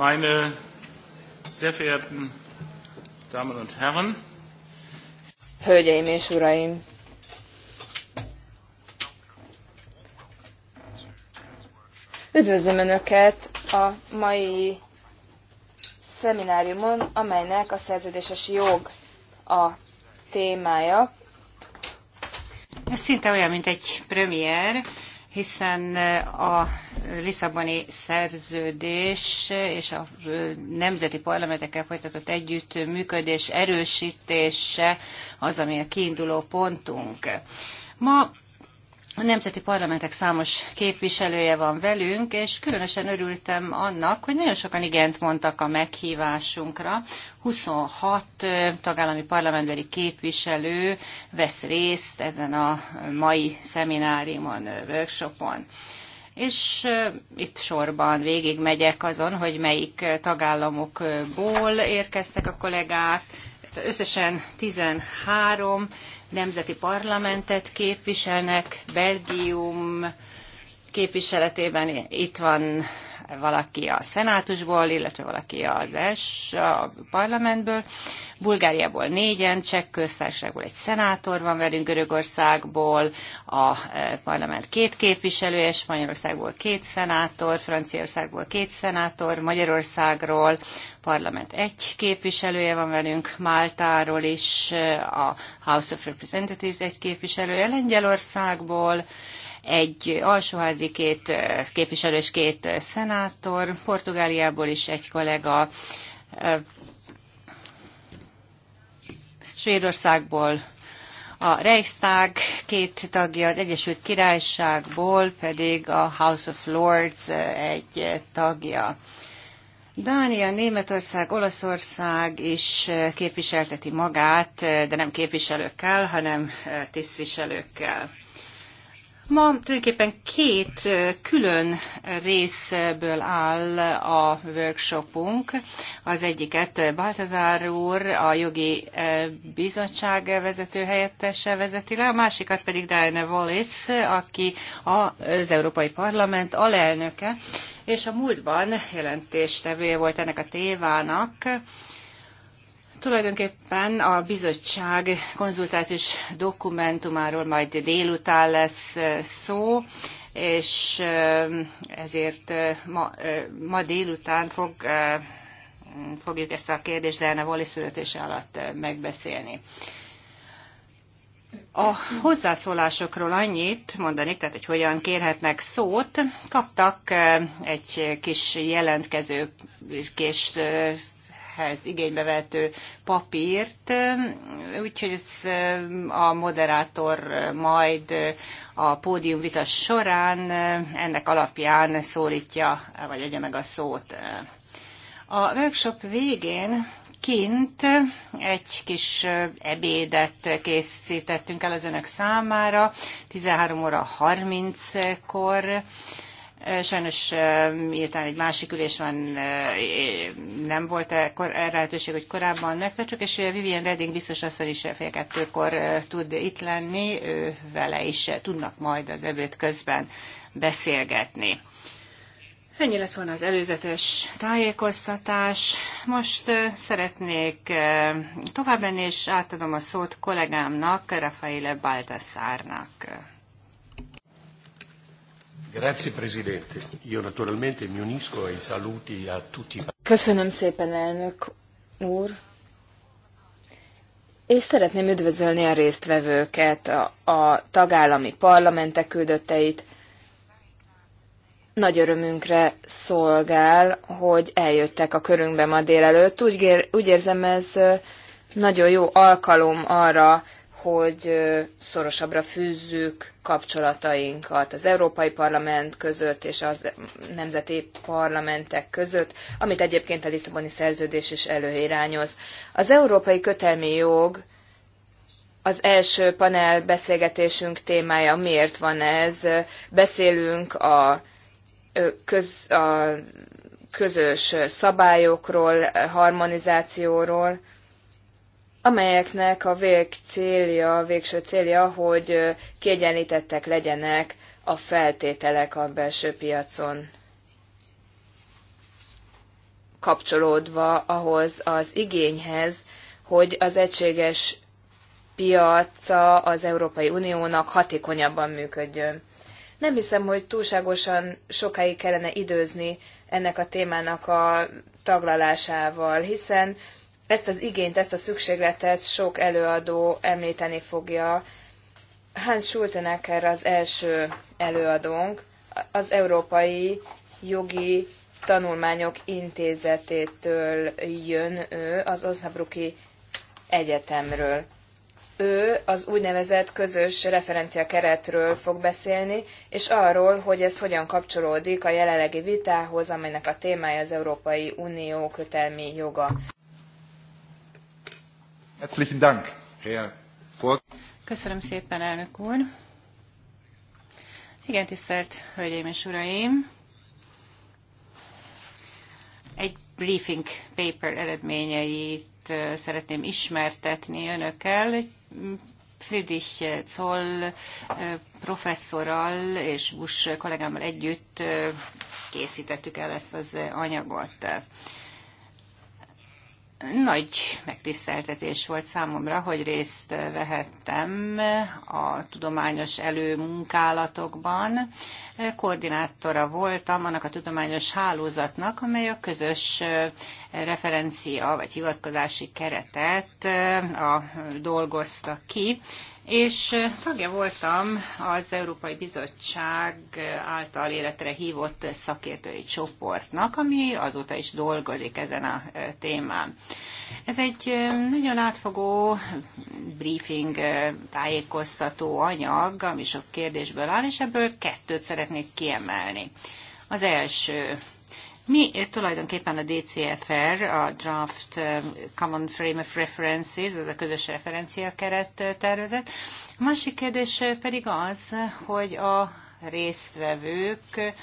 Meine sehr verehrten Damen und Herren, Hölgyeim és Uraim! Üdvözlöm Önöket a mai szemináriumon, amelynek a szerződéses jog a témája. Ez szinte olyan, mint egy premier, hiszen a Lisszaboni szerződés és a nemzeti parlamentekkel folytatott együttműködés erősítése az, ami a kiinduló pontunk. Ma a nemzeti parlamentek számos képviselője van velünk, és különösen örültem annak, hogy nagyon sokan igent mondtak a meghívásunkra. 26 tagállami parlamentbeli képviselő vesz részt ezen a mai szemináriumon, workshopon és itt sorban végig megyek azon, hogy melyik tagállamokból érkeztek a kollégák. Összesen 13 nemzeti parlamentet képviselnek, Belgium képviseletében itt van valaki a szenátusból, illetve valaki az es a parlamentből, Bulgáriából négyen, Csekk köztársaságból egy szenátor van velünk, Görögországból a e, parlament két képviselője, Spanyolországból két szenátor, Franciaországból két szenátor, Magyarországról parlament egy képviselője van velünk, Máltáról is e, a House of Representatives egy képviselője, Lengyelországból, egy alsóházi két képviselő és két szenátor, Portugáliából is egy kollega, Svédországból a Reichstag két tagja, az Egyesült Királyságból pedig a House of Lords egy tagja. Dánia, Németország, Olaszország is képviselteti magát, de nem képviselőkkel, hanem tisztviselőkkel. Ma tulajdonképpen két külön részből áll a workshopunk. Az egyiket Baltazár úr, a jogi bizottság vezető helyettese vezeti le, a másikat pedig Diana Wallis, aki az Európai Parlament alelnöke, és a múltban jelentéstevője volt ennek a tévának Tulajdonképpen a bizottság konzultációs dokumentumáról majd délután lesz szó, és ezért ma, ma délután fog, fogjuk ezt a kérdést Diana Wallis születése alatt megbeszélni. A hozzászólásokról annyit mondanék, tehát hogy hogyan kérhetnek szót. Kaptak egy kis jelentkező kis hez igénybe vehető papírt, úgyhogy ez a moderátor majd a pódium vita során ennek alapján szólítja, vagy adja meg a szót. A workshop végén kint egy kis ebédet készítettünk el az önök számára, 13 óra 30-kor, Sajnos miután egy másik ülés van, nem volt erre lehetőség, hogy korábban megtartsuk, és Vivian Redding biztos azt is fél kettőkor tud itt lenni, ő vele is tudnak majd az evőt közben beszélgetni. Ennyi lett volna az előzetes tájékoztatás. Most szeretnék tovább menni, és átadom a szót kollégámnak, Rafaele Baltaszárnak. Grazie Presidente. Io naturalmente mi unisco ai saluti a tutti. Köszönöm szépen, elnök úr. És szeretném üdvözölni a résztvevőket, a, a tagállami parlamentek küldötteit. Nagy örömünkre szolgál, hogy eljöttek a körünkbe ma délelőtt. Úgy, úgy érzem, ez nagyon jó alkalom arra, hogy szorosabbra fűzzük kapcsolatainkat az Európai Parlament között és a nemzeti parlamentek között, amit egyébként a Lisszaboni szerződés is előirányoz. Az európai kötelmi jog az első panel beszélgetésünk témája, miért van ez. Beszélünk a, köz, a közös szabályokról, harmonizációról, amelyeknek a vég célja, a végső célja, hogy kiegyenlítettek legyenek a feltételek a belső piacon kapcsolódva ahhoz az igényhez, hogy az egységes piaca az Európai Uniónak hatékonyabban működjön. Nem hiszem, hogy túlságosan sokáig kellene időzni ennek a témának a taglalásával, hiszen ezt az igényt, ezt a szükségletet sok előadó említeni fogja. Hans Schultenecker az első előadónk, az Európai Jogi Tanulmányok Intézetétől jön ő, az Osnabruki Egyetemről. Ő az úgynevezett közös referencia keretről fog beszélni, és arról, hogy ez hogyan kapcsolódik a jelenlegi vitához, amelynek a témája az Európai Unió kötelmi joga. Herzlichen Dank, Herr Köszönöm szépen, elnök úr. Igen, tisztelt Hölgyeim és Uraim! Egy briefing paper eredményeit szeretném ismertetni önökkel. Mm, Friedrich Zoll professzorral és Bush kollégámmal együtt készítettük el ezt az anyagot. Nagy megtiszteltetés volt számomra, hogy részt vehettem a tudományos előmunkálatokban. Koordinátora voltam annak a tudományos hálózatnak, amely a közös referencia vagy hivatkozási keretet dolgozta ki, és tagja voltam az Európai Bizottság által életre hívott szakértői csoportnak, ami azóta is dolgozik ezen a témán. Ez egy nagyon átfogó briefing, tájékoztató anyag, ami sok kérdésből áll, és ebből kettőt szeretnék kiemelni. Az első, mi tulajdonképpen a DCFR, a Draft Common Frame of References, ez a közös referencia keret tervezet. A másik kérdés pedig az, hogy a résztvevők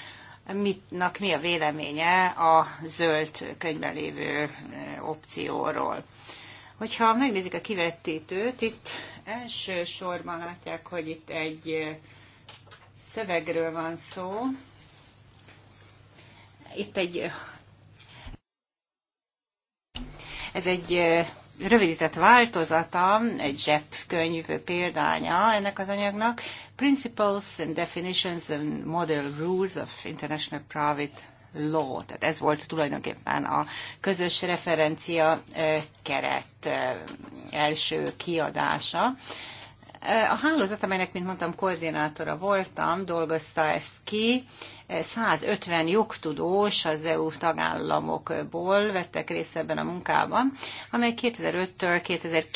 mitnak mi a véleménye a zöld könyvben lévő opcióról. Hogyha megnézik a kivetítőt, itt elsősorban látják, hogy itt egy szövegről van szó, itt egy ez egy rövidített változata, egy könyv példánya ennek az anyagnak, Principles and Definitions and Model Rules of International Private Law. Tehát ez volt tulajdonképpen a közös referencia keret első kiadása. A hálózat, amelynek, mint mondtam, koordinátora voltam, dolgozta ezt ki. 150 jogtudós az EU tagállamokból vettek részt ebben a munkában, amely 2005-től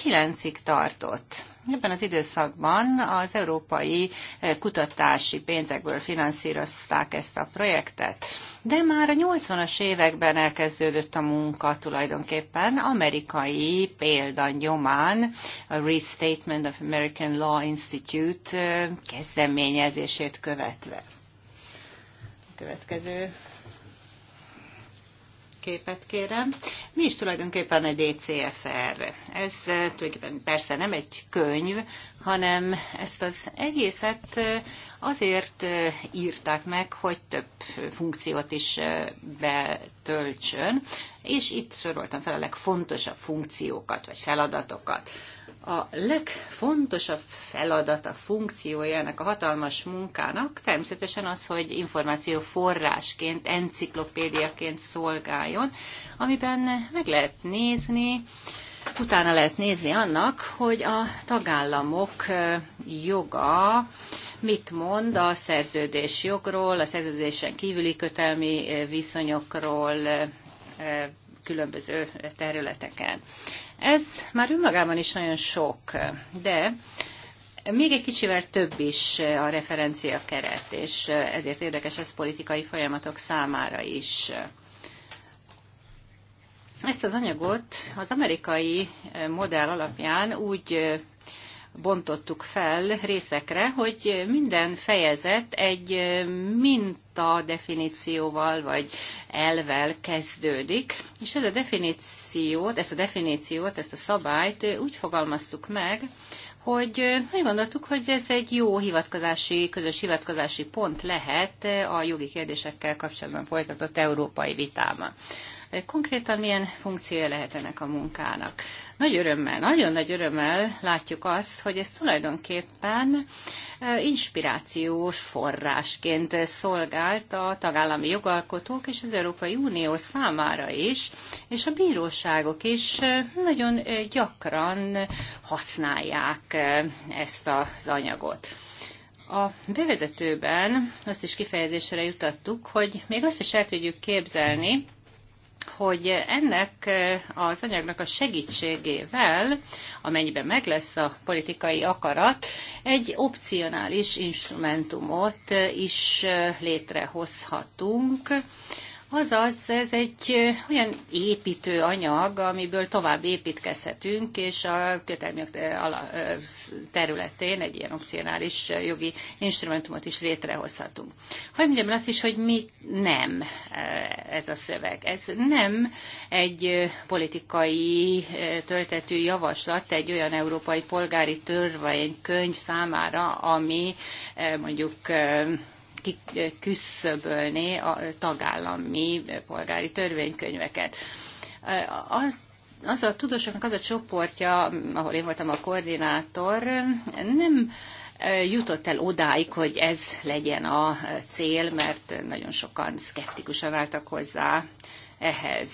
2009-ig tartott. Ebben az időszakban az európai eh, kutatási pénzekből finanszírozták ezt a projektet. De már a 80-as években elkezdődött a munka tulajdonképpen amerikai példa nyomán, a Restatement of American Law Institute eh, kezdeményezését követve. A következő képet kérem. Mi is tulajdonképpen egy DCFR? Ez eh, tulajdonképpen persze nem egy könyv, hanem ezt az egészet eh, azért eh, írták meg, hogy több funkciót is betöltsön, és itt soroltam fel a legfontosabb funkciókat, vagy feladatokat a legfontosabb feladat funkciója, funkciójának, a hatalmas munkának természetesen az, hogy információ forrásként, enciklopédiaként szolgáljon, amiben meg lehet nézni, utána lehet nézni annak, hogy a tagállamok joga mit mond a szerződés jogról, a szerződésen kívüli kötelmi viszonyokról, különböző területeken. Ez már önmagában is nagyon sok, de még egy kicsivel több is a referencia keret, és ezért érdekes ez politikai folyamatok számára is. Ezt az anyagot az amerikai modell alapján úgy bontottuk fel részekre, hogy minden fejezet egy minta definícióval vagy elvel kezdődik, és ez a definíciót, ezt a definíciót, ezt a szabályt úgy fogalmaztuk meg, hogy úgy gondoltuk, hogy ez egy jó hivatkozási, közös hivatkozási pont lehet a jogi kérdésekkel kapcsolatban folytatott európai vitában. Konkrétan milyen funkciója lehet ennek a munkának? Nagy örömmel, nagyon nagy örömmel látjuk azt, hogy ez tulajdonképpen e, inspirációs forrásként szolgált a tagállami jogalkotók és az Európai Unió számára is, és a bíróságok is e, nagyon e, gyakran használják ezt az anyagot. A bevezetőben azt is kifejezésre jutattuk, hogy még azt is el tudjuk képzelni, hogy ennek e, az anyagnak a segítségével, amennyiben meg lesz a politikai akarat, egy opcionális instrumentumot e, is e, létrehozhatunk, Azaz, ez egy olyan építő anyag, amiből tovább építkezhetünk, és a kötelmi területén egy ilyen opcionális jogi instrumentumot is létrehozhatunk. Hogy mondjam azt is, hogy mi nem ez a szöveg. Ez nem egy politikai töltetű javaslat egy olyan európai polgári törvénykönyv számára, ami mondjuk kiküszöbölni a tagállami polgári törvénykönyveket. az a tudósoknak az a csoportja, ahol én voltam a koordinátor, nem jutott el odáig, hogy ez legyen a cél, mert nagyon sokan szkeptikusan álltak hozzá ehhez.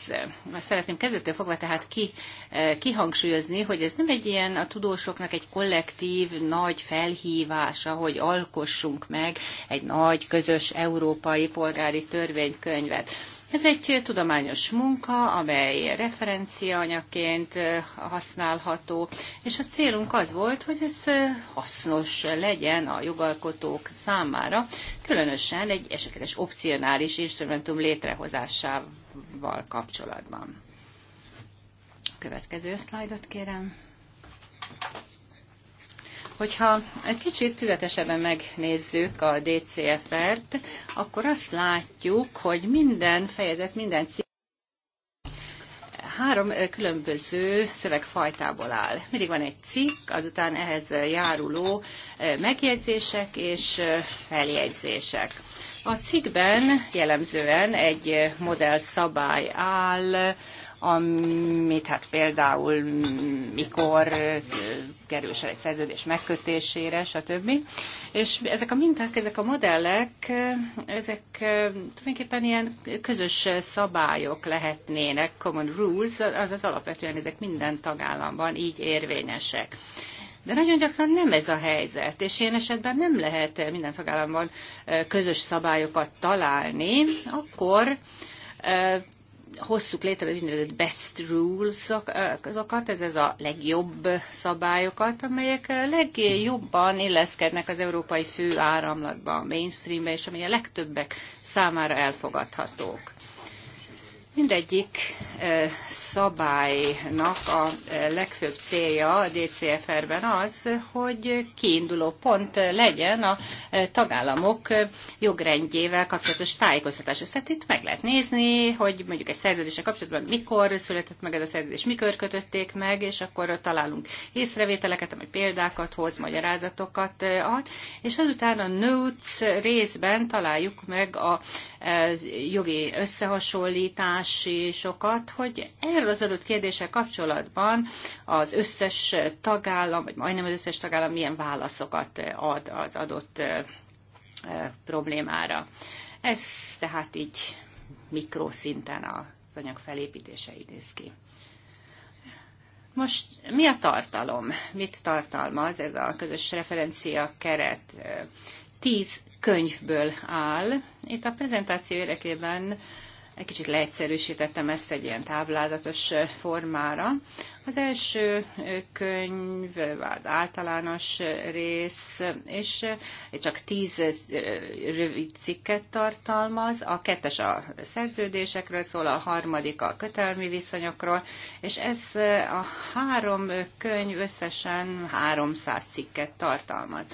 Azt szeretném kezdettől fogva tehát ki, eh, kihangsúlyozni, hogy ez nem egy ilyen a tudósoknak egy kollektív nagy felhívása, hogy alkossunk meg egy nagy közös európai polgári törvénykönyvet. Ez egy tudományos munka, amely referenciaanyaként eh, használható, és a célunk az volt, hogy ez eh, hasznos legyen a jogalkotók számára, különösen egy esetleges opcionális instrumentum létrehozásával val kapcsolatban. Következő szlájdot kérem. Hogyha egy kicsit tüzetesebben megnézzük a DCFR-t, akkor azt látjuk, hogy minden fejezet, minden cím három különböző szövegfajtából áll. Mindig van egy cikk, azután ehhez járuló megjegyzések és feljegyzések. A cikkben jellemzően egy modell szabály áll, amit hát például mikor kerül egy szerződés megkötésére, stb. És ezek a minták, ezek a modellek, ezek tulajdonképpen ilyen közös szabályok lehetnének, common rules, azaz alapvetően ezek minden tagállamban így érvényesek. De nagyon gyakran nem ez a helyzet, és én esetben nem lehet eh, minden tagállamban eh, közös szabályokat találni, akkor eh, hosszuk létre az úgynevezett best rules azokat, ez, ez a legjobb szabályokat, amelyek legjobban illeszkednek az európai fő áramlatba, a mainstreambe, és amely a legtöbbek számára elfogadhatók. Mindegyik szabálynak a legfőbb célja a DCFR-ben az, hogy kiinduló pont legyen a tagállamok jogrendjével kapcsolatos tájékoztatás. tehát itt meg lehet nézni, hogy mondjuk egy szerződése kapcsolatban mikor született meg ez a szerződés, mikor kötötték meg, és akkor találunk észrevételeket, amely példákat hoz, magyarázatokat ad, és azután a notes részben találjuk meg a eh, jogi összehasonlítási sokat, hogy Erről az adott kérdése kapcsolatban az összes tagállam, vagy majdnem az összes tagállam milyen válaszokat ad az adott problémára. Ez tehát így mikroszinten az anyag felépítése idéz ki. Most mi a tartalom? Mit tartalmaz ez a közös referencia keret? Tíz könyvből áll. Itt a prezentáció érdekében egy kicsit leegyszerűsítettem ezt egy ilyen táblázatos formára. Az első könyv az általános rész, és csak tíz rövid cikket tartalmaz, a kettes a szerződésekről szól, a harmadik a kötelmi viszonyokról, és ez a három könyv összesen 300 cikket tartalmaz.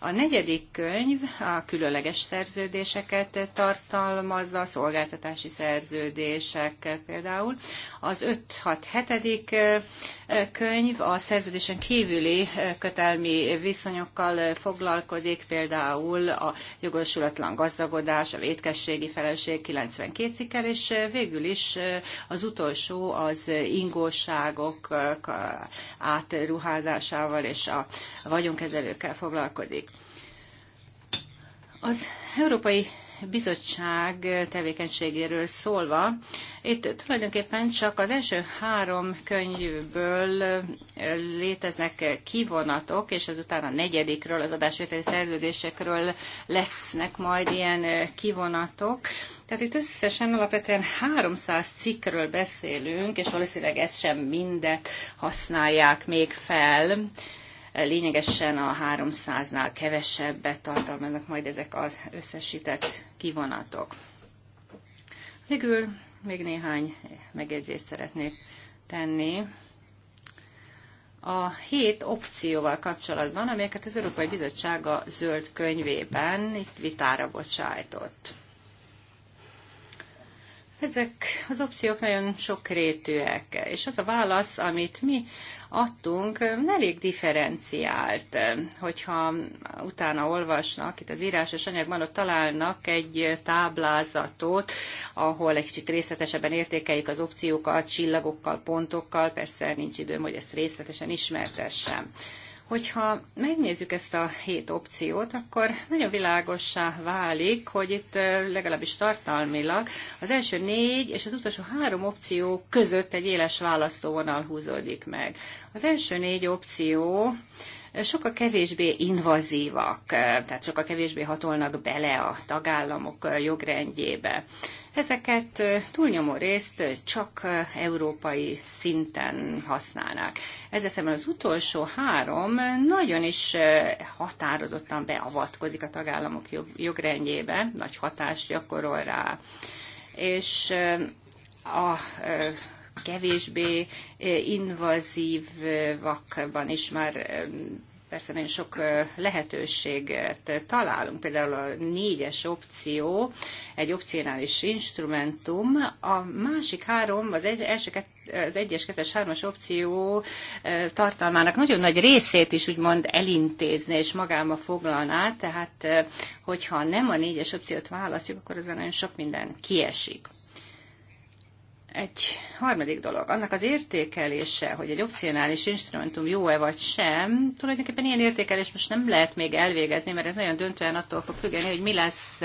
A negyedik könyv a különleges szerződéseket tartalmazza, szolgáltatási szerződések például. Az 5-6-7 könyv a szerződésen kívüli kötelmi viszonyokkal foglalkozik, például a jogosulatlan gazdagodás, a vétkességi felelősség 92 cikkel, és végül is az utolsó az ingóságok átruházásával és a vagyonkezelőkkel foglalkozik. Az Európai bizottság tevékenységéről szólva, itt tulajdonképpen csak az első három könyvből léteznek kivonatok, és azután a negyedikről, az adásvételi szerződésekről lesznek majd ilyen kivonatok. Tehát itt összesen alapvetően 300 cikkről beszélünk, és valószínűleg ezt sem mindet használják még fel lényegesen a 300-nál kevesebbet tartalmaznak majd ezek az összesített kivonatok. Végül még néhány megjegyzést szeretnék tenni a hét opcióval kapcsolatban, amelyeket az Európai Bizottság a zöld könyvében itt vitára bocsájtott. Ezek az opciók nagyon sokrétűek, és az a válasz, amit mi adtunk, elég differenciált. Hogyha utána olvasnak, itt az írásos anyagban ott találnak egy táblázatot, ahol egy kicsit részletesebben értékeljük az opciókat, csillagokkal, pontokkal, persze nincs időm, hogy ezt részletesen ismertessem. Hogyha megnézzük ezt a hét opciót, akkor nagyon világossá válik, hogy itt legalábbis tartalmilag az első négy és az utolsó három opció között egy éles választóvonal húzódik meg. Az első négy opció sokkal kevésbé invazívak, tehát sokkal kevésbé hatolnak bele a tagállamok jogrendjébe. Ezeket túlnyomó részt csak európai szinten használnák. Ezzel szemben az utolsó három nagyon is határozottan beavatkozik a tagállamok jogrendjébe, nagy hatást gyakorol rá. És a kevésbé eh, invazívakban is már persze nagyon sok eh, lehetőséget találunk, például a négyes opció, egy opcionális instrumentum, a másik három, az egy, első kettő az egyes, kettes, hármas opció eh, tartalmának nagyon nagy részét is úgymond elintézni és magába foglalná, tehát hogyha nem a négyes opciót választjuk, akkor ezen nagyon sok minden kiesik egy harmadik dolog, annak az értékelése, hogy egy opcionális instrumentum jó-e vagy sem, tulajdonképpen ilyen értékelés most nem lehet még elvégezni, mert ez nagyon döntően attól fog függeni, hogy mi lesz,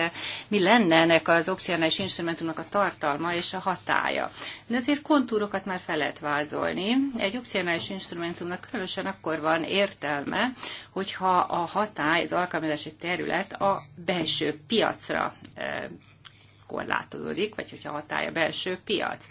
mi lenne ennek az opcionális instrumentumnak a tartalma és a hatája. De azért kontúrokat már fel lehet vázolni. Egy opcionális instrumentumnak különösen akkor van értelme, hogyha a hatály, az alkalmazási terület a belső piacra eh, korlátozódik, vagy hogyha hatája belső piac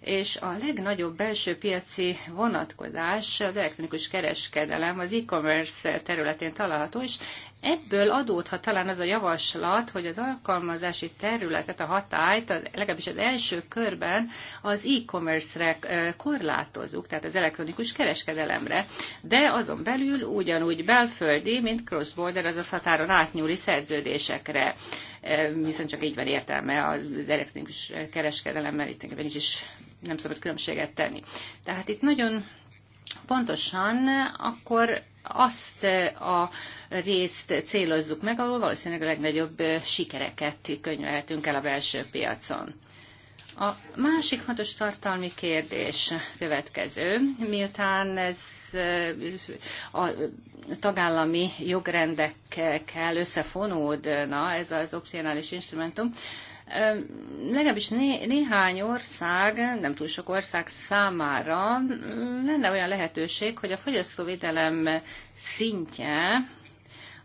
és a legnagyobb belső piaci vonatkozás az elektronikus kereskedelem az e-commerce területén található, és Ebből adódhat talán az a javaslat, hogy az alkalmazási területet, a hatályt, az, legalábbis az első körben az e-commerce-re korlátozzuk, tehát az elektronikus kereskedelemre, de azon belül ugyanúgy belföldi, mint cross-border, azaz határon átnyúli szerződésekre hiszen csak így van értelme az elektronikus kereskedelemmel, itt is, is nem szabad különbséget tenni. Tehát itt nagyon pontosan akkor azt eh, a részt célozzuk meg, ahol valószínűleg a legnagyobb eh, sikereket könyvelhetünk el a belső piacon. A másik fontos tartalmi kérdés következő, miután ez eh, a tagállami jogrendekkel összefonódna ez az opcionális instrumentum, legalábbis né, néhány ország, nem túl sok ország számára lenne olyan lehetőség, hogy a fogyasztóvédelem szintje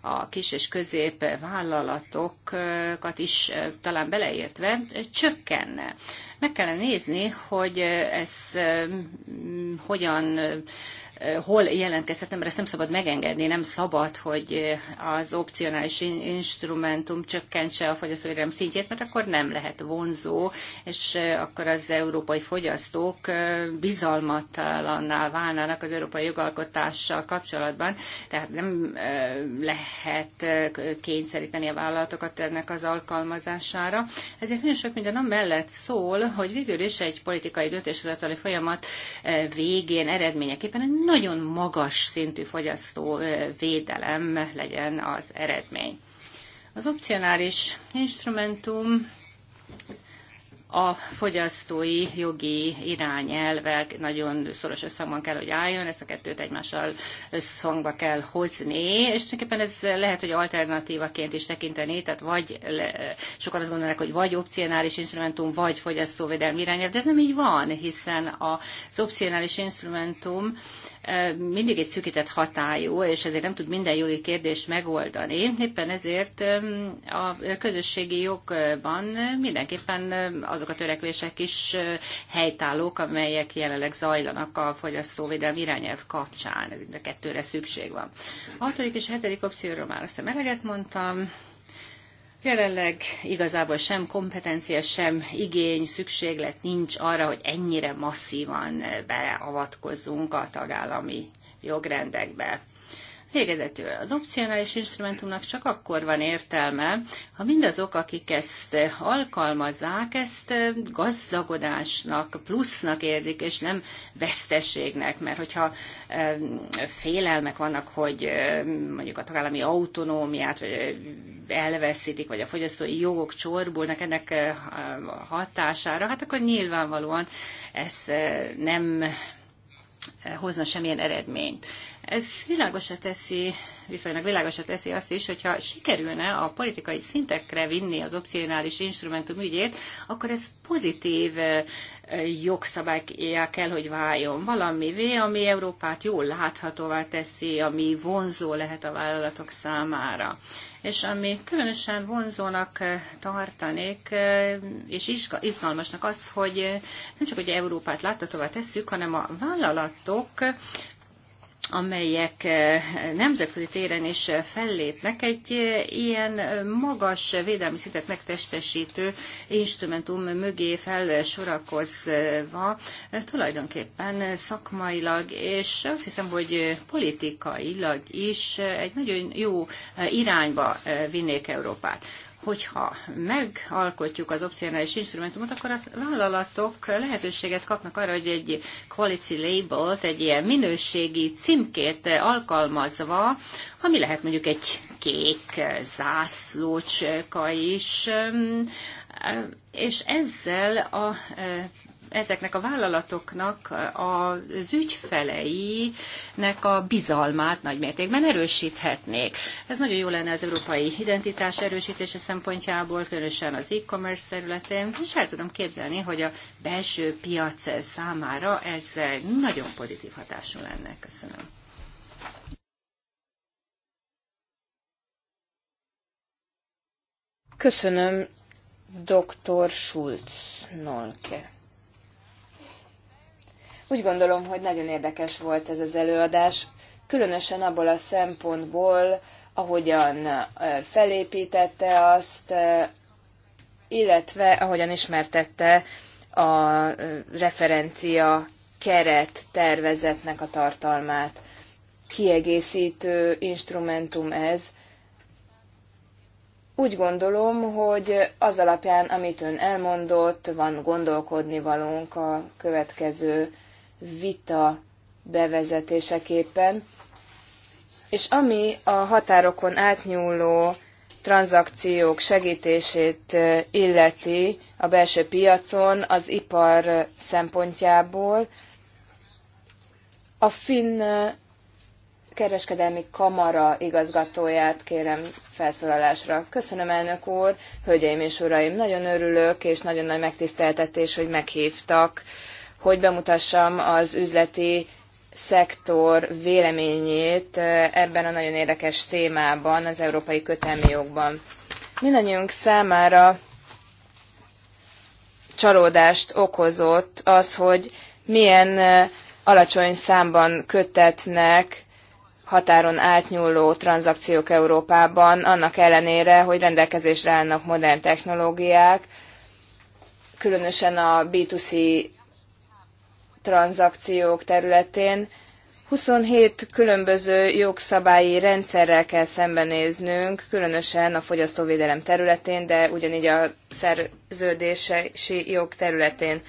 a kis és közép vállalatokat is talán beleértve csökkenne. Meg kellene nézni, hogy ez hogyan hol jelentkezhetne, mert ezt nem szabad megengedni, nem szabad, hogy eh, az opcionális instrumentum csökkentse a fogyasztóvédelem szintjét, mert akkor nem lehet vonzó, és eh, akkor az európai fogyasztók eh, bizalmatlanná válnának az európai jogalkotással kapcsolatban, tehát nem lehet kényszeríteni a vállalatokat ennek az alkalmazására. Ezért nagyon sok minden mellett szól, hogy végül is egy politikai döntéshozatali folyamat végén eredményeképpen egy nagyon magas szintű fogyasztó védelem legyen az eredmény. Az opcionális instrumentum a fogyasztói jogi irányelvek nagyon szoros összhangban kell, hogy álljon, ezt a kettőt egymással összhangba kell hozni, és tulajdonképpen ez lehet, hogy alternatívaként is tekinteni, tehát vagy sokan azt gondolják, hogy vagy opcionális instrumentum, vagy fogyasztóvédelmi irányelv, de ez nem így van, hiszen az opcionális instrumentum mindig egy szűkített hatályú, és ezért nem tud minden jogi kérdést megoldani. Éppen ezért a közösségi jogban mindenképpen azok a törekvések is helytállók, amelyek jelenleg zajlanak a fogyasztóvédelmi irányelv kapcsán. Mind a kettőre szükség van. A hatodik és hetedik opcióról már a meleget mondtam. Jelenleg igazából sem kompetencia, sem igény, szükséglet nincs arra, hogy ennyire masszívan beavatkozzunk a tagállami jogrendekbe. Végezetül az opcionális instrumentumnak csak akkor van értelme, ha mindazok, akik ezt alkalmazzák, ezt gazdagodásnak, plusznak érzik, és nem veszteségnek, mert hogyha félelmek vannak, hogy mondjuk a tagállami autonómiát elveszítik, vagy a fogyasztói jogok csorbulnak ennek hatására, hát akkor nyilvánvalóan ez nem hozna semmilyen eredményt. Ez világosra teszi, viszonylag világosra teszi azt is, hogyha sikerülne a politikai szintekre vinni az opcionális instrumentum ügyét, akkor ez pozitív eh, jogszabályá kell, hogy váljon valamivé, ami Európát jól láthatóvá teszi, ami vonzó lehet a vállalatok számára. És ami különösen vonzónak eh, tartanék, eh, és izgalmasnak az, hogy nem csak hogy Európát láthatóvá tesszük, hanem a vállalatok amelyek eh, nemzetközi téren is eh, fellépnek, egy eh, ilyen magas védelmi szintet megtestesítő instrumentum mögé felsorakozva tulajdonképpen szakmailag, és azt hiszem, hogy politikailag is egy nagyon jó irányba vinnék Európát hogyha megalkotjuk az opcionális instrumentumot, akkor a vállalatok lehetőséget kapnak arra, hogy egy quality labelt, egy ilyen minőségi címkét alkalmazva, ami lehet mondjuk egy kék zászlócska is, és ezzel a ezeknek a vállalatoknak az ügyfeleinek a bizalmát nagymértékben erősíthetnék. Ez nagyon jó lenne az európai identitás erősítése szempontjából, különösen az e-commerce területén, és el tudom képzelni, hogy a belső piac számára ez nagyon pozitív hatású lenne. Köszönöm. Köszönöm, dr. Schulz Nolke. Úgy gondolom, hogy nagyon érdekes volt ez az előadás, különösen abból a szempontból, ahogyan felépítette azt, illetve ahogyan ismertette a referencia keret tervezetnek a tartalmát. Kiegészítő instrumentum ez. Úgy gondolom, hogy az alapján, amit ön elmondott, van gondolkodni valónk a következő vita bevezetéseképpen, és ami a határokon átnyúló tranzakciók segítését illeti a belső piacon az ipar szempontjából, a finn kereskedelmi kamara igazgatóját kérem felszólalásra. Köszönöm, elnök úr, hölgyeim és uraim, nagyon örülök, és nagyon nagy megtiszteltetés, hogy meghívtak hogy bemutassam az üzleti szektor véleményét eh, ebben a nagyon érdekes témában, az európai kötelmi jogban. Mindannyiunk számára csalódást okozott az, hogy milyen eh, alacsony számban kötetnek határon átnyúló tranzakciók Európában, annak ellenére, hogy rendelkezésre állnak modern technológiák, különösen a B2C tranzakciók területén 27 különböző jogszabályi rendszerrel kell szembenéznünk, különösen a fogyasztóvédelem területén, de ugyanígy a szerződési jog területén.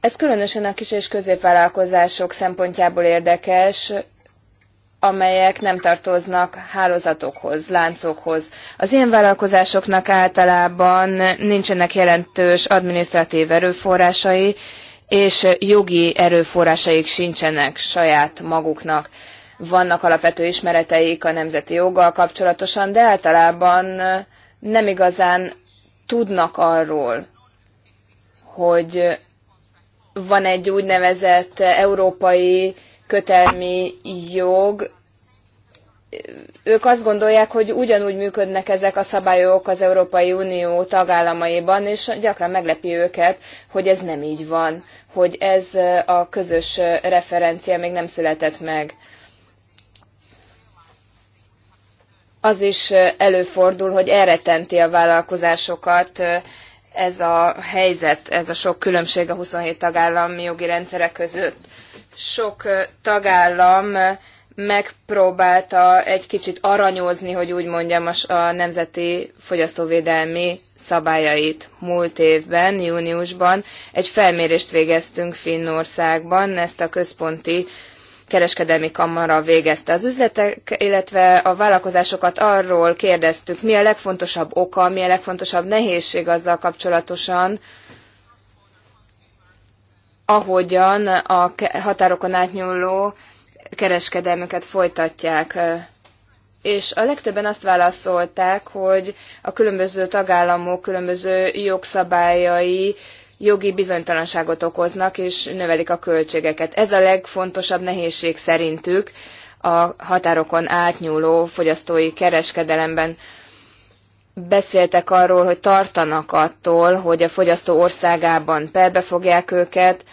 Ez különösen a kis és középvállalkozások szempontjából érdekes, amelyek nem tartoznak hálózatokhoz, láncokhoz. Az ilyen vállalkozásoknak általában nincsenek jelentős adminisztratív erőforrásai, és jogi erőforrásaik sincsenek saját maguknak. Vannak alapvető ismereteik a nemzeti joggal kapcsolatosan, de általában eh, nem igazán tudnak arról, hogy van egy úgynevezett európai kötelmi jog, ők azt gondolják, hogy ugyanúgy működnek ezek a szabályok az Európai Unió tagállamaiban, és gyakran meglepi őket, hogy ez nem így van, hogy ez a közös referencia még nem született meg. Az is előfordul, hogy elretenti a vállalkozásokat ez a helyzet, ez a sok különbség a 27 tagállami jogi rendszerek között. Sok tagállam megpróbálta egy kicsit aranyozni, hogy úgy mondjam, a nemzeti fogyasztóvédelmi szabályait múlt évben, júniusban. Egy felmérést végeztünk Finnországban, ezt a központi kereskedelmi kamara végezte az üzletek, illetve a vállalkozásokat arról kérdeztük, mi a legfontosabb oka, mi a legfontosabb nehézség azzal kapcsolatosan, ahogyan a határokon átnyúló kereskedelmüket folytatják. És a legtöbben azt válaszolták, hogy a különböző tagállamok különböző jogszabályai jogi bizonytalanságot okoznak, és növelik a költségeket. Ez a legfontosabb nehézség szerintük a határokon átnyúló fogyasztói kereskedelemben beszéltek arról, hogy tartanak attól, hogy a fogyasztó országában perbe fogják őket,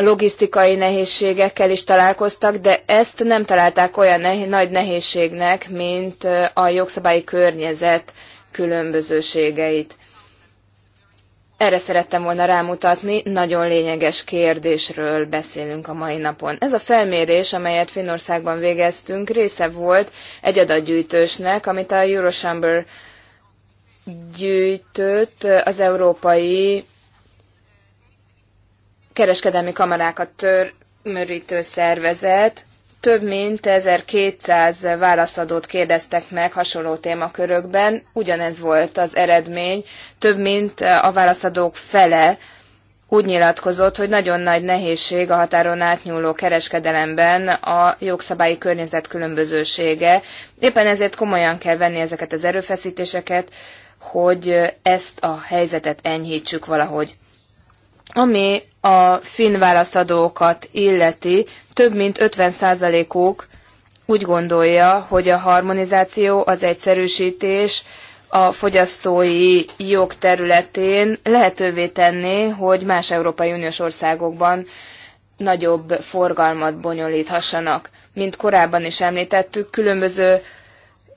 logisztikai nehézségekkel is találkoztak, de ezt nem találták olyan nagy nehézségnek, mint a jogszabályi környezet különbözőségeit. Erre szerettem volna rámutatni, nagyon lényeges kérdésről beszélünk a mai napon. Ez a felmérés, amelyet Finnországban végeztünk, része volt egy adatgyűjtősnek, amit a Eurosamber gyűjtött az európai kereskedelmi kamarákat törmörítő szervezet, több mint 1200 válaszadót kérdeztek meg hasonló témakörökben, ugyanez volt az eredmény, több mint a válaszadók fele úgy nyilatkozott, hogy nagyon nagy nehézség a határon átnyúló kereskedelemben a jogszabályi környezet különbözősége. Éppen ezért komolyan kell venni ezeket az erőfeszítéseket, hogy ezt a helyzetet enyhítsük valahogy. Ami a finn válaszadókat illeti, több mint 50%-uk úgy gondolja, hogy a harmonizáció, az egyszerűsítés a fogyasztói jog területén lehetővé tenné, hogy más Európai Uniós országokban nagyobb forgalmat bonyolíthassanak. Mint korábban is említettük, különböző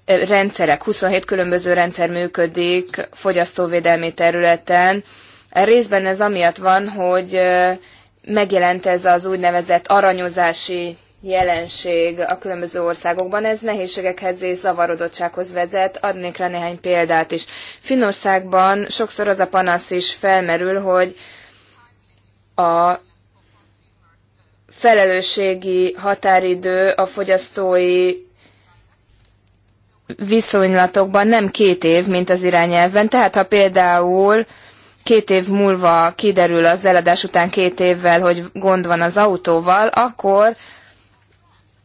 rendszerek, 27 különböző rendszer működik fogyasztóvédelmi területen, Részben ez amiatt van, hogy megjelent ez az úgynevezett aranyozási jelenség a különböző országokban. Ez nehézségekhez és zavarodottsághoz vezet. Adnék rá néhány példát is. Finországban sokszor az a panasz is felmerül, hogy a felelősségi határidő a fogyasztói viszonylatokban nem két év, mint az irányelvben. Tehát ha például két év múlva kiderül az eladás után két évvel, hogy gond van az autóval, akkor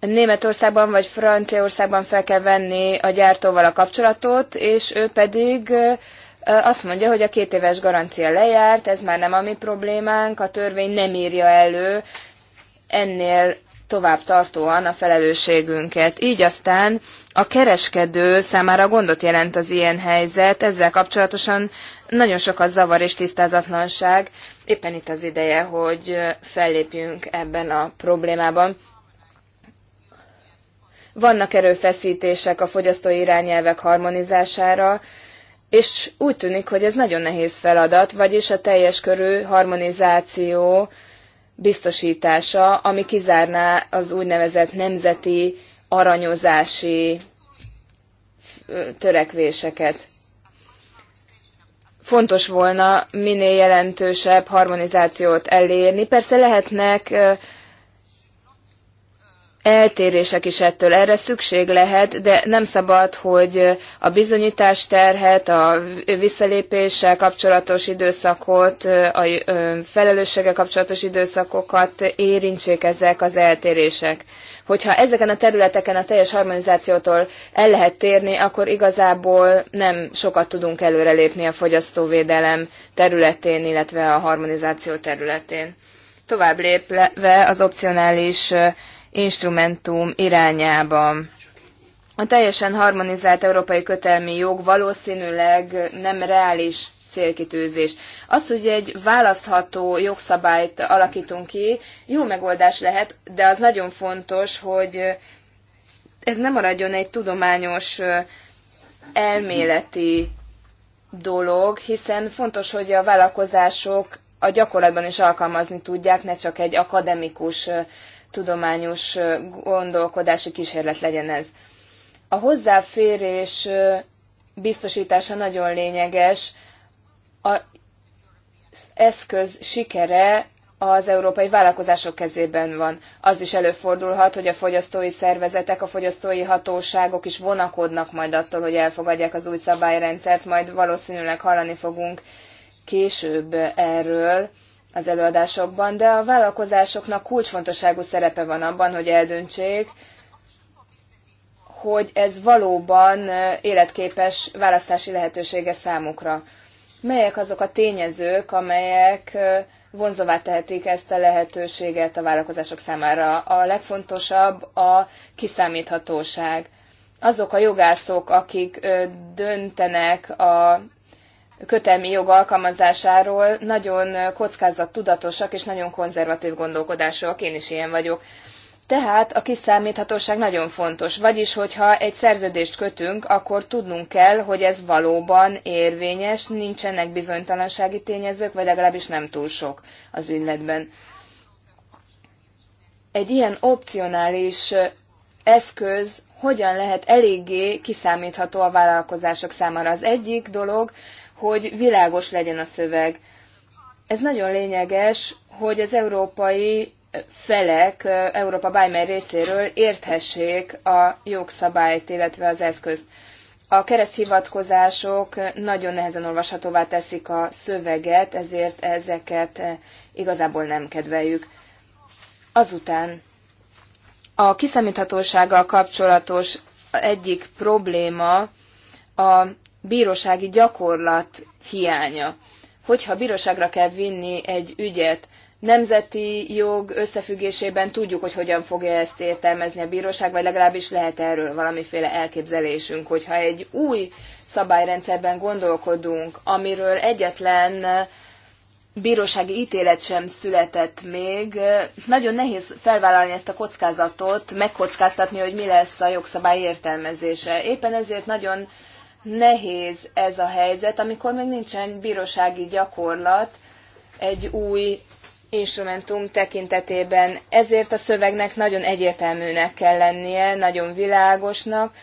Németországban vagy Franciaországban fel kell venni a gyártóval a kapcsolatot, és ő pedig azt mondja, hogy a két éves garancia lejárt, ez már nem a mi problémánk, a törvény nem írja elő ennél tovább tartóan a felelősségünket. Így aztán a kereskedő számára gondot jelent az ilyen helyzet, ezzel kapcsolatosan nagyon sok a zavar és tisztázatlanság. Éppen itt az ideje, hogy fellépjünk ebben a problémában. Vannak erőfeszítések a fogyasztói irányelvek harmonizására, és úgy tűnik, hogy ez nagyon nehéz feladat, vagyis a teljes körű harmonizáció biztosítása, ami kizárná az úgynevezett nemzeti aranyozási törekvéseket fontos volna minél jelentősebb harmonizációt elérni. Persze lehetnek eltérések is ettől. Erre szükség lehet, de nem szabad, hogy a bizonyítás terhet, a visszalépéssel kapcsolatos időszakot, a felelősséggel kapcsolatos időszakokat érintsék ezek az eltérések. Hogyha ezeken a területeken a teljes harmonizációtól el lehet térni, akkor igazából nem sokat tudunk előrelépni a fogyasztóvédelem területén, illetve a harmonizáció területén. Tovább lépve az opcionális instrumentum irányába. A teljesen harmonizált európai kötelmi jog valószínűleg nem reális célkitűzés. Az, hogy egy választható jogszabályt alakítunk ki, jó megoldás lehet, de az nagyon fontos, hogy ez nem maradjon egy tudományos elméleti dolog, hiszen fontos, hogy a vállalkozások a gyakorlatban is alkalmazni tudják, ne csak egy akademikus tudományos gondolkodási kísérlet legyen ez. A hozzáférés biztosítása nagyon lényeges. Az eszköz sikere az európai vállalkozások kezében van. Az is előfordulhat, hogy a fogyasztói szervezetek, a fogyasztói hatóságok is vonakodnak majd attól, hogy elfogadják az új szabályrendszert, majd valószínűleg hallani fogunk később erről az előadásokban, de a vállalkozásoknak kulcsfontosságú szerepe van abban, hogy eldöntsék, hogy ez valóban életképes választási lehetősége számukra. Melyek azok a tényezők, amelyek vonzóvá tehetik ezt a lehetőséget a vállalkozások számára? A legfontosabb a kiszámíthatóság. Azok a jogászok, akik döntenek a kötelmi jog alkalmazásáról nagyon kockázattudatosak és nagyon konzervatív gondolkodásúak, én is ilyen vagyok. Tehát a kiszámíthatóság nagyon fontos, vagyis hogyha egy szerződést kötünk, akkor tudnunk kell, hogy ez valóban érvényes, nincsenek bizonytalansági tényezők, vagy legalábbis nem túl sok az ügyletben. Egy ilyen opcionális eszköz hogyan lehet eléggé kiszámítható a vállalkozások számára. Az egyik dolog, hogy világos legyen a szöveg. Ez nagyon lényeges, hogy az európai felek Európa bármely részéről érthessék a jogszabályt, illetve az eszközt. A kereszthivatkozások nagyon nehezen olvashatóvá teszik a szöveget, ezért ezeket igazából nem kedveljük. Azután a kiszámíthatósággal kapcsolatos egyik probléma a bírósági gyakorlat hiánya. Hogyha bíróságra kell vinni egy ügyet, nemzeti jog összefüggésében tudjuk, hogy hogyan fogja ezt értelmezni a bíróság, vagy legalábbis lehet erről valamiféle elképzelésünk, hogyha egy új szabályrendszerben gondolkodunk, amiről egyetlen bírósági ítélet sem született még. Nagyon nehéz felvállalni ezt a kockázatot, megkockáztatni, hogy mi lesz a jogszabály értelmezése. Éppen ezért nagyon nehéz ez a helyzet, amikor még nincsen bírósági gyakorlat egy új instrumentum tekintetében. Ezért a szövegnek nagyon egyértelműnek kell lennie, nagyon világosnak,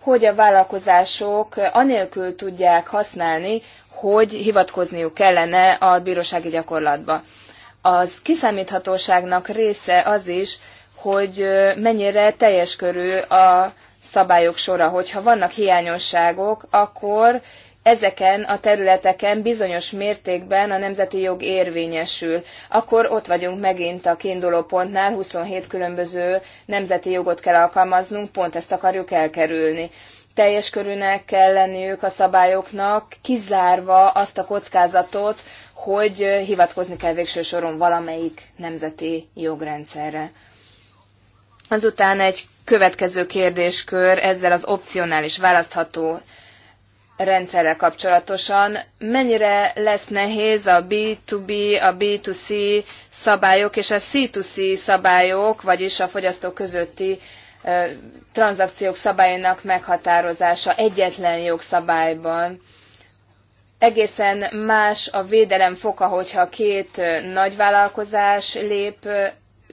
hogy a vállalkozások anélkül tudják használni, hogy hivatkozniuk kellene a bírósági gyakorlatba. Az kiszámíthatóságnak része az is, hogy mennyire teljes körül a szabályok sora, hogyha vannak hiányosságok, akkor ezeken a területeken bizonyos mértékben a nemzeti jog érvényesül. Akkor ott vagyunk megint a kiinduló pontnál, 27 különböző nemzeti jogot kell alkalmaznunk, pont ezt akarjuk elkerülni. Teljes körűnek kell lenniük a szabályoknak, kizárva azt a kockázatot, hogy hivatkozni kell végső soron valamelyik nemzeti jogrendszerre. Azután egy következő kérdéskör ezzel az opcionális választható rendszerrel kapcsolatosan. Mennyire lesz nehéz a B2B, a B2C szabályok és a C2C szabályok, vagyis a fogyasztók közötti ö, tranzakciók szabályának meghatározása egyetlen jogszabályban? Egészen más a védelem foka, hogyha két nagy vállalkozás lép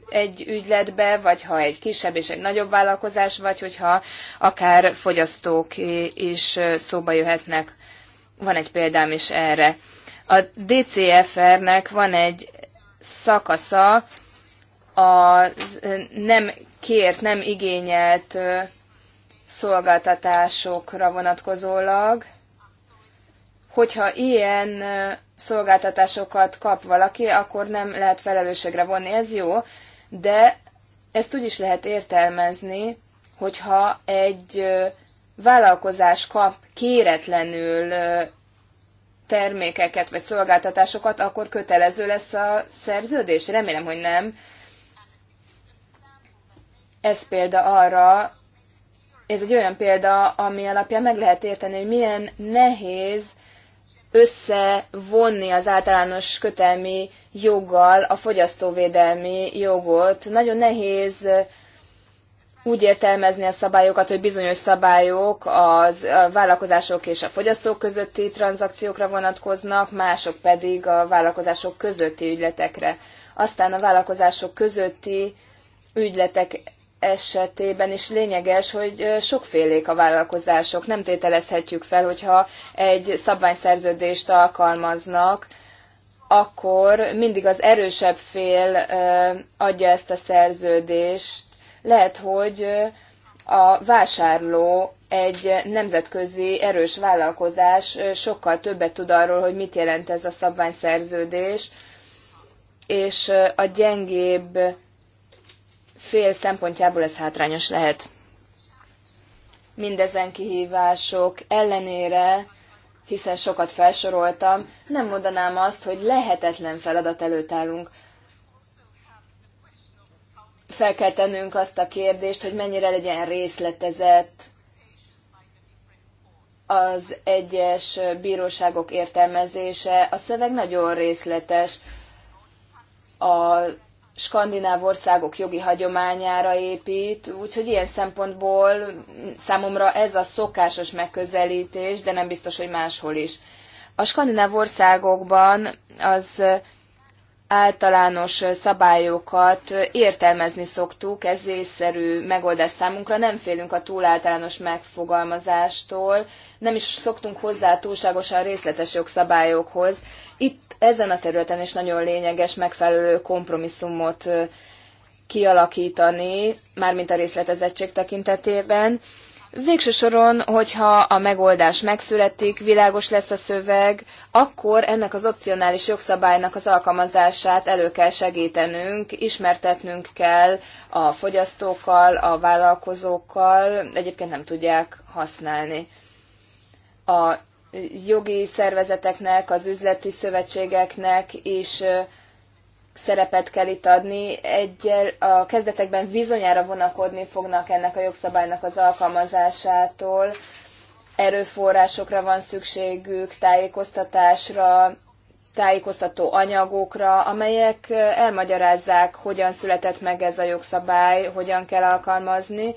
egy ügyletbe, vagy ha egy kisebb és egy nagyobb vállalkozás, vagy hogyha akár fogyasztók is szóba jöhetnek. Van egy példám is erre. A DCFR-nek van egy szakasza a nem kért, nem igényelt szolgáltatásokra vonatkozólag, hogyha ilyen szolgáltatásokat kap valaki, akkor nem lehet felelősségre vonni. Ez jó, de ezt úgy is lehet értelmezni, hogyha egy vállalkozás kap kéretlenül termékeket vagy szolgáltatásokat, akkor kötelező lesz a szerződés? Remélem, hogy nem. Ez példa arra, ez egy olyan példa, ami alapján meg lehet érteni, hogy milyen nehéz összevonni az általános kötelmi joggal a fogyasztóvédelmi jogot. Nagyon nehéz úgy értelmezni a szabályokat, hogy bizonyos szabályok az a vállalkozások és a fogyasztók közötti tranzakciókra vonatkoznak, mások pedig a vállalkozások közötti ügyletekre. Aztán a vállalkozások közötti ügyletek esetében is lényeges, hogy sokfélék a vállalkozások. Nem tételezhetjük fel, hogyha egy szabványszerződést alkalmaznak, akkor mindig az erősebb fél adja ezt a szerződést. Lehet, hogy a vásárló egy nemzetközi erős vállalkozás sokkal többet tud arról, hogy mit jelent ez a szabványszerződés, és a gyengébb fél szempontjából ez hátrányos lehet. Mindezen kihívások ellenére, hiszen sokat felsoroltam, nem mondanám azt, hogy lehetetlen feladat előtt állunk. Fel kell tennünk azt a kérdést, hogy mennyire legyen részletezett az egyes bíróságok értelmezése. A szöveg nagyon részletes. A skandináv országok jogi hagyományára épít, úgyhogy ilyen szempontból számomra ez a szokásos megközelítés, de nem biztos, hogy máshol is. A skandináv országokban az általános szabályokat értelmezni szoktuk, ez észszerű megoldás számunkra, nem félünk a túl általános megfogalmazástól, nem is szoktunk hozzá túlságosan részletes jogszabályokhoz, ezen a területen is nagyon lényeges megfelelő kompromisszumot kialakítani, mármint a részletezettség tekintetében. Végső soron, hogyha a megoldás megszületik, világos lesz a szöveg, akkor ennek az opcionális jogszabálynak az alkalmazását elő kell segítenünk, ismertetnünk kell a fogyasztókkal, a vállalkozókkal, egyébként nem tudják használni. A jogi szervezeteknek, az üzleti szövetségeknek is szerepet kell itt adni. Egyel a kezdetekben bizonyára vonakodni fognak ennek a jogszabálynak az alkalmazásától. Erőforrásokra van szükségük, tájékoztatásra, tájékoztató anyagokra, amelyek elmagyarázzák, hogyan született meg ez a jogszabály, hogyan kell alkalmazni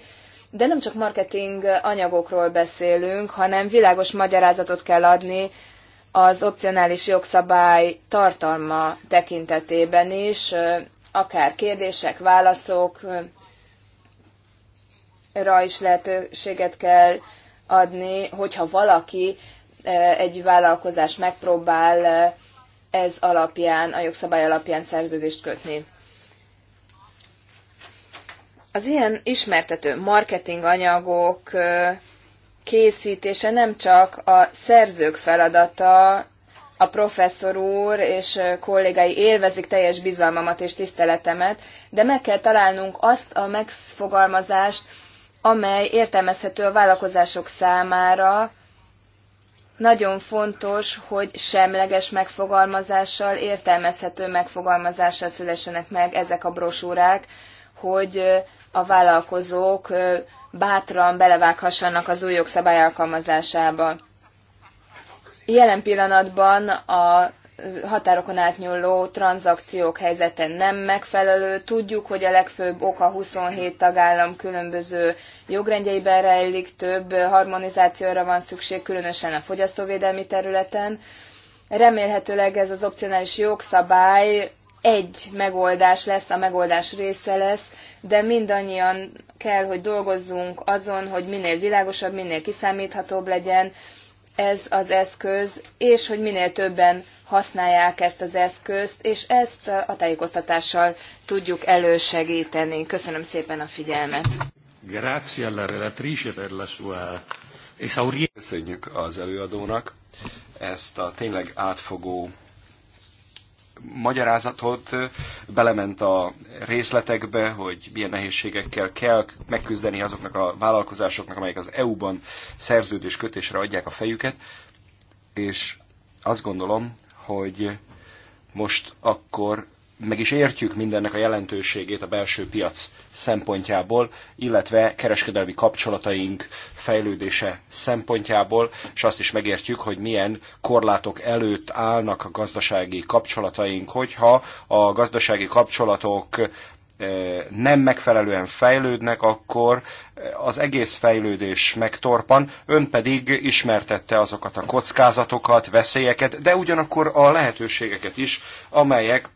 de nem csak marketing anyagokról beszélünk, hanem világos magyarázatot kell adni az opcionális jogszabály tartalma tekintetében is, akár kérdések, válaszok, ra is lehetőséget kell adni, hogyha valaki egy vállalkozás megpróbál ez alapján, a jogszabály alapján szerződést kötni. Az ilyen ismertető marketinganyagok készítése nem csak a szerzők feladata, a professzor úr és kollégái élvezik teljes bizalmamat és tiszteletemet, de meg kell találnunk azt a megfogalmazást, amely értelmezhető a vállalkozások számára. Nagyon fontos, hogy semleges megfogalmazással, értelmezhető megfogalmazással szülessenek meg ezek a brosúrák, hogy a vállalkozók bátran belevághassanak az új jogszabály alkalmazásába. Jelen pillanatban a határokon átnyúló tranzakciók helyzete nem megfelelő. Tudjuk, hogy a legfőbb oka 27 tagállam különböző jogrendjeiben rejlik, több harmonizációra van szükség, különösen a fogyasztóvédelmi területen. Remélhetőleg ez az opcionális jogszabály egy megoldás lesz, a megoldás része lesz, de mindannyian kell, hogy dolgozzunk azon, hogy minél világosabb, minél kiszámíthatóbb legyen ez az eszköz, és hogy minél többen használják ezt az eszközt, és ezt a tájékoztatással tudjuk elősegíteni. Köszönöm szépen a figyelmet. Grazie alla relatrice per la sua esaurie. Köszönjük az előadónak ezt a tényleg átfogó magyarázatot, belement a részletekbe, hogy milyen nehézségekkel kell megküzdeni azoknak a vállalkozásoknak, amelyek az EU-ban szerződés kötésre adják a fejüket, és azt gondolom, hogy most akkor meg is értjük mindennek a jelentőségét a belső piac szempontjából, illetve kereskedelmi kapcsolataink fejlődése szempontjából, és azt is megértjük, hogy milyen korlátok előtt állnak a gazdasági kapcsolataink, hogyha a gazdasági kapcsolatok eh, nem megfelelően fejlődnek, akkor eh, az egész fejlődés megtorpan, ön pedig ismertette azokat a kockázatokat, veszélyeket, de ugyanakkor a lehetőségeket is, amelyek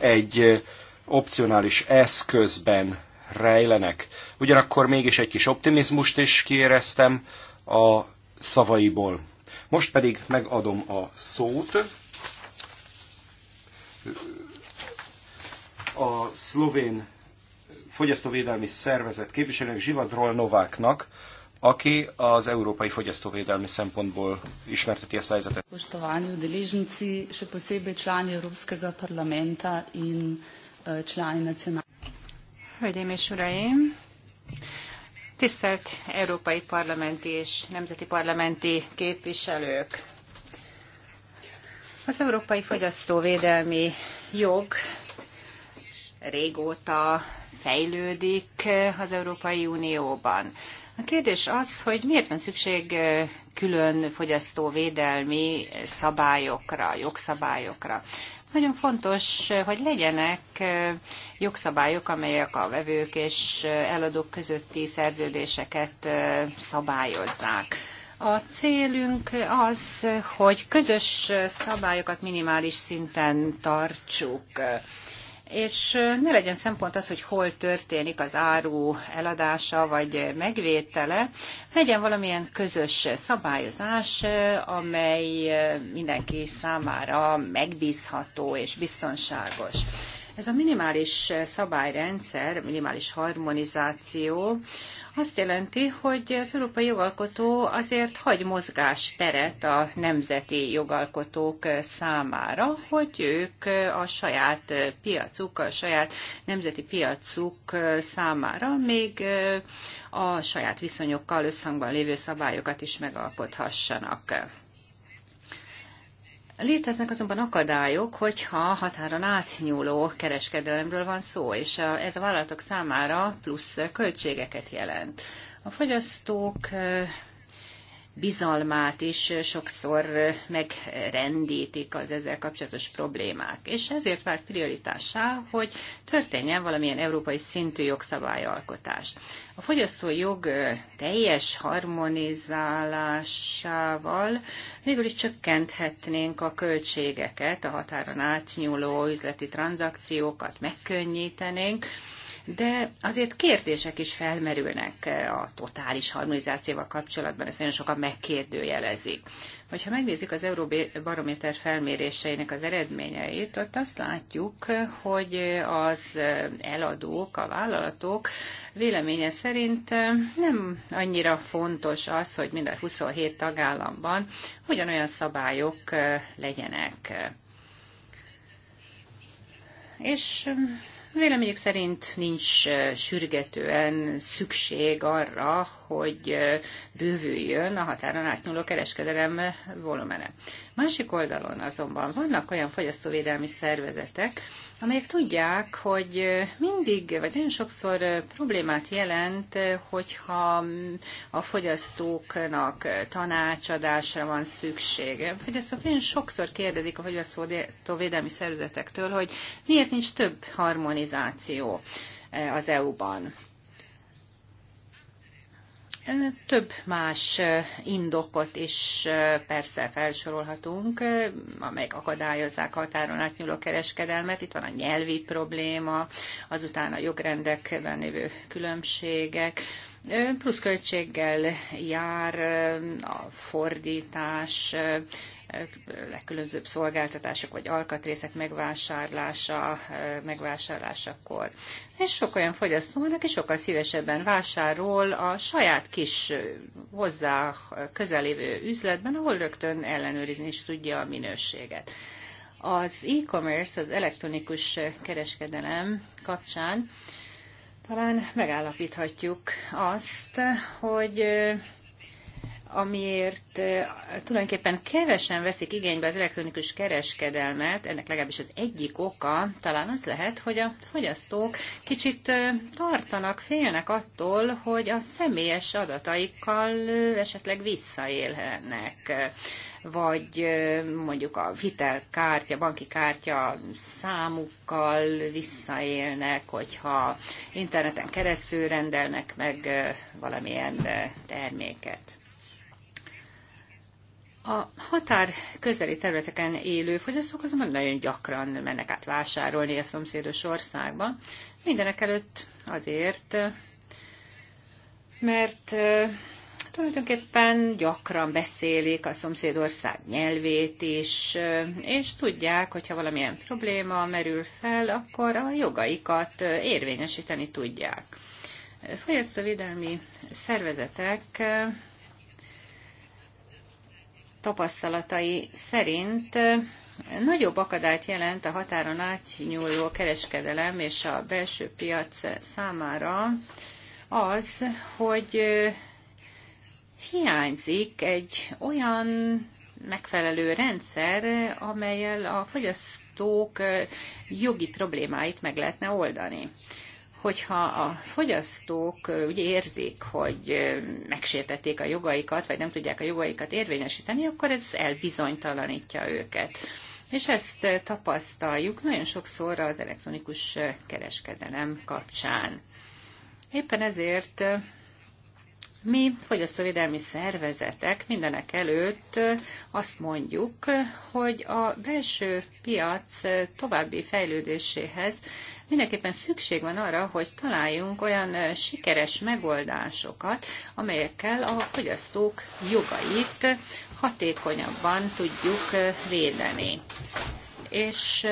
egy opcionális eszközben rejlenek. Ugyanakkor mégis egy kis optimizmust is kiéreztem a szavaiból. Most pedig megadom a szót a szlovén fogyasztóvédelmi szervezet képviselőnek Zsiva Nováknak, aki az európai fogyasztóvédelmi szempontból ismerteti ezt a helyzetet. Poštovani udeleženci, še posebej člani Európskega parlamenta in eh, člani nacionál... Hölgyeim és uraim, tisztelt európai parlamenti és nemzeti parlamenti képviselők! Az európai fogyasztóvédelmi jog régóta fejlődik az Európai Unióban. A kérdés az, hogy miért van szükség külön fogyasztóvédelmi szabályokra, jogszabályokra. Nagyon fontos, hogy legyenek jogszabályok, amelyek a vevők és eladók közötti szerződéseket szabályozzák. A célunk az, hogy közös szabályokat minimális szinten tartsuk és ne legyen szempont az, hogy hol történik az áru eladása vagy megvétele, legyen valamilyen közös szabályozás, amely mindenki számára megbízható és biztonságos. Ez a minimális szabályrendszer, minimális harmonizáció azt jelenti, hogy az európai jogalkotó azért hagy mozgás teret a nemzeti jogalkotók számára, hogy ők a saját piacuk, a saját nemzeti piacuk számára még a saját viszonyokkal összhangban lévő szabályokat is megalkothassanak. Léteznek azonban akadályok, hogyha határon átnyúló kereskedelemről van szó, és ez a vállalatok számára plusz költségeket jelent. A fogyasztók bizalmát is sokszor megrendítik az ezzel kapcsolatos problémák. És ezért vár prioritássá, hogy történjen valamilyen európai szintű jogszabályalkotás. A fogyasztói jog teljes harmonizálásával végül is csökkenthetnénk a költségeket, a határon átnyúló üzleti tranzakciókat megkönnyítenénk, de azért kérdések is felmerülnek eh, a totális harmonizációval kapcsolatban, ezt nagyon sokan megkérdőjelezik. Vagy ha megnézzük az Euróbarométer felméréseinek az eredményeit, ott azt látjuk, hogy az eh, eladók, a vállalatok véleménye szerint eh, nem annyira fontos az, hogy minden 27 tagállamban ugyanolyan szabályok legyenek. És Véleményük szerint nincs sürgetően szükség arra, hogy bővüljön a határon átnyúló kereskedelem volumene. Másik oldalon azonban vannak olyan fogyasztóvédelmi szervezetek, amelyek tudják, hogy mindig, vagy nagyon sokszor problémát jelent, hogyha mm, a fogyasztóknak tanácsadásra van szükség. A fogyasztók nagyon sokszor kérdezik a fogyasztóvédelmi szervezetektől, hogy miért nincs több harmonizáció az EU-ban. Több más indokot is persze felsorolhatunk, amelyek akadályozzák határon átnyúló kereskedelmet. Itt van a nyelvi probléma, azután a jogrendekben lévő különbségek, Pluszköltséggel jár a fordítás, legkülönbözőbb szolgáltatások vagy alkatrészek megvásárlása, megvásárlásakor. És sok olyan fogyasztó van, aki sokkal szívesebben vásárol a saját kis hozzá közelévő üzletben, ahol rögtön ellenőrizni is tudja a minőséget. Az e-commerce, az elektronikus kereskedelem kapcsán talán megállapíthatjuk azt, hogy amiért tulajdonképpen kevesen veszik igénybe az elektronikus kereskedelmet, ennek legalábbis az egyik oka talán az lehet, hogy a fogyasztók kicsit tartanak, félnek attól, hogy a személyes adataikkal esetleg visszaélhetnek vagy mondjuk a hitelkártya, banki kártya számukkal visszaélnek, hogyha interneten keresztül rendelnek meg valamilyen terméket. A határ közeli területeken élő fogyasztók azonban nagyon gyakran mennek át vásárolni a szomszédos országba. Mindenek előtt azért, mert tulajdonképpen gyakran beszélik a szomszédország nyelvét is, és tudják, hogyha valamilyen probléma merül fel, akkor a jogaikat érvényesíteni tudják. Fogyasztóvédelmi szervezetek tapasztalatai szerint nagyobb akadályt jelent a határon átnyúló kereskedelem és a belső piac számára az, hogy hiányzik egy olyan megfelelő rendszer, amelyel a fogyasztók jogi problémáit meg lehetne oldani hogyha a fogyasztók úgy érzik, hogy megsértették a jogaikat, vagy nem tudják a jogaikat érvényesíteni, akkor ez elbizonytalanítja őket. És ezt tapasztaljuk nagyon sokszor az elektronikus kereskedelem kapcsán. Éppen ezért mi fogyasztóvédelmi szervezetek mindenek előtt azt mondjuk, hogy a belső piac további fejlődéséhez mindenképpen szükség van arra, hogy találjunk olyan sikeres megoldásokat, amelyekkel a fogyasztók jogait hatékonyabban tudjuk védeni. És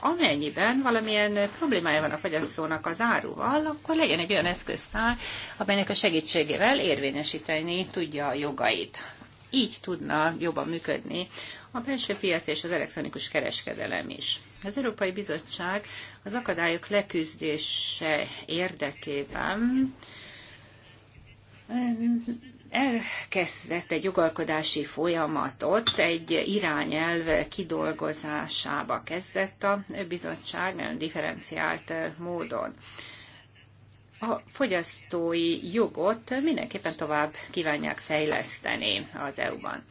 amennyiben valamilyen problémája van a fogyasztónak az áruval, akkor legyen egy olyan eszköztár, amelynek a segítségével érvényesíteni tudja a jogait. Így tudna jobban működni a belső piac és az elektronikus kereskedelem is. Az Európai Bizottság az akadályok leküzdése érdekében elkezdett egy jogalkodási folyamatot, egy irányelv kidolgozásába kezdett a bizottság nagyon differenciált módon. A fogyasztói jogot mindenképpen tovább kívánják fejleszteni az EU-ban.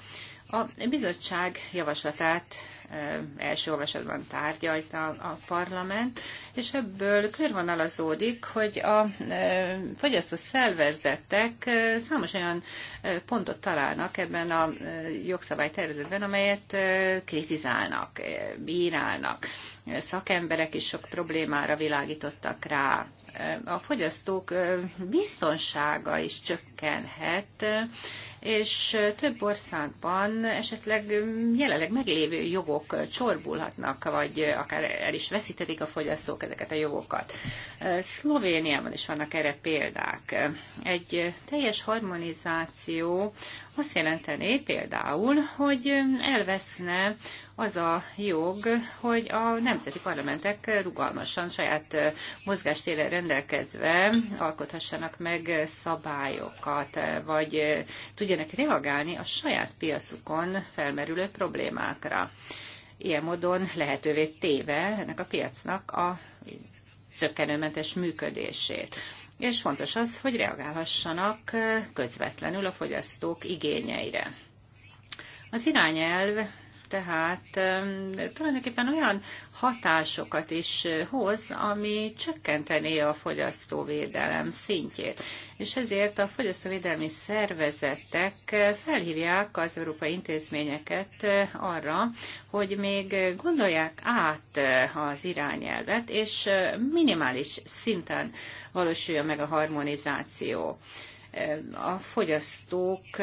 A bizottság javaslatát első olvasatban tárgyalt a, a parlament, és ebből körvonalazódik, hogy a fogyasztó szervezetek számos olyan pontot találnak ebben a jogszabálytervezetben, amelyet kritizálnak, bírálnak szakemberek is sok problémára világítottak rá. A fogyasztók biztonsága is csökkenhet, és több országban esetleg jelenleg meglévő jogok csorbulhatnak, vagy akár el is veszítetik a fogyasztók ezeket a jogokat. Szlovéniában is vannak erre példák. Egy teljes harmonizáció azt jelenteni például, hogy elveszne az a jog, hogy a nemzeti parlamentek rugalmasan, saját mozgástére rendelkezve alkothassanak meg szabályokat, vagy tudjanak reagálni a saját piacukon felmerülő problémákra. Ilyen módon lehetővé téve ennek a piacnak a csökkenőmentes működését és fontos az, hogy reagálhassanak közvetlenül a fogyasztók igényeire. Az irányelv tehát tulajdonképpen olyan hatásokat is hoz, ami csökkentené a fogyasztóvédelem szintjét. És ezért a fogyasztóvédelmi szervezetek felhívják az európai intézményeket arra, hogy még gondolják át az irányelvet, és minimális szinten valósuljon meg a harmonizáció. A fogyasztók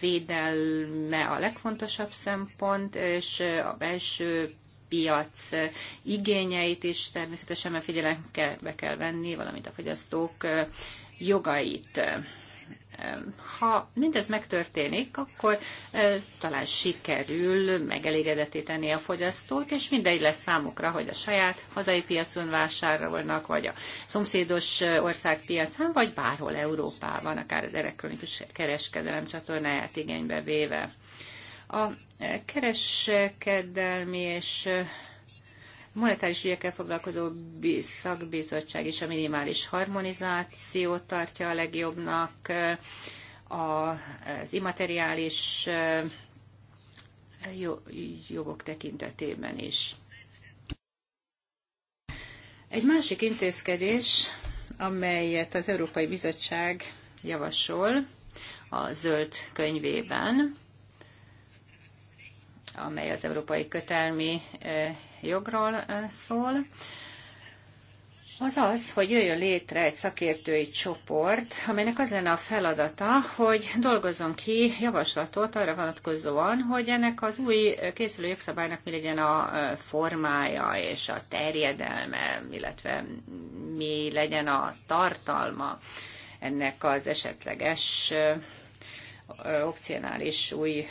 védelme a legfontosabb szempont, és a belső piac igényeit is természetesen figyelembe kell venni, valamint a fogyasztók jogait. Ha mindez megtörténik, akkor talán sikerül megelégedetíteni a fogyasztót, és mindegy lesz számukra, hogy a saját hazai piacon vásárolnak, vagy a szomszédos ország piacán, vagy bárhol Európában, akár az elektronikus kereskedelem csatornáját igénybe véve. A kereskedelmi és monetáris ügyekkel foglalkozó szakbizottság is a minimális harmonizációt tartja a legjobbnak, az immateriális jogok tekintetében is. Egy másik intézkedés, amelyet az Európai Bizottság javasol a zöld könyvében, amely az európai kötelmi jogról szól, az az, hogy jöjjön létre egy szakértői csoport, amelynek az lenne a feladata, hogy dolgozzon ki javaslatot arra vonatkozóan, hogy ennek az új készülő jogszabálynak mi legyen a formája és a terjedelme, illetve mi legyen a tartalma ennek az esetleges opcionális új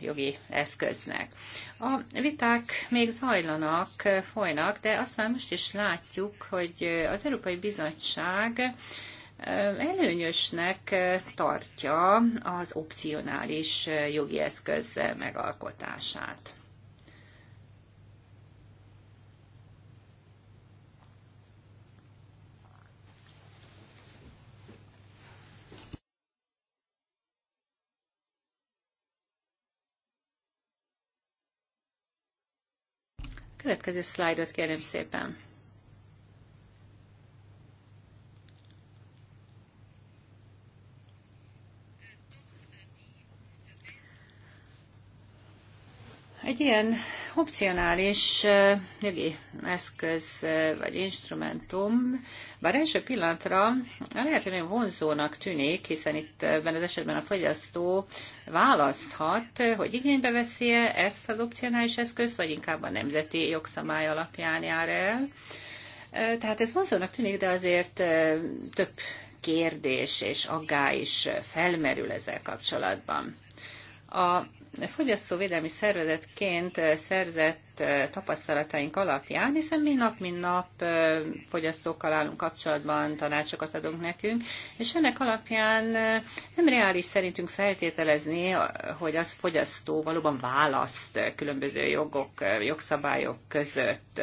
jogi eszköznek. A viták még zajlanak, folynak, de azt már most is látjuk, hogy az Európai Bizottság előnyösnek tartja az opcionális jogi eszköz megalkotását. Következő szlájdot kérem szépen. Egy ilyen opcionális jogi eszköz vagy instrumentum, bár első pillanatra lehet, hogy nagyon vonzónak tűnik, hiszen itt ebben az esetben a fogyasztó választhat, hogy igénybe veszi -e ezt az opcionális eszközt, vagy inkább a nemzeti jogszabály alapján jár el. Tehát ez vonzónak tűnik, de azért több kérdés és aggá is felmerül ezzel kapcsolatban. A fogyasztóvédelmi szervezetként eh, szerzett eh, tapasztalataink alapján, hiszen mi nap, mint nap eh, fogyasztókkal állunk kapcsolatban, tanácsokat adunk nekünk, és ennek alapján nem reális szerintünk feltételezni, hogy az fogyasztó valóban választ különböző jogok, jogszabályok között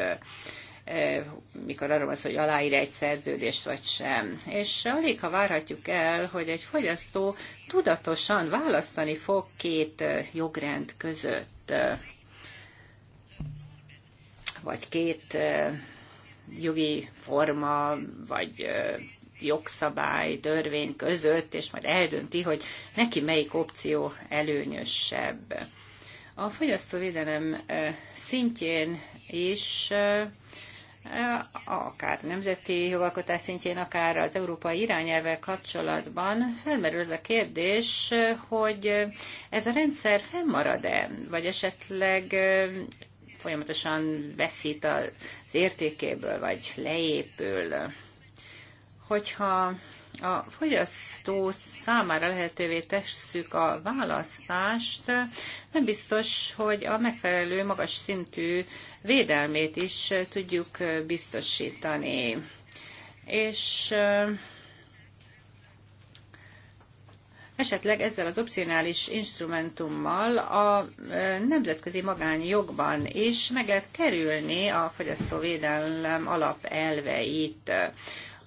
mikor arról van szó, hogy aláír egy szerződést vagy sem. És alig ha várhatjuk el, hogy egy fogyasztó tudatosan választani fog két jogrend között, vagy két jogi forma, vagy jogszabály, törvény között, és majd eldönti, hogy neki melyik opció előnyösebb. A fogyasztóvédelem szintjén is akár nemzeti jogalkotás szintjén, akár az európai irányelvvel kapcsolatban felmerül az a kérdés, hogy ez a rendszer fennmarad-e, vagy esetleg folyamatosan veszít az értékéből, vagy leépül. Hogyha a fogyasztó számára lehetővé tesszük a választást, nem biztos, hogy a megfelelő magas szintű védelmét is tudjuk biztosítani. És Esetleg ezzel az opcionális instrumentummal a nemzetközi magánjogban is meg lehet kerülni a fogyasztóvédelem alapelveit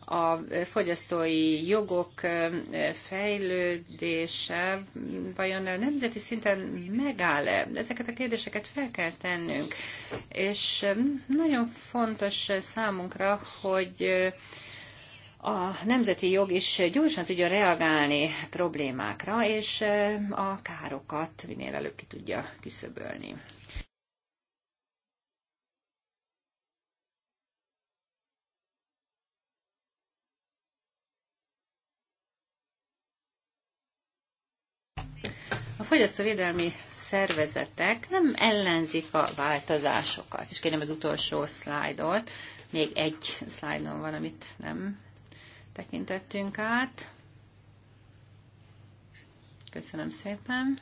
a fogyasztói jogok fejlődése vajon a nemzeti szinten megáll-e? Ezeket a kérdéseket fel kell tennünk. És nagyon fontos számunkra, hogy a nemzeti jog is gyorsan tudja reagálni problémákra, és a károkat minél előbb ki tudja küszöbölni. A fogyasztóvédelmi szervezetek nem ellenzik a változásokat. És kérem az utolsó szlájdot. Még egy szlájdon van, amit nem tekintettünk át. Köszönöm szépen.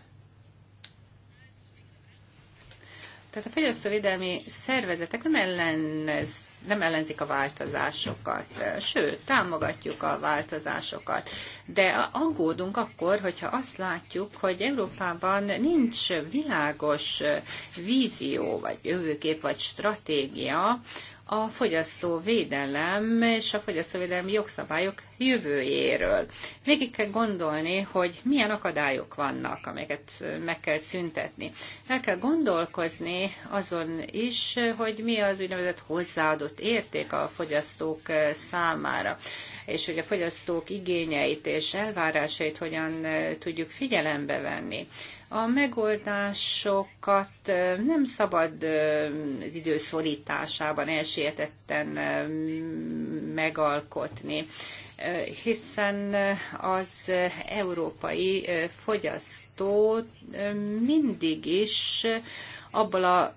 Tehát a fogyasztóvédelmi szervezetek nem ellenez, nem ellenzik a változásokat, sőt, támogatjuk a változásokat. De aggódunk akkor, hogyha azt látjuk, hogy Európában nincs világos vízió, vagy jövőkép, vagy stratégia a fogyasztóvédelem és a fogyasztóvédelmi jogszabályok jövőjéről. Végig kell gondolni, hogy milyen akadályok vannak, amelyeket meg kell szüntetni. El kell gondolkozni azon is, hogy mi az úgynevezett hozzáadott érték a fogyasztók számára, és hogy a fogyasztók igényeit és elvárásait hogyan eh, tudjuk figyelembe venni a megoldásokat nem szabad az szorításában elsietetten megalkotni, hiszen az európai fogyasztó mindig is abból a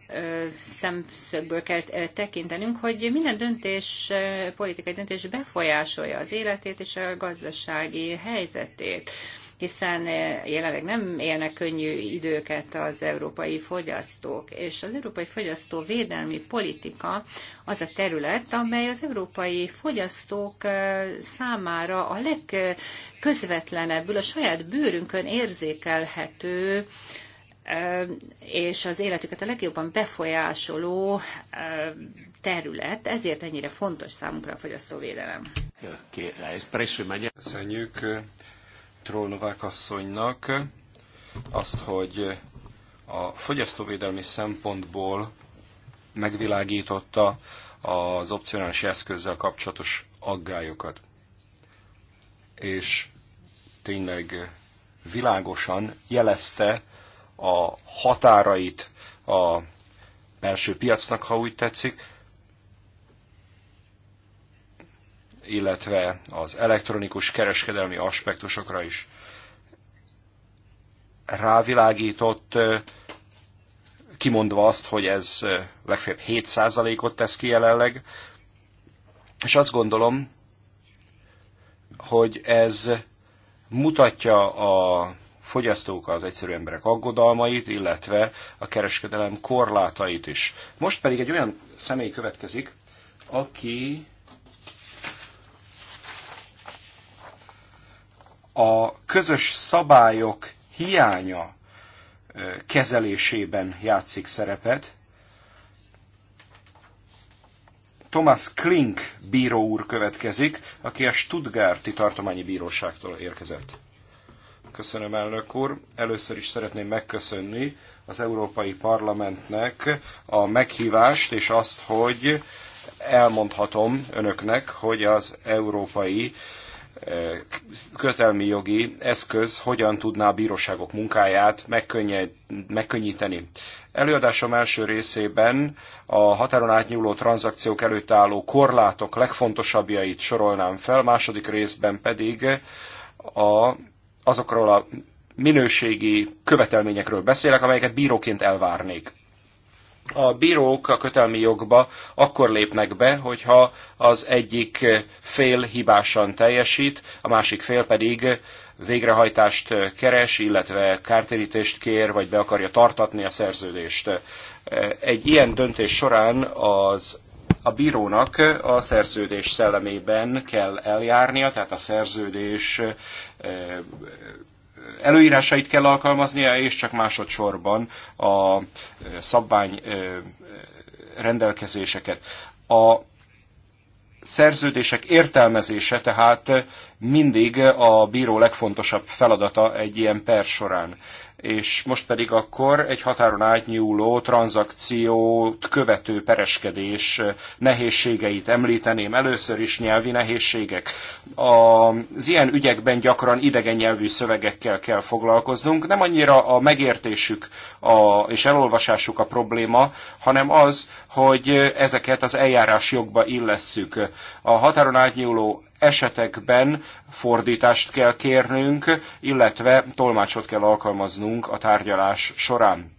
szemszögből kell tekintenünk, hogy minden döntés, politikai döntés befolyásolja az életét és a gazdasági helyzetét hiszen eh, jelenleg nem élnek könnyű időket az európai fogyasztók, és az európai fogyasztó védelmi politika az a terület, amely az európai fogyasztók eh, számára a legközvetlenebbül, a saját bőrünkön érzékelhető eh, és az életüket a legjobban befolyásoló terület, ezért ennyire fontos számunkra a fogyasztóvédelem. Köszönjük. Trollovák asszonynak azt, hogy a fogyasztóvédelmi szempontból megvilágította az opcionális eszközzel kapcsolatos aggályokat. És tényleg világosan jelezte a határait a belső piacnak, ha úgy tetszik, illetve az elektronikus kereskedelmi aspektusokra is rávilágított, kimondva azt, hogy ez legfeljebb 7%-ot tesz ki jelenleg, és azt gondolom, hogy ez mutatja a fogyasztók, az egyszerű emberek aggodalmait, illetve a kereskedelem korlátait is. Most pedig egy olyan személy következik, aki a közös szabályok hiánya kezelésében játszik szerepet. Thomas Klink bíró úr következik, aki a Stuttgarti Tartományi Bíróságtól érkezett. Köszönöm, elnök úr. Először is szeretném megköszönni az Európai Parlamentnek a meghívást, és azt, hogy elmondhatom önöknek, hogy az Európai kötelmi jogi eszköz hogyan tudná a bíróságok munkáját megkönnyíteni. Előadásom első részében a határon átnyúló tranzakciók előtt álló korlátok legfontosabbjait sorolnám fel, második részben pedig a, azokról a minőségi követelményekről beszélek, amelyeket bíróként elvárnék a bírók a kötelmi jogba akkor lépnek be, hogyha az egyik fél hibásan teljesít, a másik fél pedig végrehajtást keres, illetve kártérítést kér, vagy be akarja tartatni a szerződést. Egy ilyen döntés során az a bírónak a szerződés szellemében kell eljárnia, tehát a szerződés eh, előírásait kell alkalmaznia, és csak másodszorban a szabvány rendelkezéseket. A szerződések értelmezése tehát mindig a bíró legfontosabb feladata egy ilyen per során és most pedig akkor egy határon átnyúló tranzakciót követő pereskedés nehézségeit említeném. Először is nyelvi nehézségek. Az ilyen ügyekben gyakran idegen nyelvű szövegekkel kell foglalkoznunk. Nem annyira a megértésük a, és elolvasásuk a probléma, hanem az, hogy ezeket az eljárás jogba illesszük. A határon átnyúló esetekben fordítást kell kérnünk, illetve tolmácsot kell alkalmaznunk a tárgyalás során.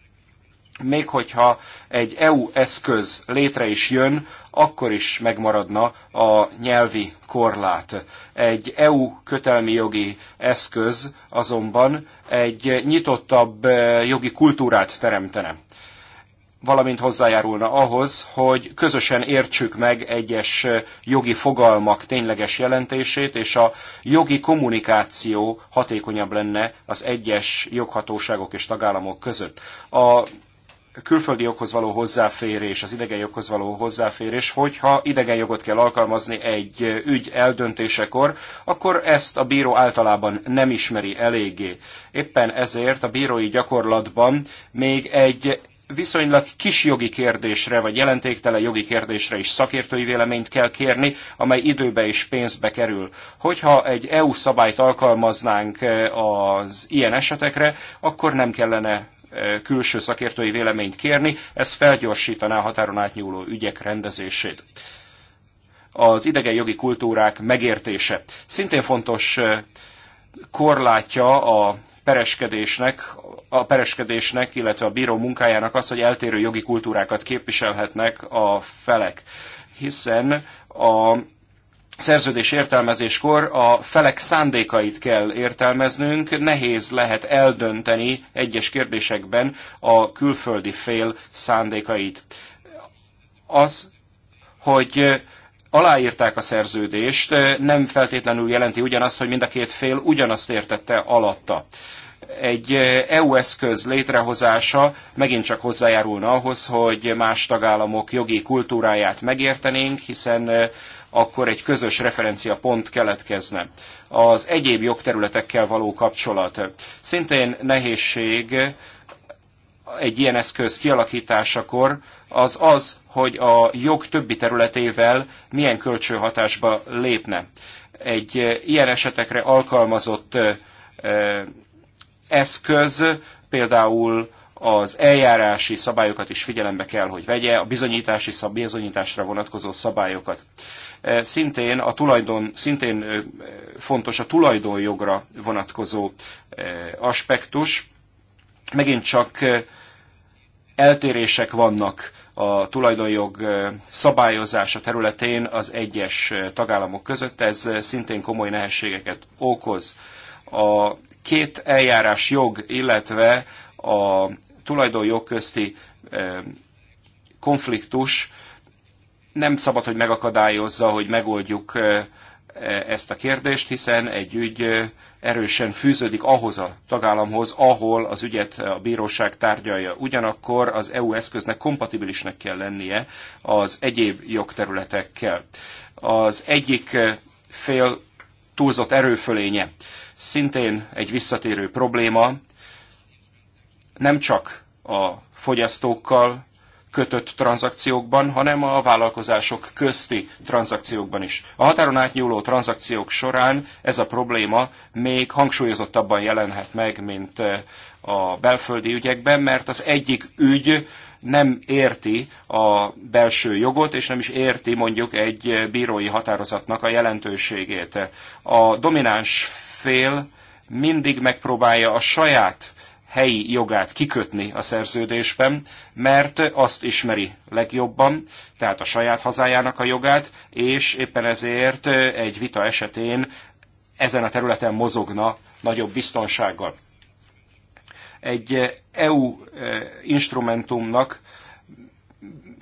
Még hogyha egy EU eszköz létre is jön, akkor is megmaradna a nyelvi korlát. Egy EU kötelmi jogi eszköz azonban egy nyitottabb eh, jogi kultúrát teremtene valamint hozzájárulna ahhoz, hogy közösen értsük meg egyes jogi fogalmak tényleges jelentését, és a jogi kommunikáció hatékonyabb lenne az egyes joghatóságok és tagállamok között. A külföldi joghoz való hozzáférés, az idegen joghoz való hozzáférés, hogyha idegen jogot kell alkalmazni egy ügy eldöntésekor, akkor ezt a bíró általában nem ismeri eléggé. Éppen ezért a bírói gyakorlatban még egy viszonylag kis jogi kérdésre, vagy jelentéktelen jogi kérdésre is szakértői véleményt kell kérni, amely időbe és pénzbe kerül. Hogyha egy EU szabályt alkalmaznánk e, az ilyen esetekre, akkor nem kellene e, külső szakértői véleményt kérni, ez felgyorsítaná a határon átnyúló ügyek rendezését. Az idegen jogi kultúrák megértése. Szintén fontos e, korlátja a pereskedésnek a pereskedésnek, illetve a bíró munkájának az, hogy eltérő jogi kultúrákat képviselhetnek a felek. Hiszen a szerződés értelmezéskor a felek szándékait kell értelmeznünk, nehéz lehet eldönteni egyes kérdésekben a külföldi fél szándékait. Az, hogy aláírták a szerződést, nem feltétlenül jelenti ugyanazt, hogy mind a két fél ugyanazt értette alatta egy EU eszköz létrehozása megint csak hozzájárulna ahhoz, hogy más tagállamok jogi kultúráját megértenénk, hiszen akkor egy közös referencia pont keletkezne. Az egyéb jogterületekkel való kapcsolat. Szintén nehézség egy ilyen eszköz kialakításakor az az, hogy a jog többi területével milyen kölcsönhatásba lépne. Egy ilyen esetekre alkalmazott eszköz, például az eljárási szabályokat is figyelembe kell, hogy vegye, a bizonyítási szab, bizonyításra vonatkozó szabályokat. E, szintén a tulajdon, szintén e, fontos a tulajdonjogra vonatkozó e, aspektus. Megint csak eltérések vannak a tulajdonjog szabályozása területén az egyes tagállamok között, ez szintén komoly nehézségeket okoz. A két eljárás jog, illetve a tulajdonjog közti konfliktus nem szabad, hogy megakadályozza, hogy megoldjuk e, ezt a kérdést, hiszen egy ügy erősen fűződik ahhoz a tagállamhoz, ahol az ügyet a bíróság tárgyalja. Ugyanakkor az EU eszköznek kompatibilisnek kell lennie az egyéb jogterületekkel. Az egyik fél túlzott erőfölénye szintén egy visszatérő probléma, nem csak a fogyasztókkal kötött tranzakciókban, hanem a vállalkozások közti tranzakciókban is. A határon átnyúló tranzakciók során ez a probléma még hangsúlyozottabban jelenhet meg, mint eh, a belföldi ügyekben, mert az egyik ügy nem érti a belső jogot, és nem is érti mondjuk egy bírói határozatnak a jelentőségét. A domináns fél mindig megpróbálja a saját helyi jogát kikötni a szerződésben, mert azt ismeri legjobban, tehát a saját hazájának a jogát, és éppen ezért egy vita esetén ezen a területen mozogna nagyobb biztonsággal. Egy EU instrumentumnak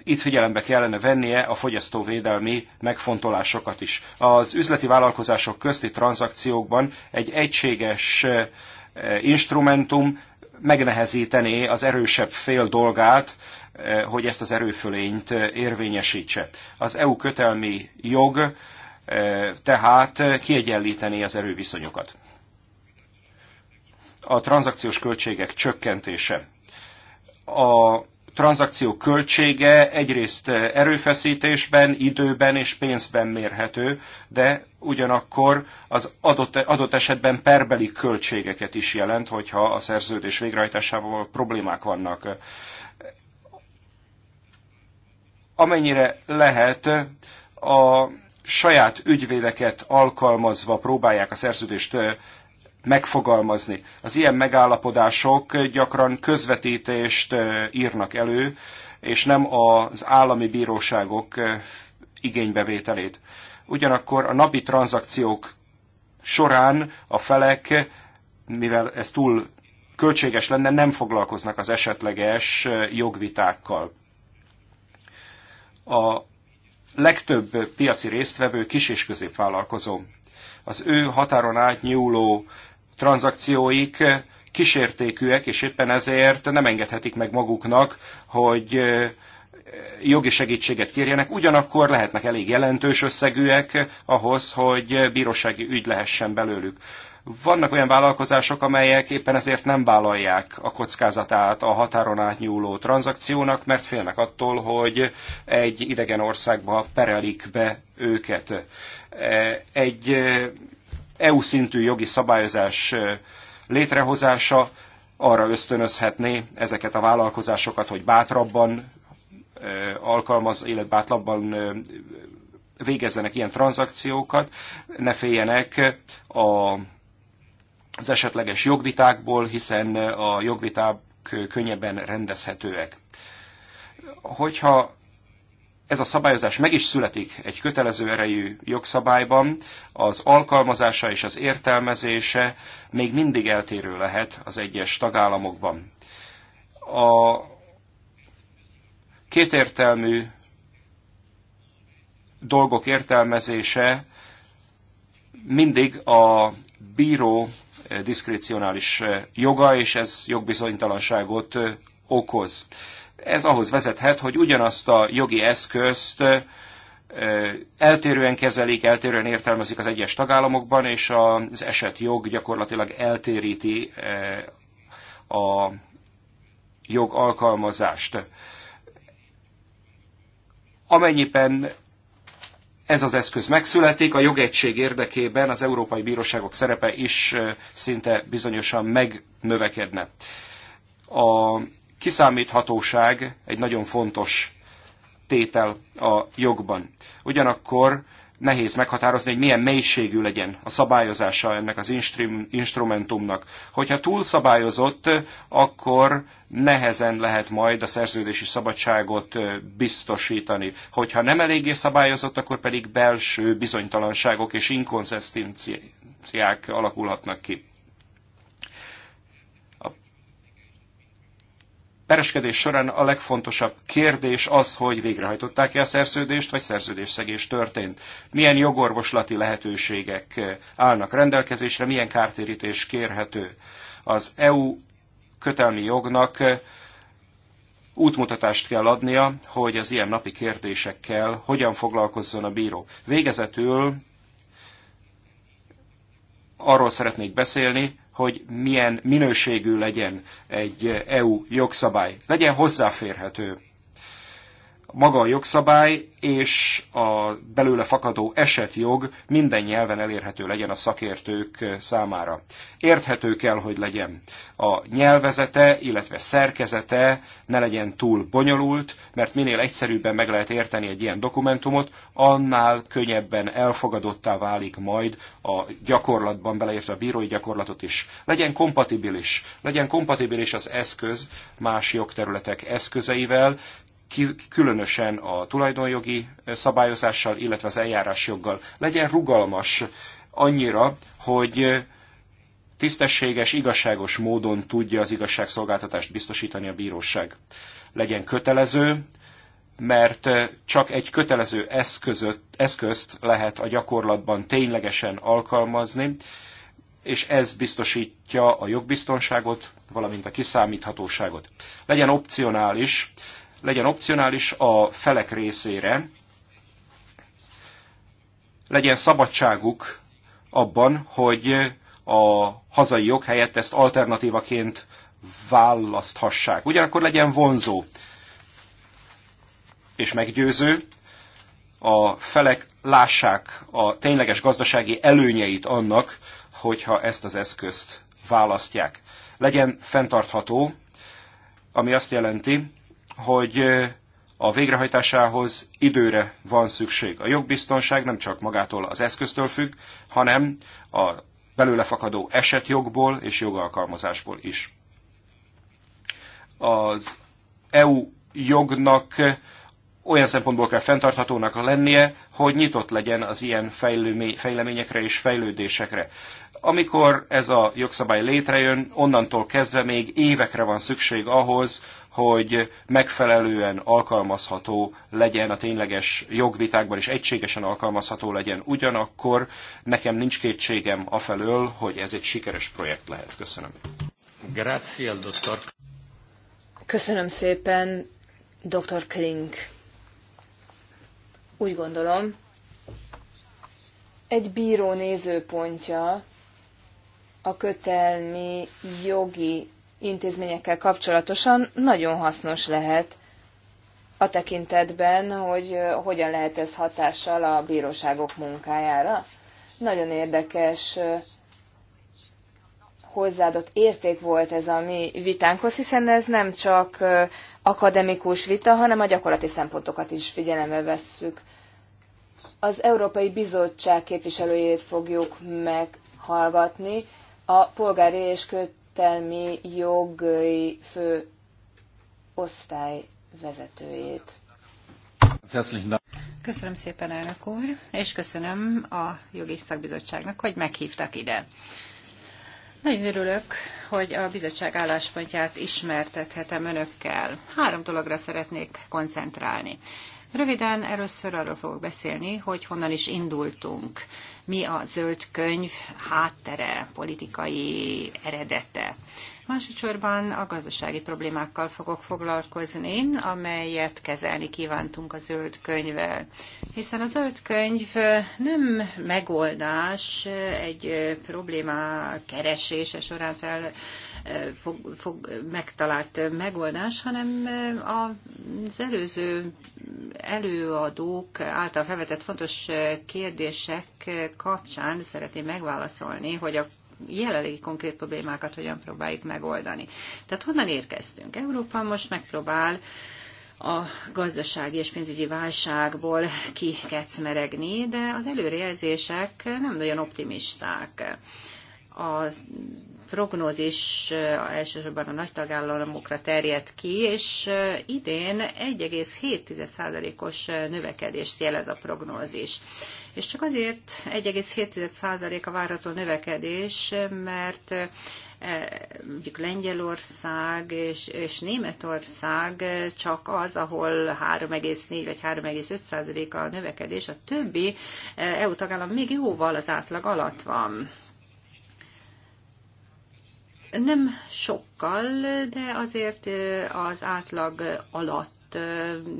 itt figyelembe kellene vennie a fogyasztóvédelmi megfontolásokat is. Az üzleti vállalkozások közti tranzakciókban egy egységes eh, instrumentum megnehezítené az erősebb fél dolgát, eh, hogy ezt az erőfölényt eh, érvényesítse. Az EU kötelmi jog tehát kiegyenlítené az erőviszonyokat. A tranzakciós költségek csökkentése. A tranzakció költsége egyrészt erőfeszítésben, időben és pénzben mérhető, de ugyanakkor az adott, adott esetben perbeli költségeket is jelent, hogyha a szerződés végrehajtásával problémák vannak. Amennyire lehet, a saját ügyvédeket alkalmazva próbálják a szerződést megfogalmazni. Az ilyen megállapodások gyakran közvetítést írnak elő, és nem az állami bíróságok igénybevételét. Ugyanakkor a napi tranzakciók során a felek, mivel ez túl költséges lenne, nem foglalkoznak az esetleges jogvitákkal. A legtöbb piaci résztvevő kis és középvállalkozó. Az ő határon átnyúló tranzakcióik kísértékűek, és éppen ezért nem engedhetik meg maguknak, hogy jogi segítséget kérjenek, ugyanakkor lehetnek elég jelentős összegűek ahhoz, hogy bírósági ügy lehessen belőlük. Vannak olyan vállalkozások, amelyek éppen ezért nem vállalják a kockázatát a határon átnyúló tranzakciónak, mert félnek attól, hogy egy idegen országba perelik be őket. Egy EU szintű jogi szabályozás létrehozása arra ösztönözhetné ezeket a vállalkozásokat, hogy bátrabban alkalmaz, életbátrabban végezzenek ilyen tranzakciókat, ne féljenek a, az esetleges jogvitákból, hiszen a jogviták könnyebben rendezhetőek. Hogyha ez a szabályozás meg is születik egy kötelező erejű jogszabályban, az alkalmazása és az értelmezése még mindig eltérő lehet az egyes tagállamokban. A kétértelmű dolgok értelmezése mindig a bíró eh, diszkrecionális eh, joga, és ez jogbizonytalanságot eh, okoz ez ahhoz vezethet, hogy ugyanazt a jogi eszközt eltérően kezelik, eltérően értelmezik az egyes tagállamokban, és az jog gyakorlatilag eltéríti a jog alkalmazást. Amennyiben ez az eszköz megszületik, a jogegység érdekében az európai bíróságok szerepe is szinte bizonyosan megnövekedne. A kiszámíthatóság egy nagyon fontos tétel a jogban. Ugyanakkor nehéz meghatározni, hogy milyen mélységű legyen a szabályozása ennek az instrumentumnak. Hogyha túlszabályozott, akkor nehezen lehet majd a szerződési szabadságot biztosítani. Hogyha nem eléggé szabályozott, akkor pedig belső bizonytalanságok és inkonzisztenciák alakulhatnak ki. pereskedés során a legfontosabb kérdés az, hogy végrehajtották-e a szerződést, vagy szerződésszegés történt. Milyen jogorvoslati lehetőségek eh, állnak rendelkezésre, milyen kártérítés kérhető. Az EU kötelmi jognak eh, útmutatást kell adnia, hogy az ilyen napi kérdésekkel hogyan foglalkozzon a bíró. Végezetül arról szeretnék beszélni, hogy milyen minőségű legyen egy eh, EU jogszabály. Legyen hozzáférhető maga a jogszabály és a belőle fakadó esetjog minden nyelven elérhető legyen a szakértők számára. Érthető kell, hogy legyen. A nyelvezete, illetve szerkezete ne legyen túl bonyolult, mert minél egyszerűbben meg lehet érteni egy ilyen dokumentumot, annál könnyebben elfogadottá válik majd a gyakorlatban, beleértve a bírói gyakorlatot is. Legyen kompatibilis, legyen kompatibilis az eszköz más jogterületek eszközeivel, különösen a tulajdonjogi szabályozással, illetve az eljárásjoggal. Legyen rugalmas annyira, hogy tisztességes, igazságos módon tudja az igazságszolgáltatást biztosítani a bíróság. Legyen kötelező, mert csak egy kötelező eszközöt, eszközt lehet a gyakorlatban ténylegesen alkalmazni, és ez biztosítja a jogbiztonságot, valamint a kiszámíthatóságot. Legyen opcionális, legyen opcionális a felek részére, legyen szabadságuk abban, hogy a hazai jog helyett ezt alternatívaként választhassák. Ugyanakkor legyen vonzó és meggyőző, a felek lássák a tényleges gazdasági előnyeit annak, hogyha ezt az eszközt választják. Legyen fenntartható, ami azt jelenti, hogy a végrehajtásához időre van szükség. A jogbiztonság nem csak magától az eszköztől függ, hanem a belőle fakadó esetjogból és jogalkalmazásból is. Az EU jognak olyan szempontból kell fenntarthatónak lennie, hogy nyitott legyen az ilyen fejleményekre és fejlődésekre. Amikor ez a jogszabály létrejön, onnantól kezdve még évekre van szükség ahhoz, hogy megfelelően alkalmazható legyen a tényleges jogvitákban, és egységesen alkalmazható legyen. Ugyanakkor nekem nincs kétségem afelől, hogy ez egy sikeres projekt lehet. Köszönöm. Grazie, doktor. Köszönöm szépen, dr. Klink. Úgy gondolom, egy bíró nézőpontja a kötelmi jogi intézményekkel kapcsolatosan nagyon hasznos lehet a tekintetben, hogy hogyan lehet ez hatással a bíróságok munkájára. Nagyon érdekes hozzáadott érték volt ez a mi vitánkhoz, hiszen ez nem csak akademikus vita, hanem a gyakorlati szempontokat is figyelembe vesszük. Az Európai Bizottság képviselőjét fogjuk meghallgatni, a polgári és kötelmi jogi fő osztály vezetőjét. Köszönöm szépen, elnök úr, és köszönöm a jogi szakbizottságnak, hogy meghívtak ide. Nagyon örülök, hogy a bizottság álláspontját ismertethetem önökkel. Három dologra szeretnék koncentrálni. Röviden először arról fogok beszélni, hogy honnan is indultunk mi a zöld könyv háttere, politikai eredete. Másodszorban a gazdasági problémákkal fogok foglalkozni, amelyet kezelni kívántunk a zöld könyvvel. Hiszen a zöld könyv nem megoldás egy probléma keresése során fel fog, fog, megtalált megoldás, hanem az előző előadók által felvetett fontos kérdések kapcsán szeretném megválaszolni, hogy a jelenlegi konkrét problémákat hogyan próbáljuk megoldani. Tehát honnan érkeztünk? Európa most megpróbál a gazdasági és pénzügyi válságból kikecmeregni, de az előrejelzések nem nagyon optimisták. A prognózis elsősorban a nagy tagállamokra terjed ki, és idén 1,7%-os növekedést jelez a prognózis. És csak azért 1,7% a várható növekedés, mert e, mondjuk Lengyelország és, és Németország csak az, ahol 3,4 vagy 3,5 a növekedés, a többi EU tagállam még jóval az átlag alatt van. Nem sokkal, de azért az átlag alatt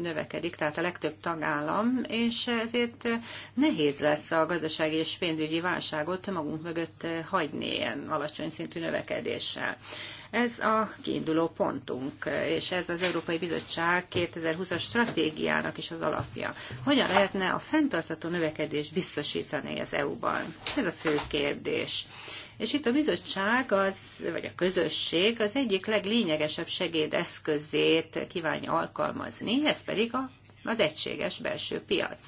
növekedik, tehát a legtöbb tagállam, és ezért nehéz lesz a gazdasági és pénzügyi válságot magunk mögött hagyni ilyen alacsony szintű növekedéssel. Ez a kiinduló pontunk, és ez az Európai Bizottság 2020-as stratégiának is az alapja. Hogyan lehetne a fenntartható növekedést biztosítani az EU-ban? Ez a fő kérdés. És itt a bizottság, az, vagy a közösség az egyik leglényegesebb segédeszközét kívánja alkalmazni, ez pedig a, az egységes belső piac.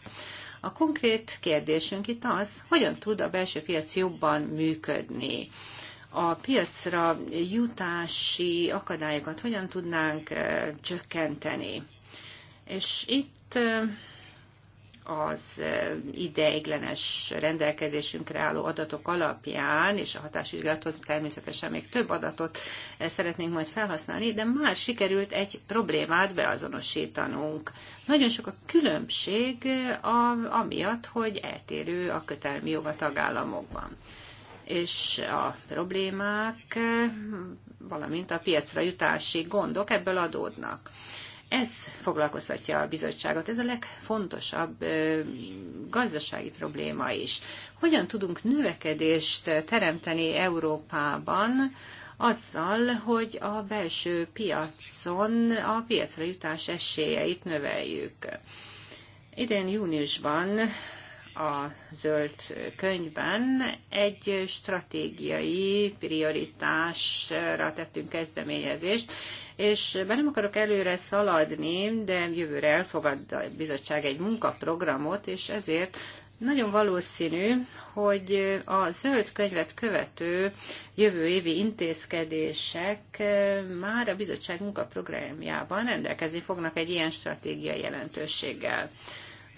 A konkrét kérdésünk itt az, hogyan tud a belső piac jobban működni a piacra jutási akadályokat hogyan tudnánk csökkenteni. És itt az ideiglenes rendelkezésünkre álló adatok alapján, és a hatásvizsgálathoz természetesen még több adatot szeretnénk majd felhasználni, de már sikerült egy problémát beazonosítanunk. Nagyon sok a különbség a, amiatt, hogy eltérő a kötelmi jog a tagállamokban és a problémák, valamint a piacra jutási gondok ebből adódnak. Ez foglalkoztatja a bizottságot, ez a legfontosabb gazdasági probléma is. Hogyan tudunk növekedést teremteni Európában, azzal, hogy a belső piacon a piacra jutás esélyeit növeljük. Idén júniusban a zöld könyvben egy stratégiai prioritásra tettünk kezdeményezést, és be nem akarok előre szaladni, de jövőre elfogad a bizottság egy munkaprogramot, és ezért nagyon valószínű, hogy a zöld könyvet követő jövő évi intézkedések már a bizottság munkaprogramjában rendelkezni fognak egy ilyen stratégiai jelentőséggel.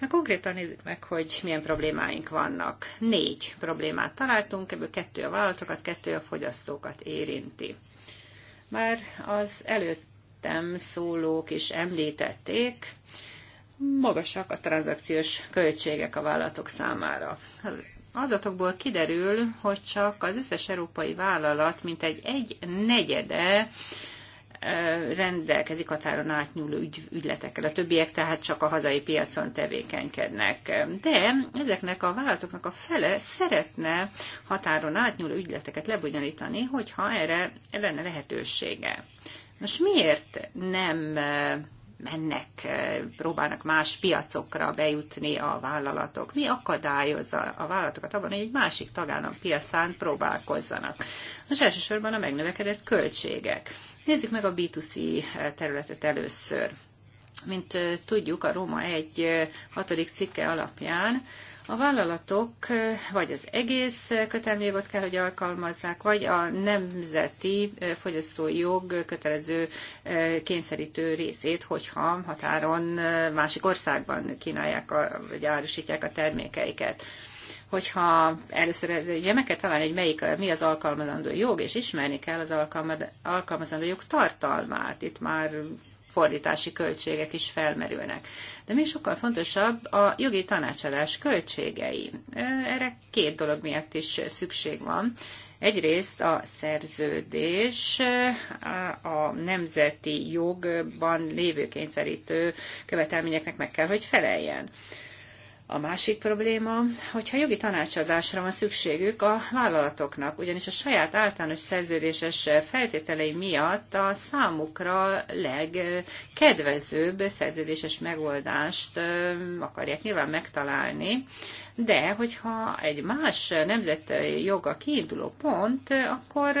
Na konkrétan nézzük meg, hogy milyen problémáink vannak. Négy problémát találtunk, ebből kettő a vállalatokat, kettő a fogyasztókat érinti. Már az előttem szólók is említették, magasak a tranzakciós költségek a vállalatok számára. Az adatokból kiderül, hogy csak az összes európai vállalat mintegy egy negyede rendelkezik határon átnyúló ügy, ügyletekkel. A többiek tehát csak a hazai piacon tevékenykednek. De ezeknek a vállalatoknak a fele szeretne határon átnyúló ügyleteket lebonyolítani, hogyha erre lenne lehetősége. Most miért nem mennek, próbálnak más piacokra bejutni a vállalatok? Mi akadályozza a vállalatokat abban, hogy egy másik tagállam piacán próbálkozzanak? Most elsősorban a megnövekedett költségek. Nézzük meg a B2C eh, területet először. Mint eh, tudjuk, a Róma egy eh, hatodik cikke alapján a vállalatok vagy az egész kötelműjogot kell, hogy alkalmazzák, vagy a nemzeti fogyasztói jog kötelező kényszerítő részét, hogyha határon másik országban kínálják a, vagy árusítják a termékeiket hogyha először ez, meg talán találni, hogy melyik, mi az alkalmazandó jog, és ismerni kell az alkalmazandó jog tartalmát. Itt már fordítási költségek is felmerülnek. De még sokkal fontosabb a jogi tanácsadás költségei. Erre két dolog miatt is szükség van. Egyrészt a szerződés a nemzeti jogban lévő kényszerítő követelményeknek meg kell, hogy feleljen. A másik probléma, hogyha jogi tanácsadásra van szükségük a vállalatoknak, ugyanis a saját általános szerződéses feltételei miatt a számukra legkedvezőbb szerződéses megoldást akarják nyilván megtalálni, de hogyha egy más nemzeti joga kiinduló pont, akkor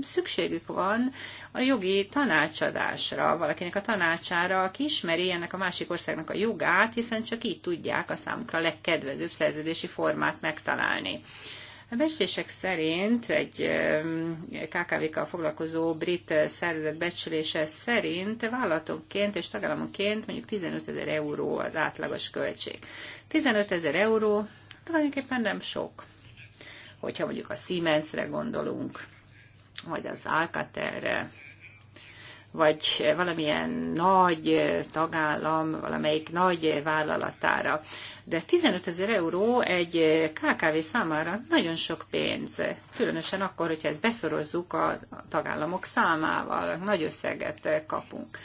szükségük van a jogi tanácsadásra, valakinek a tanácsára, aki ismeri ennek a másik országnak a jogát, hiszen csak így tudják a számukra számunkra legkedvezőbb szerződési formát megtalálni. A becslések szerint egy KKV-kkal foglalkozó brit szervezet becslése szerint vállalatonként és tagállamonként mondjuk 15 ezer euró az átlagos költség. 15 ezer euró tulajdonképpen nem sok, hogyha mondjuk a Siemensre gondolunk, vagy az Alcatelre, vagy valamilyen nagy tagállam, valamelyik nagy vállalatára. De 15 ezer euró egy KKV számára nagyon sok pénz, különösen akkor, hogyha ezt beszorozzuk a tagállamok számával, nagy összeget kapunk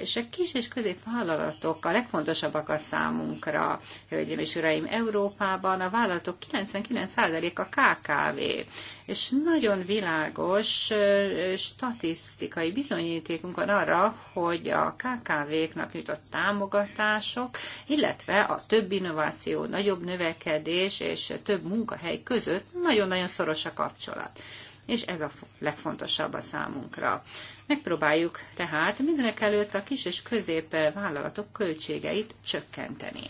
és a kis és középvállalatok a legfontosabbak a számunkra, hölgyeim és uraim. Európában a vállalatok 99%-a KKV, és nagyon világos statisztikai bizonyítékunk van arra, hogy a KKV-knak nyújtott támogatások, illetve a több innováció, nagyobb növekedés és több munkahely között nagyon-nagyon szoros a kapcsolat és ez a legfontosabb a számunkra. Megpróbáljuk tehát mindenek előtt a kis és közép vállalatok költségeit csökkenteni.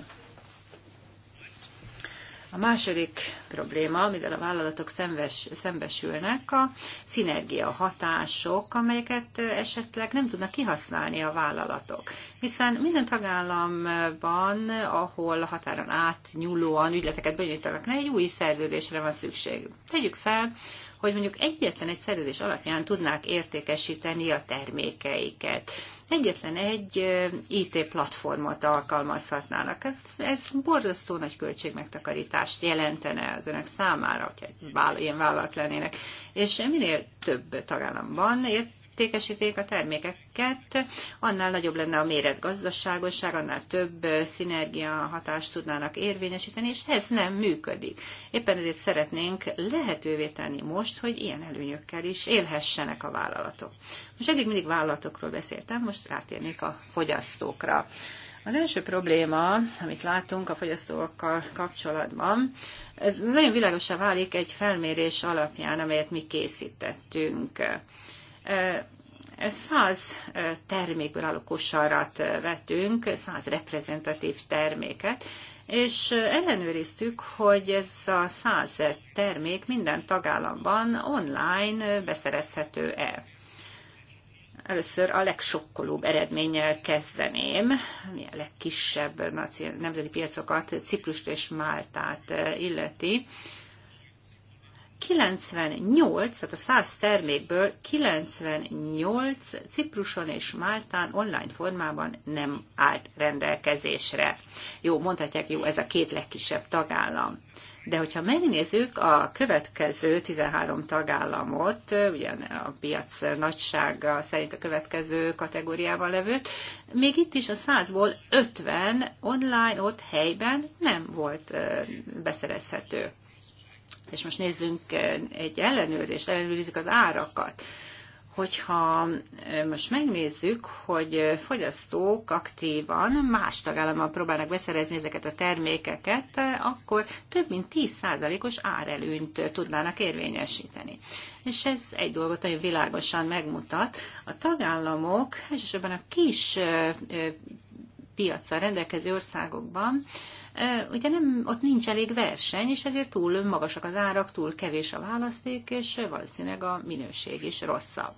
A második probléma, amivel a vállalatok szembes, szembesülnek, a szinergia hatások, amelyeket esetleg nem tudnak kihasználni a vállalatok. Hiszen minden tagállamban, ahol a határon átnyúlóan ügyleteket bonyolítanak egy új szerződésre van szükség. Tegyük fel, hogy mondjuk egyetlen egy szerződés alapján tudnák értékesíteni a termékeiket. Egyetlen egy IT platformot alkalmazhatnának. Ez borzasztó nagy költségmegtakarítást jelentene az önök számára, hogyha ilyen vállalat lennének. És minél több tagállamban értékesíték a termékeket, annál nagyobb lenne a méret gazdaságosság, annál több szinergia hatást tudnának érvényesíteni, és ez nem működik. Éppen ezért szeretnénk lehetővé tenni most, hogy ilyen előnyökkel is élhessenek a vállalatok. Most eddig mindig vállalatokról beszéltem, most rátérnék a fogyasztókra. Az első probléma, amit látunk a fogyasztókkal kapcsolatban, ez nagyon világosan válik egy felmérés alapján, amelyet mi készítettünk száz termékből álló kosarat vettünk, száz reprezentatív terméket, és ellenőriztük, hogy ez a száz termék minden tagállamban online beszerezhető-e. Először a legsokkolóbb eredménnyel kezdeném, ami a legkisebb nemzeti piacokat, Ciprust és Máltát illeti. 98, tehát a 100 termékből 98 Cipruson és Máltán online formában nem állt rendelkezésre. Jó, mondhatják, jó, ez a két legkisebb tagállam. De hogyha megnézzük a következő 13 tagállamot, ugye a piac nagysága szerint a következő kategóriában levőt, még itt is a 100-ból 50 online ott helyben nem volt beszerezhető és most nézzünk egy ellenőrzést, ellenőrizzük az árakat hogyha most megnézzük, hogy fogyasztók aktívan más tagállamban próbálnak beszerezni ezeket a termékeket, akkor több mint 10%-os árelőnyt tudnának érvényesíteni. És ez egy dolgot nagyon világosan megmutat. A tagállamok, elsősorban a kis piacsal rendelkező országokban ugye nem, ott nincs elég verseny, és ezért túl magasak az árak, túl kevés a választék, és valószínűleg a minőség is rosszabb.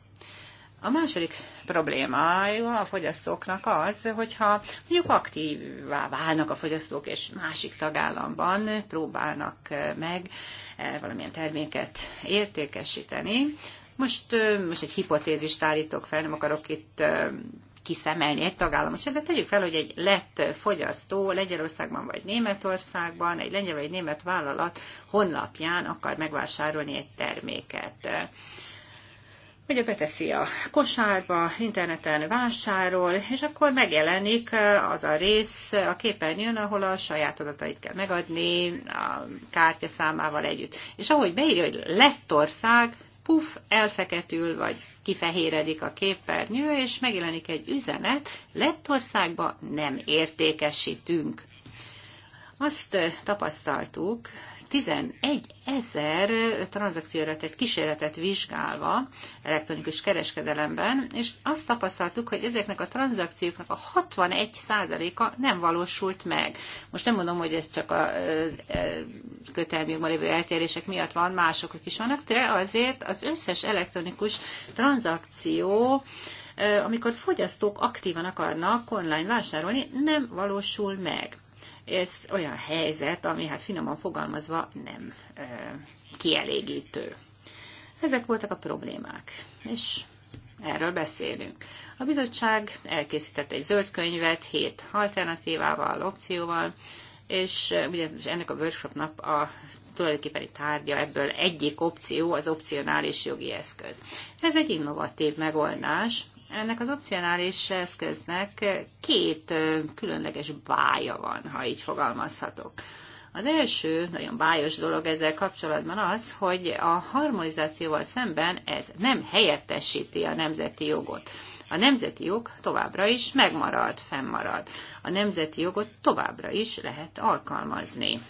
A második problémája a fogyasztóknak az, hogyha mondjuk aktívvá válnak a fogyasztók, és másik tagállamban próbálnak meg valamilyen terméket értékesíteni, most, most egy hipotézist állítok fel, nem akarok itt kiszemelni egy tagállamot, de tegyük fel, hogy egy lett fogyasztó Lengyelországban vagy Németországban, egy lengyel vagy egy német vállalat honlapján akar megvásárolni egy terméket ugye beteszi a kosárba, interneten vásárol, és akkor megjelenik az a rész a képernyőn, ahol a saját adatait kell megadni a kártya számával együtt. És ahogy beírja, hogy Lettország, puf, elfeketül, vagy kifehéredik a képernyő, és megjelenik egy üzenet, Lettországba nem értékesítünk. Azt tapasztaltuk, 11 ezer tranzakcióra tett kísérletet vizsgálva elektronikus kereskedelemben, és azt tapasztaltuk, hogy ezeknek a tranzakcióknak a 61%-a nem valósult meg. Most nem mondom, hogy ez csak a kötelműkben lévő eltérések miatt van, mások is vannak, de azért az összes elektronikus tranzakció amikor fogyasztók aktívan akarnak online vásárolni, nem valósul meg ez olyan helyzet, ami hát finoman fogalmazva nem kielégítő. Ezek voltak a problémák, és erről beszélünk. A bizottság elkészített egy zöld könyvet hét alternatívával, opcióval, és ugye ennek a workshopnak a tulajdonképpen egy tárgya, ebből egyik opció az opcionális jogi eszköz. Ez egy innovatív megoldás, ennek az opcionális eszköznek két különleges bája van, ha így fogalmazhatok. Az első nagyon bájos dolog ezzel kapcsolatban az, hogy a harmonizációval szemben ez nem helyettesíti a nemzeti jogot. A nemzeti jog továbbra is megmarad, fennmarad. A nemzeti jogot továbbra is lehet alkalmazni.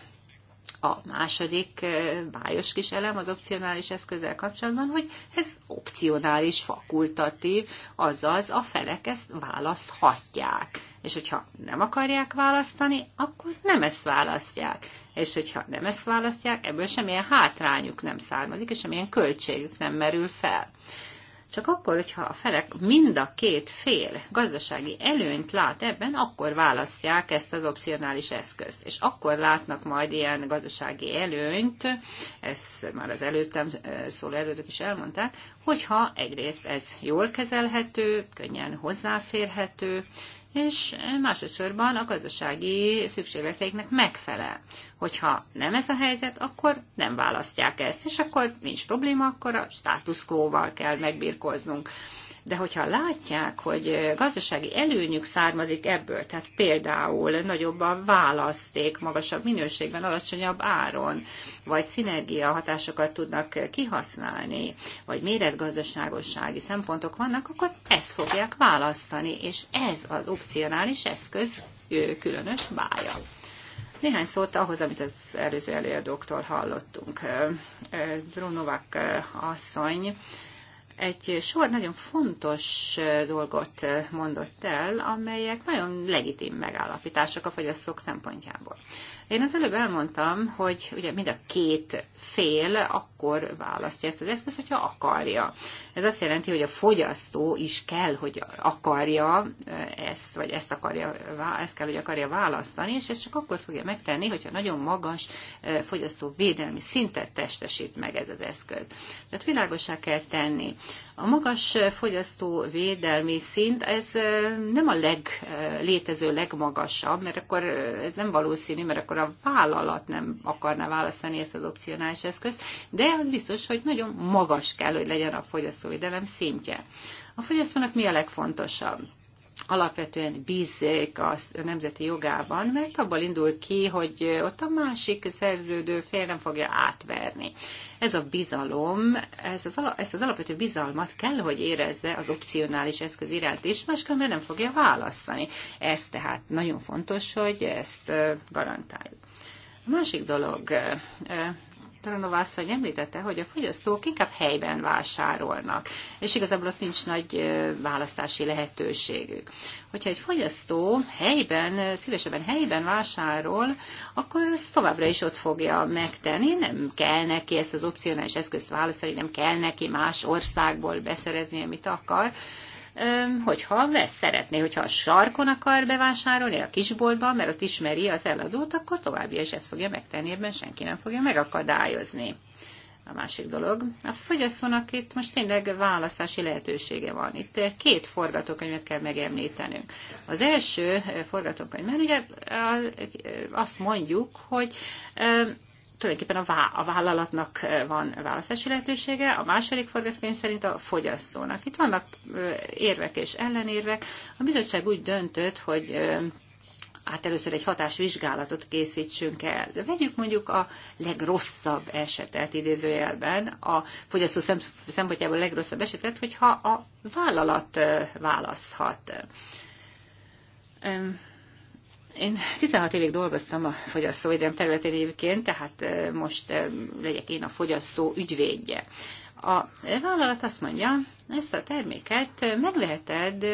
A második bájos kis elem az opcionális eszközzel kapcsolatban, hogy ez opcionális, fakultatív, azaz a felek ezt választhatják. És hogyha nem akarják választani, akkor nem ezt választják. És hogyha nem ezt választják, ebből semmilyen hátrányuk nem származik, és semmilyen költségük nem merül fel. Csak akkor, hogyha a felek mind a két fél gazdasági előnyt lát ebben, akkor választják ezt az opcionális eszközt. És akkor látnak majd ilyen gazdasági előnyt, Ez már az előttem szóló előttök is elmondták, hogyha egyrészt ez jól kezelhető, könnyen hozzáférhető, és másodszorban a gazdasági szükségleteiknek megfelel. Hogyha nem ez a helyzet, akkor nem választják ezt, és akkor nincs probléma, akkor a status kell megbírkoznunk de hogyha látják, hogy gazdasági előnyük származik ebből, tehát például nagyobb a választék, magasabb minőségben, alacsonyabb áron, vagy szinergia hatásokat tudnak kihasználni, vagy méretgazdaságossági szempontok vannak, akkor ezt fogják választani, és ez az opcionális eszköz különös bája. Néhány szót ahhoz, amit az előző előadóktól hallottunk. Drónovák asszony egy sor nagyon fontos dolgot mondott el, amelyek nagyon legitim megállapítások a fogyasztók szempontjából. Én az előbb elmondtam, hogy ugye mind a két fél akkor választja ezt az eszközt, hogyha akarja. Ez azt jelenti, hogy a fogyasztó is kell, hogy akarja ezt, vagy ezt, akarja, ezt kell, hogy akarja választani, és ezt csak akkor fogja megtenni, hogyha nagyon magas védelmi szintet testesít meg ez az eszköz. Tehát világosá kell tenni. A magas fogyasztóvédelmi szint, ez nem a leg, létező legmagasabb, mert akkor ez nem valószínű, mert akkor a vállalat nem akarná választani ezt az opcionális eszközt, de az biztos, hogy nagyon magas kell, hogy legyen a fogyasztóvédelem szintje. A fogyasztónak mi a legfontosabb? alapvetően bízzék a nemzeti jogában, mert abból indul ki, hogy ott a másik szerződő fél nem fogja átverni. Ez a bizalom, ez az, ezt az alapvető bizalmat kell, hogy érezze az opcionális eszköz iránt is, máskülönben nem fogja választani. Ez tehát nagyon fontos, hogy ezt garantáljuk. A másik dolog, Taranova asszony említette, hogy a fogyasztók inkább helyben vásárolnak, és igazából ott nincs nagy választási lehetőségük. Hogyha egy fogyasztó helyben, szívesebben helyben vásárol, akkor ezt továbbra is ott fogja megtenni, nem kell neki ezt az opcionális eszközt választani, nem kell neki más országból beszerezni, amit akar, hogyha vesz, szeretné, hogyha a sarkon akar bevásárolni, a kisboltban, mert ott ismeri az eladót, akkor további is ezt fogja megtenni, ebben senki nem fogja megakadályozni. A másik dolog, a fogyasztónak itt most tényleg választási lehetősége van. Itt két forgatókönyvet kell megemlítenünk. Az első forgatókönyv, mert ugye azt mondjuk, hogy tulajdonképpen a, vá- a vállalatnak eh, van választási lehetősége, a második forgatókönyv szerint a fogyasztónak. Itt vannak érvek és ellenérvek. A bizottság úgy döntött, hogy hát először egy hatásvizsgálatot készítsünk el. De vegyük mondjuk a legrosszabb esetet idézőjelben, a fogyasztó szempontjából a legrosszabb esetet, hogyha a vállalat választhat én 16 évig dolgoztam a fogyasztóvédelem területén évként, tehát most legyek én a fogyasztó ügyvédje. A vállalat azt mondja, ezt a terméket megveheted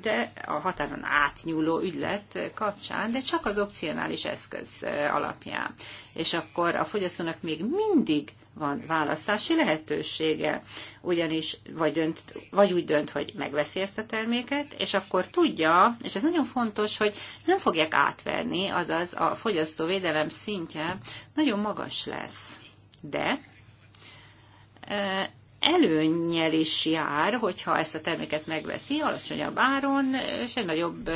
de a határon átnyúló ügylet kapcsán, de csak az opcionális eszköz alapján. És akkor a fogyasztónak még mindig van választási lehetősége, ugyanis vagy, dönt, vagy úgy dönt, hogy megveszi ezt a terméket, és akkor tudja, és ez nagyon fontos, hogy nem fogják átverni, azaz a fogyasztóvédelem szintje nagyon magas lesz. De előnyel is jár, hogyha ezt a terméket megveszi alacsonyabb áron, és egy nagyobb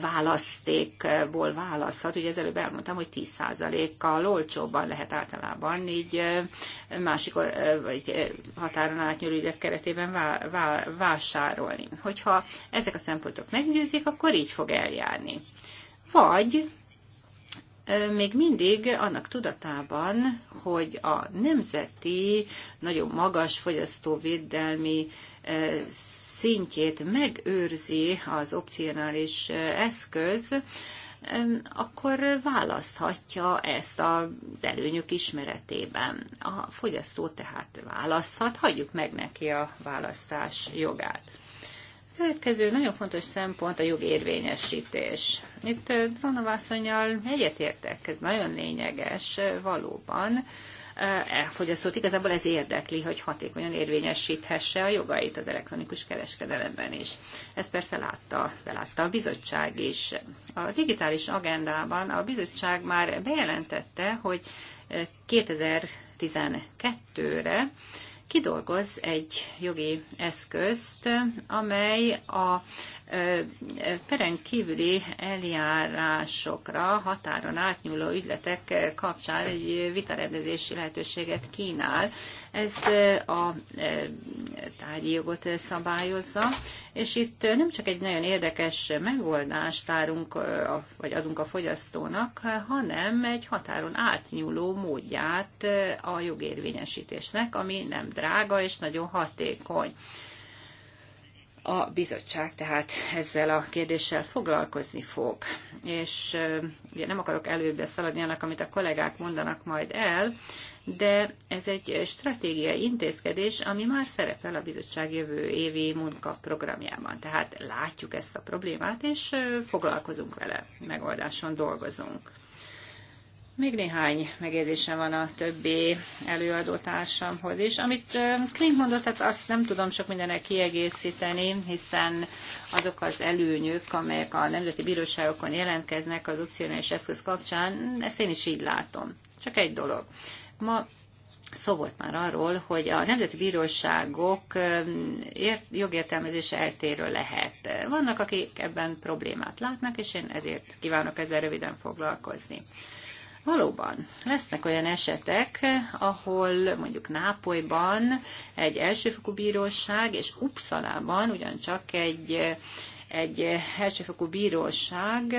választékból választhat. Ugye előbb elmondtam, hogy 10%-kal olcsóbban lehet általában így másik vagy határon átnyúló ügylet keretében vásárolni. Hogyha ezek a szempontok meggyőzik, akkor így fog eljárni. Vagy még mindig annak tudatában, hogy a nemzeti, nagyon magas fogyasztóvédelmi szintjét megőrzi az opcionális eszköz, akkor választhatja ezt az előnyök ismeretében. A fogyasztó tehát választhat, hagyjuk meg neki a választás jogát. Következő nagyon fontos szempont a jogérvényesítés. Itt a vászonyjal, egyetértek, ez nagyon lényeges valóban. Elfogyasztott, igazából ez érdekli, hogy hatékonyan érvényesíthesse a jogait az elektronikus kereskedelemben is. Ezt persze látta, belátta a bizottság is. A digitális agendában a bizottság már bejelentette, hogy 2012-re kidolgoz egy jogi eszközt, amely a peren kívüli eljárásokra határon átnyúló ügyletek kapcsán egy vitarendezési lehetőséget kínál, ez a tárgyi jogot szabályozza, és itt nem csak egy nagyon érdekes megoldást tárunk, vagy adunk a fogyasztónak, hanem egy határon átnyúló módját a jogérvényesítésnek, ami nem drága és nagyon hatékony a bizottság tehát ezzel a kérdéssel foglalkozni fog. És ugye nem akarok előbb szaladni annak, amit a kollégák mondanak majd el, de ez egy stratégiai intézkedés, ami már szerepel a bizottság jövő évi munkaprogramjában. Tehát látjuk ezt a problémát, és foglalkozunk vele, megoldáson dolgozunk. Még néhány megjegyzésem van a többi előadótársamhoz is. Amit Klink mondott, hát azt nem tudom sok mindenek kiegészíteni, hiszen azok az előnyök, amelyek a nemzeti bíróságokon jelentkeznek az opcionális eszköz kapcsán, ezt én is így látom. Csak egy dolog. Ma szó volt már arról, hogy a nemzeti bíróságok ért, jogértelmezése eltérő lehet. Vannak, akik ebben problémát látnak, és én ezért kívánok ezzel röviden foglalkozni. Valóban, lesznek olyan esetek, ahol mondjuk Nápolyban egy elsőfokú bíróság, és Uppsalában ugyancsak egy, egy elsőfokú bíróság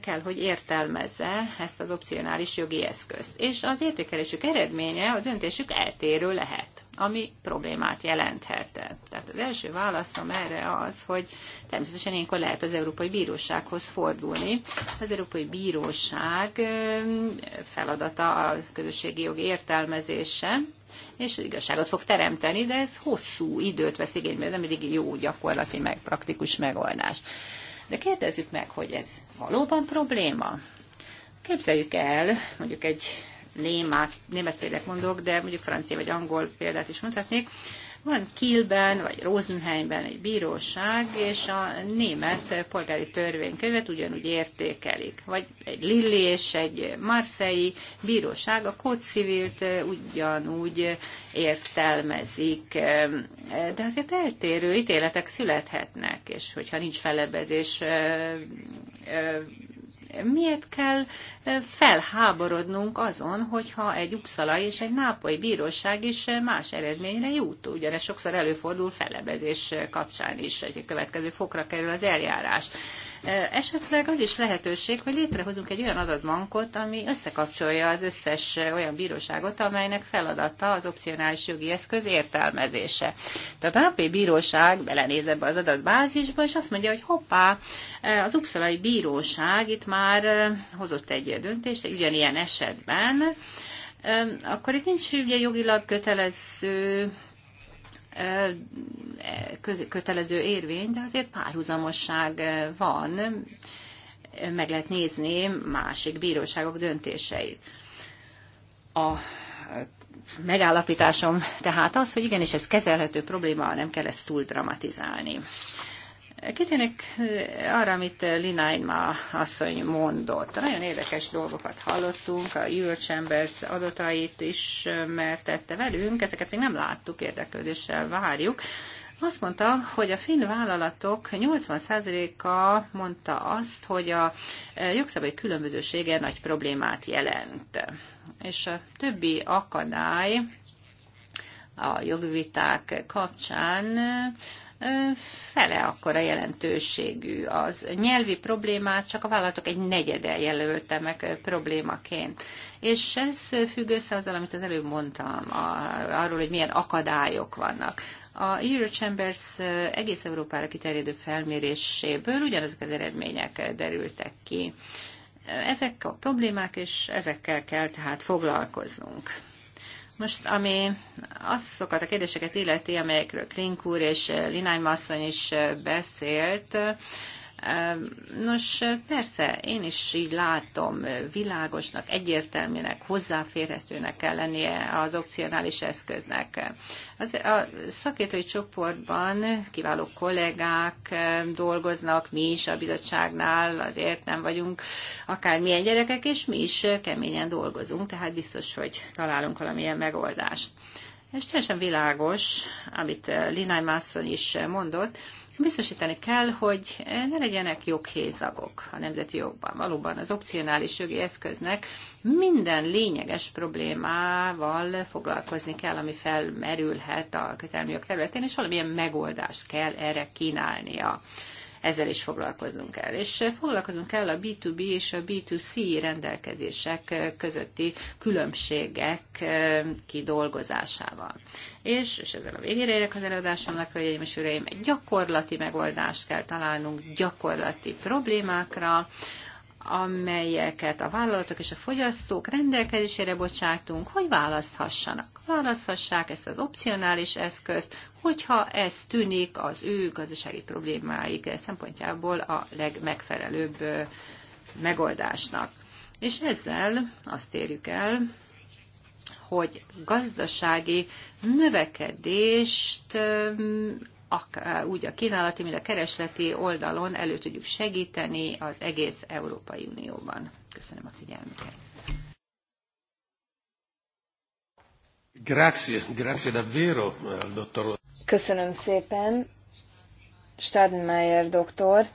kell, hogy értelmezze ezt az opcionális jogi eszközt. És az értékelésük eredménye, a döntésük eltérő lehet, ami problémát jelenthet. Tehát az első válaszom erre az, hogy természetesen ilyenkor lehet az Európai Bírósághoz fordulni. Az Európai Bíróság feladata a közösségi jog értelmezése, és igazságot fog teremteni, de ez hosszú időt vesz igénybe, ez nem mindig jó gyakorlati, meg praktikus megoldás. De kérdezzük meg, hogy ez valóban probléma? Képzeljük el, mondjuk egy némát, német példát mondok, de mondjuk francia vagy angol példát is mondhatnék, van Kielben, vagy Rosenheimben egy bíróság, és a német polgári törvénykönyvet ugyanúgy értékelik. Vagy egy Lilli és egy Marseille bíróság a kódcivilt ugyanúgy értelmezik. De azért eltérő ítéletek születhetnek, és hogyha nincs felebezés miért kell felháborodnunk azon, hogyha egy Uppsala és egy nápoly bíróság is más eredményre jut? Ugyanez sokszor előfordul felebedés kapcsán is, hogy a következő fokra kerül az eljárás. Esetleg az is lehetőség, hogy létrehozunk egy olyan adatbankot, ami összekapcsolja az összes olyan bíróságot, amelynek feladata az opcionális jogi eszköz értelmezése. Tehát a napi bíróság belenéz ebbe az adatbázisba, és azt mondja, hogy hoppá, az Uppsalai Bíróság itt már hozott egy döntést, egy ugyanilyen esetben, akkor itt nincs ugye jogilag kötelező kötelező érvény, de azért párhuzamosság van, meg lehet nézni másik bíróságok döntéseit. A megállapításom tehát az, hogy igenis ez kezelhető probléma, nem kell ezt túl dramatizálni. Kitérnék arra, amit ma asszony mondott. Nagyon érdekes dolgokat hallottunk, a Euro Chambers adatait mertette velünk, ezeket még nem láttuk, érdeklődéssel várjuk. Azt mondta, hogy a finn vállalatok 80%-a mondta azt, hogy a jogszabály különbözősége nagy problémát jelent. És a többi akadály a jogviták kapcsán fele akkora jelentőségű. Az nyelvi problémát csak a vállalatok egy negyede jelölte meg problémaként. És ez függ össze azzal, amit az előbb mondtam, arról, hogy milyen akadályok vannak. A Eurochambers egész Európára kiterjedő felméréséből ugyanazok az eredmények derültek ki. Ezek a problémák, és ezekkel kell tehát foglalkoznunk. Most, ami azokat a kérdéseket illeti, amelyekről Klink és Linány is beszélt, Nos, persze, én is így látom, világosnak, egyértelműnek, hozzáférhetőnek kell lennie az opcionális eszköznek. Az, a szakértői csoportban kiváló kollégák eh, dolgoznak, mi is a bizottságnál, azért nem vagyunk akármilyen gyerekek, és mi is keményen dolgozunk, tehát biztos, hogy találunk valamilyen megoldást. Ez teljesen világos, amit Linaj Mászon is mondott, Biztosítani kell, hogy ne legyenek joghézagok a nemzeti jogban. Valóban az opcionális jogi eszköznek minden lényeges problémával foglalkozni kell, ami felmerülhet a kötelmi jog területén, és valamilyen megoldást kell erre kínálnia ezzel is foglalkozunk kell. És foglalkozunk kell a B2B és a B2C rendelkezések közötti különbségek kidolgozásával. És, és ezzel a végére érek az előadásomnak, hölgyeim és uraim, egy gyakorlati megoldást kell találnunk gyakorlati problémákra, amelyeket a vállalatok és a fogyasztók rendelkezésére bocsátunk, hogy választhassanak. Választhassák ezt az opcionális eszközt, hogyha ez tűnik az ő gazdasági problémáik szempontjából a legmegfelelőbb megoldásnak. És ezzel azt érjük el, hogy gazdasági növekedést úgy a kínálati, mint a keresleti oldalon elő tudjuk segíteni az egész Európai Unióban. Köszönöm a figyelmüket. Grazie, grazie davvero, eh, dottor. Köszönöm szépen, Stadenmeier doktor.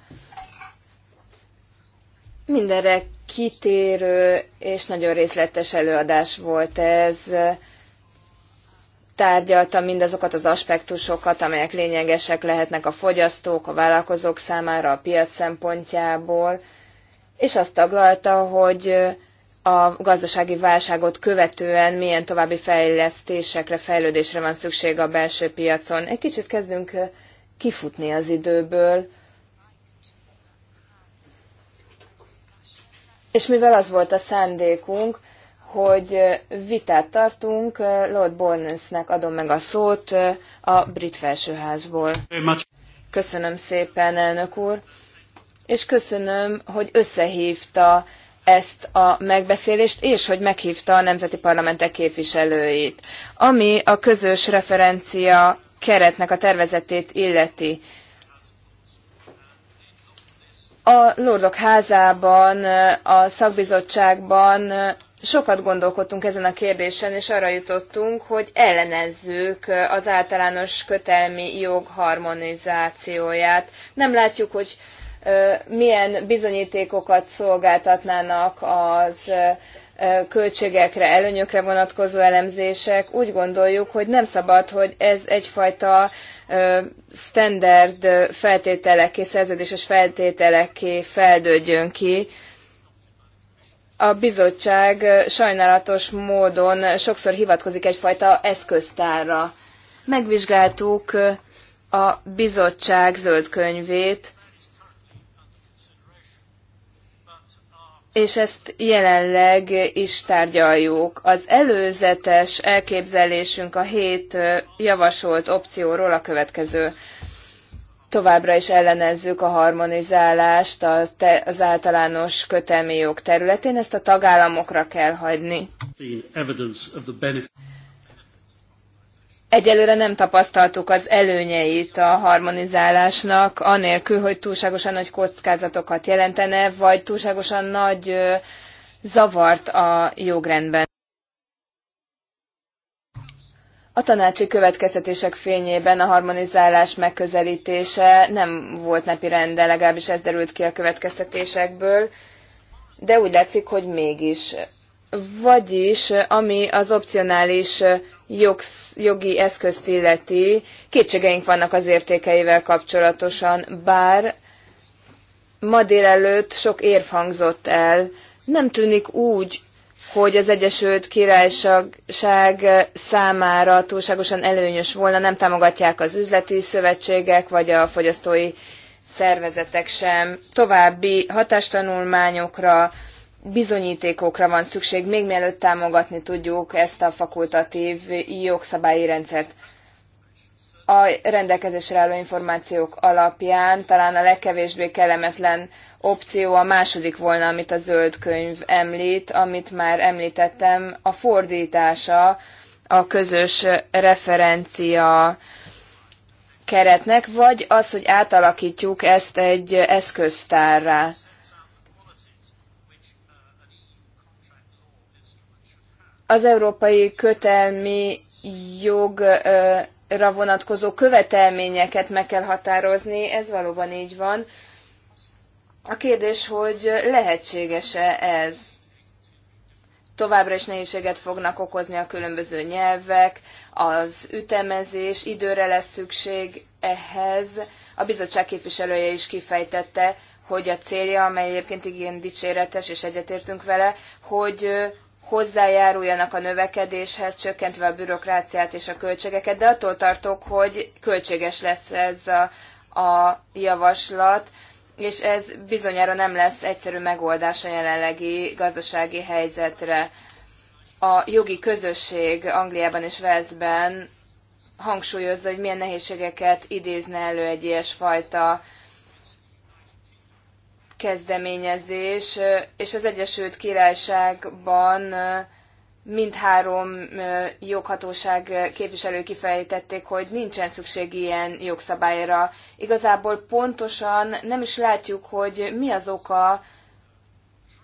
Mindenre kitérő és nagyon részletes előadás volt ez tárgyalta mindazokat az aspektusokat, amelyek lényegesek lehetnek a fogyasztók, a vállalkozók számára, a piac szempontjából, és azt taglalta, hogy a gazdasági válságot követően milyen további fejlesztésekre, fejlődésre van szükség a belső piacon. Egy kicsit kezdünk kifutni az időből. És mivel az volt a szándékunk, hogy vitát tartunk. Lord Bornensnek adom meg a szót a brit felsőházból. Köszönöm szépen, elnök úr, és köszönöm, hogy összehívta ezt a megbeszélést, és hogy meghívta a nemzeti parlamentek képviselőit. Ami a közös referencia keretnek a tervezetét illeti. A Lordok házában, a szakbizottságban Sokat gondolkodtunk ezen a kérdésen, és arra jutottunk, hogy ellenezzük az általános kötelmi jog harmonizációját. Nem látjuk, hogy milyen bizonyítékokat szolgáltatnának az költségekre, előnyökre vonatkozó elemzések. Úgy gondoljuk, hogy nem szabad, hogy ez egyfajta standard feltételekké, szerződéses feltételekké feldődjön ki, a bizottság sajnálatos módon sokszor hivatkozik egyfajta eszköztárra. Megvizsgáltuk a bizottság zöld könyvét, és ezt jelenleg is tárgyaljuk. Az előzetes elképzelésünk a hét javasolt opcióról a következő. Továbbra is ellenezzük a harmonizálást az általános kötelmi jog területén, ezt a tagállamokra kell hagyni. Egyelőre nem tapasztaltuk az előnyeit a harmonizálásnak, anélkül, hogy túlságosan nagy kockázatokat jelentene, vagy túlságosan nagy zavart a jogrendben. A tanácsi következtetések fényében a harmonizálás megközelítése nem volt napi rende, legalábbis ez derült ki a következtetésekből, de úgy látszik, hogy mégis. Vagyis, ami az opcionális jogsz, jogi eszközt illeti, kétségeink vannak az értékeivel kapcsolatosan, bár ma délelőtt sok érv hangzott el. Nem tűnik úgy, hogy az Egyesült Királyság számára túlságosan előnyös volna, nem támogatják az üzleti szövetségek vagy a fogyasztói szervezetek sem. További hatástanulmányokra, bizonyítékokra van szükség, még mielőtt támogatni tudjuk ezt a fakultatív jogszabályi rendszert. A rendelkezésre álló információk alapján talán a legkevésbé kellemetlen opció a második volna, amit a zöld könyv említ, amit már említettem, a fordítása a közös referencia keretnek, vagy az, hogy átalakítjuk ezt egy eszköztárrá. Az európai kötelmi jogra vonatkozó követelményeket meg kell határozni, ez valóban így van, a kérdés, hogy lehetséges-e ez? Továbbra is nehézséget fognak okozni a különböző nyelvek, az ütemezés, időre lesz szükség ehhez. A bizottság képviselője is kifejtette, hogy a célja, amely egyébként igen dicséretes, és egyetértünk vele, hogy hozzájáruljanak a növekedéshez, csökkentve a bürokráciát és a költségeket, de attól tartok, hogy költséges lesz ez a, a javaslat és ez bizonyára nem lesz egyszerű megoldás a jelenlegi gazdasági helyzetre. A jogi közösség Angliában és Velszben hangsúlyozza, hogy milyen nehézségeket idézne elő egy ilyesfajta kezdeményezés, és az Egyesült Királyságban mindhárom joghatóság képviselői kifejtették, hogy nincsen szükség ilyen jogszabályra. Igazából pontosan nem is látjuk, hogy mi az oka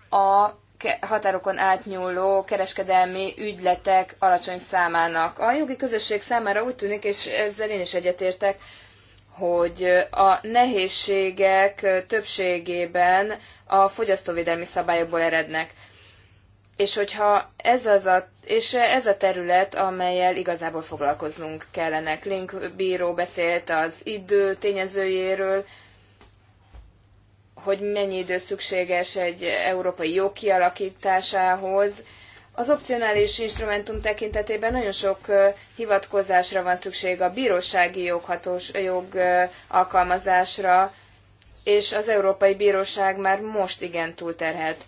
a határokon átnyúló kereskedelmi ügyletek alacsony számának. A jogi közösség számára úgy tűnik, és ezzel én is egyetértek, hogy a nehézségek többségében a fogyasztóvédelmi szabályokból erednek. És hogyha ez az a, és ez a terület, amelyel igazából foglalkoznunk kellene. Link bíró beszélt az idő tényezőjéről, hogy mennyi idő szükséges egy európai jog kialakításához. Az opcionális instrumentum tekintetében nagyon sok hivatkozásra van szükség a bírósági joghatós, jog alkalmazásra, és az Európai Bíróság már most igen túlterhelt.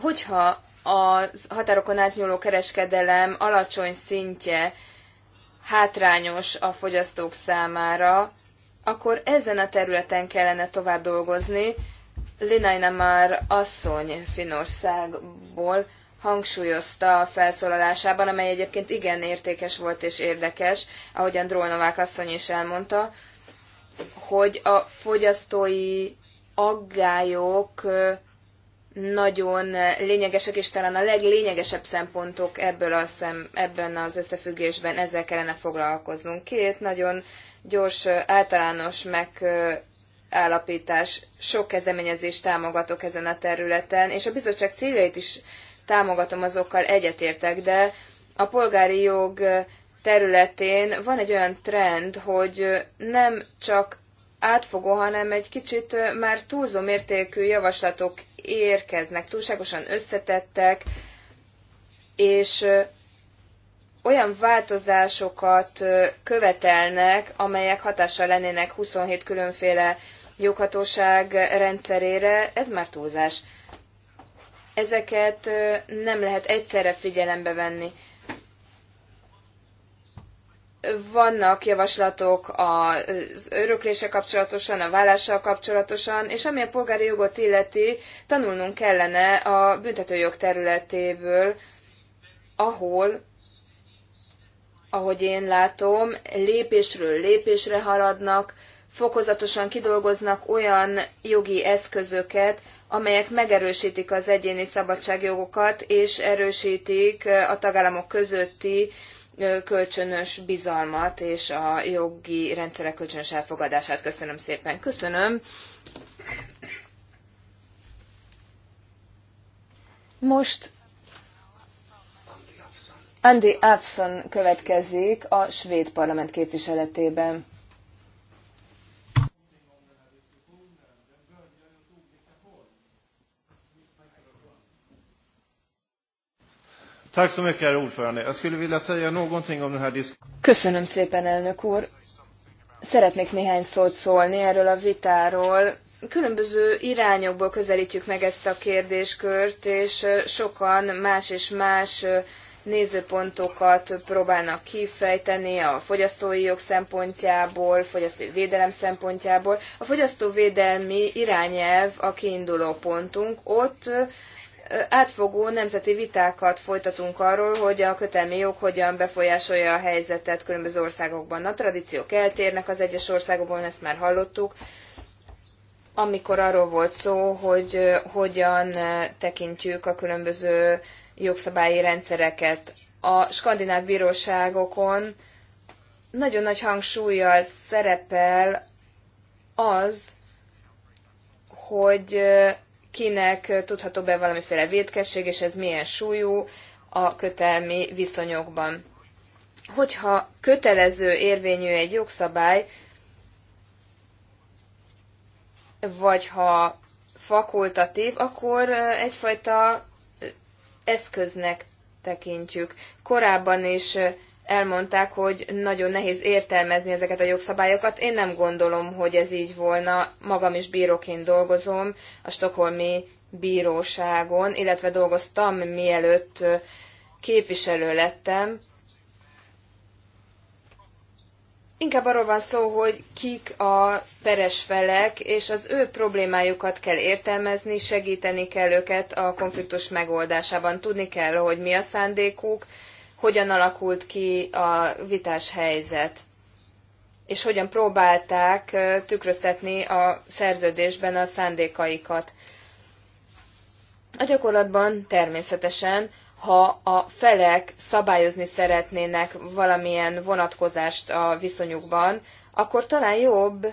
Hogyha a határokon átnyúló kereskedelem alacsony szintje hátrányos a fogyasztók számára, akkor ezen a területen kellene tovább dolgozni. Linaina már asszony Finországból hangsúlyozta a felszólalásában, amely egyébként igen értékes volt és érdekes, ahogyan Drónovák asszony is elmondta, hogy a fogyasztói aggályok nagyon lényegesek, és talán a leglényegesebb szempontok ebből a szem, ebben az összefüggésben ezzel kellene foglalkoznunk. Két nagyon gyors, általános megállapítás. Sok kezdeményezést támogatok ezen a területen, és a bizottság céljait is támogatom, azokkal egyetértek, de a polgári jog területén van egy olyan trend, hogy nem csak átfogó, hanem egy kicsit már túlzó mértékű javaslatok érkeznek, túlságosan összetettek, és olyan változásokat követelnek, amelyek hatással lennének 27 különféle joghatóság rendszerére, ez már túlzás. Ezeket nem lehet egyszerre figyelembe venni vannak javaslatok az öröklése kapcsolatosan, a vállással kapcsolatosan, és ami a polgári jogot illeti, tanulnunk kellene a büntetőjog területéből, ahol, ahogy én látom, lépésről lépésre haladnak, fokozatosan kidolgoznak olyan jogi eszközöket, amelyek megerősítik az egyéni szabadságjogokat, és erősítik a tagállamok közötti kölcsönös bizalmat és a jogi rendszerek kölcsönös elfogadását. Köszönöm szépen. Köszönöm. Most Andy Afson következik a svéd parlament képviseletében. Tack så mycket, herr ordförande. Jag skulle vilja säga någonting om den här diskussionen. Köszönöm szépen, elnök úr. Szeretnék néhány szót szólni erről a vitáról. Különböző irányokból közelítjük meg ezt a kérdéskört, és sokan más és más nézőpontokat próbálnak kifejteni a fogyasztói jog szempontjából, fogyasztói védelem szempontjából. A fogyasztóvédelmi irányelv a kiinduló pontunk. Ott átfogó nemzeti vitákat folytatunk arról, hogy a kötelmi jog hogyan befolyásolja a helyzetet különböző országokban. A tradíciók eltérnek az egyes országokban, ezt már hallottuk. Amikor arról volt szó, hogy hogyan tekintjük a különböző jogszabályi rendszereket. A skandináv bíróságokon nagyon nagy hangsúlyjal szerepel az, hogy kinek tudható be valamiféle védkesség, és ez milyen súlyú a kötelmi viszonyokban. Hogyha kötelező érvényű egy jogszabály, vagy ha fakultatív, akkor egyfajta eszköznek tekintjük. Korábban is elmondták, hogy nagyon nehéz értelmezni ezeket a jogszabályokat. Én nem gondolom, hogy ez így volna. Magam is bíróként dolgozom a Stokholmi bíróságon, illetve dolgoztam, mielőtt képviselő lettem. Inkább arról van szó, hogy kik a peres felek, és az ő problémájukat kell értelmezni, segíteni kell őket a konfliktus megoldásában. Tudni kell, hogy mi a szándékuk, hogyan alakult ki a vitás helyzet, és hogyan próbálták tükröztetni a szerződésben a szándékaikat. A gyakorlatban természetesen, ha a felek szabályozni szeretnének valamilyen vonatkozást a viszonyukban, akkor talán jobb,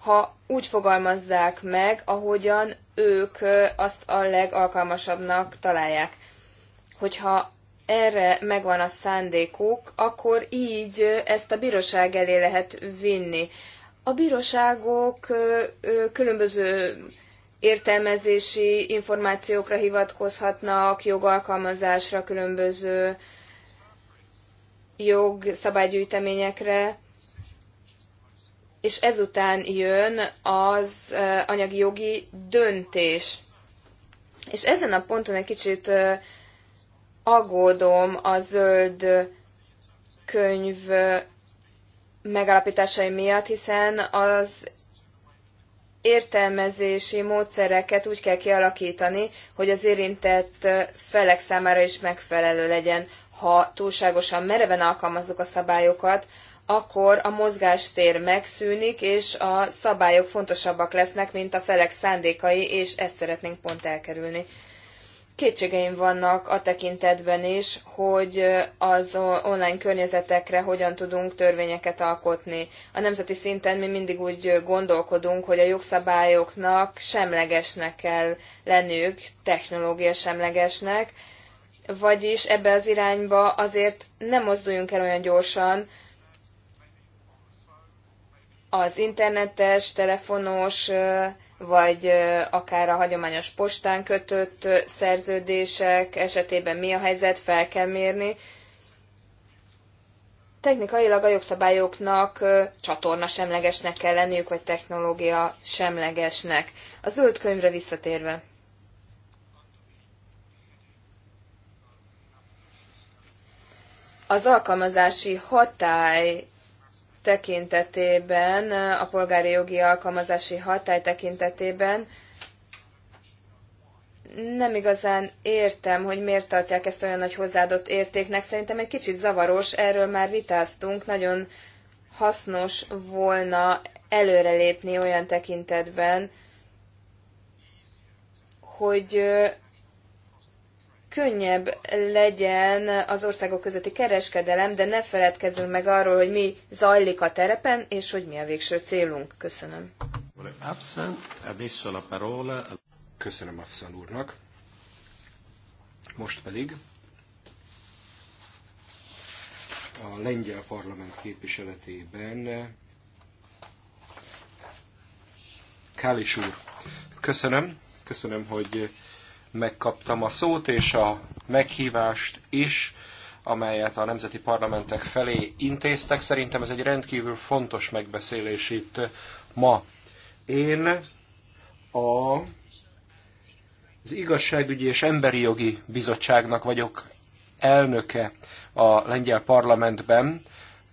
ha úgy fogalmazzák meg, ahogyan ők azt a legalkalmasabbnak találják. Hogyha erre megvan a szándékuk, akkor így ezt a bíróság elé lehet vinni. A bíróságok különböző értelmezési információkra hivatkozhatnak, jogalkalmazásra, különböző jogszabálygyűjteményekre, és ezután jön az anyagi jogi döntés. És ezen a ponton egy kicsit aggódom a zöld könyv megalapításai miatt, hiszen az értelmezési módszereket úgy kell kialakítani, hogy az érintett felek számára is megfelelő legyen. Ha túlságosan mereven alkalmazzuk a szabályokat, akkor a mozgástér megszűnik, és a szabályok fontosabbak lesznek, mint a felek szándékai, és ezt szeretnénk pont elkerülni. Kétségeim vannak a tekintetben is, hogy az online környezetekre hogyan tudunk törvényeket alkotni. A nemzeti szinten mi mindig úgy gondolkodunk, hogy a jogszabályoknak semlegesnek kell lenniük, technológia semlegesnek, vagyis ebbe az irányba azért nem mozduljunk el olyan gyorsan, az internetes, telefonos vagy akár a hagyományos postán kötött szerződések esetében mi a helyzet, fel kell mérni. Technikailag a jogszabályoknak csatorna semlegesnek kell lenniük, vagy technológia semlegesnek. A zöld könyvre visszatérve. Az alkalmazási hatály tekintetében, a polgári jogi alkalmazási hatály tekintetében nem igazán értem, hogy miért tartják ezt olyan nagy hozzáadott értéknek. Szerintem egy kicsit zavaros, erről már vitáztunk, nagyon hasznos volna előrelépni olyan tekintetben, hogy könnyebb legyen az országok közötti kereskedelem, de ne feledkezzünk meg arról, hogy mi zajlik a terepen, és hogy mi a végső célunk. Köszönöm. Köszönöm Afszan úrnak. Most pedig a lengyel parlament képviseletében Kális úr. Köszönöm, köszönöm, hogy megkaptam a szót és a meghívást is, amelyet a nemzeti parlamentek felé intéztek. Szerintem ez egy rendkívül fontos megbeszélés itt ma. Én a, az Igazságügyi és Emberi Jogi Bizottságnak vagyok elnöke a lengyel parlamentben,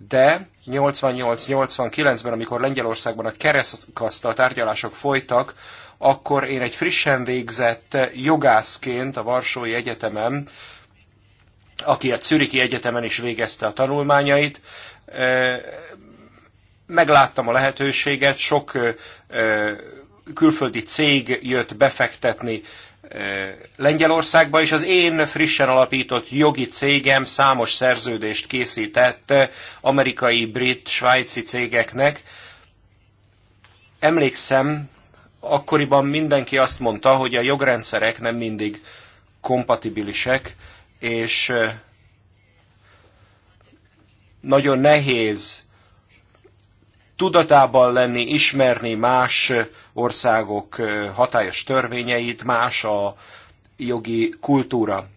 de 88-89-ben, amikor Lengyelországban a keresztkasztal tárgyalások folytak, akkor én egy frissen végzett jogászként a Varsói Egyetemen, aki a Czüriki Egyetemen is végezte a tanulmányait, megláttam a lehetőséget, sok külföldi cég jött befektetni Lengyelországba, és az én frissen alapított jogi cégem számos szerződést készített amerikai, brit, svájci cégeknek. Emlékszem, akkoriban mindenki azt mondta, hogy a jogrendszerek nem mindig kompatibilisek, és nagyon nehéz tudatában lenni, ismerni más országok hatályos törvényeit, más a jogi kultúra.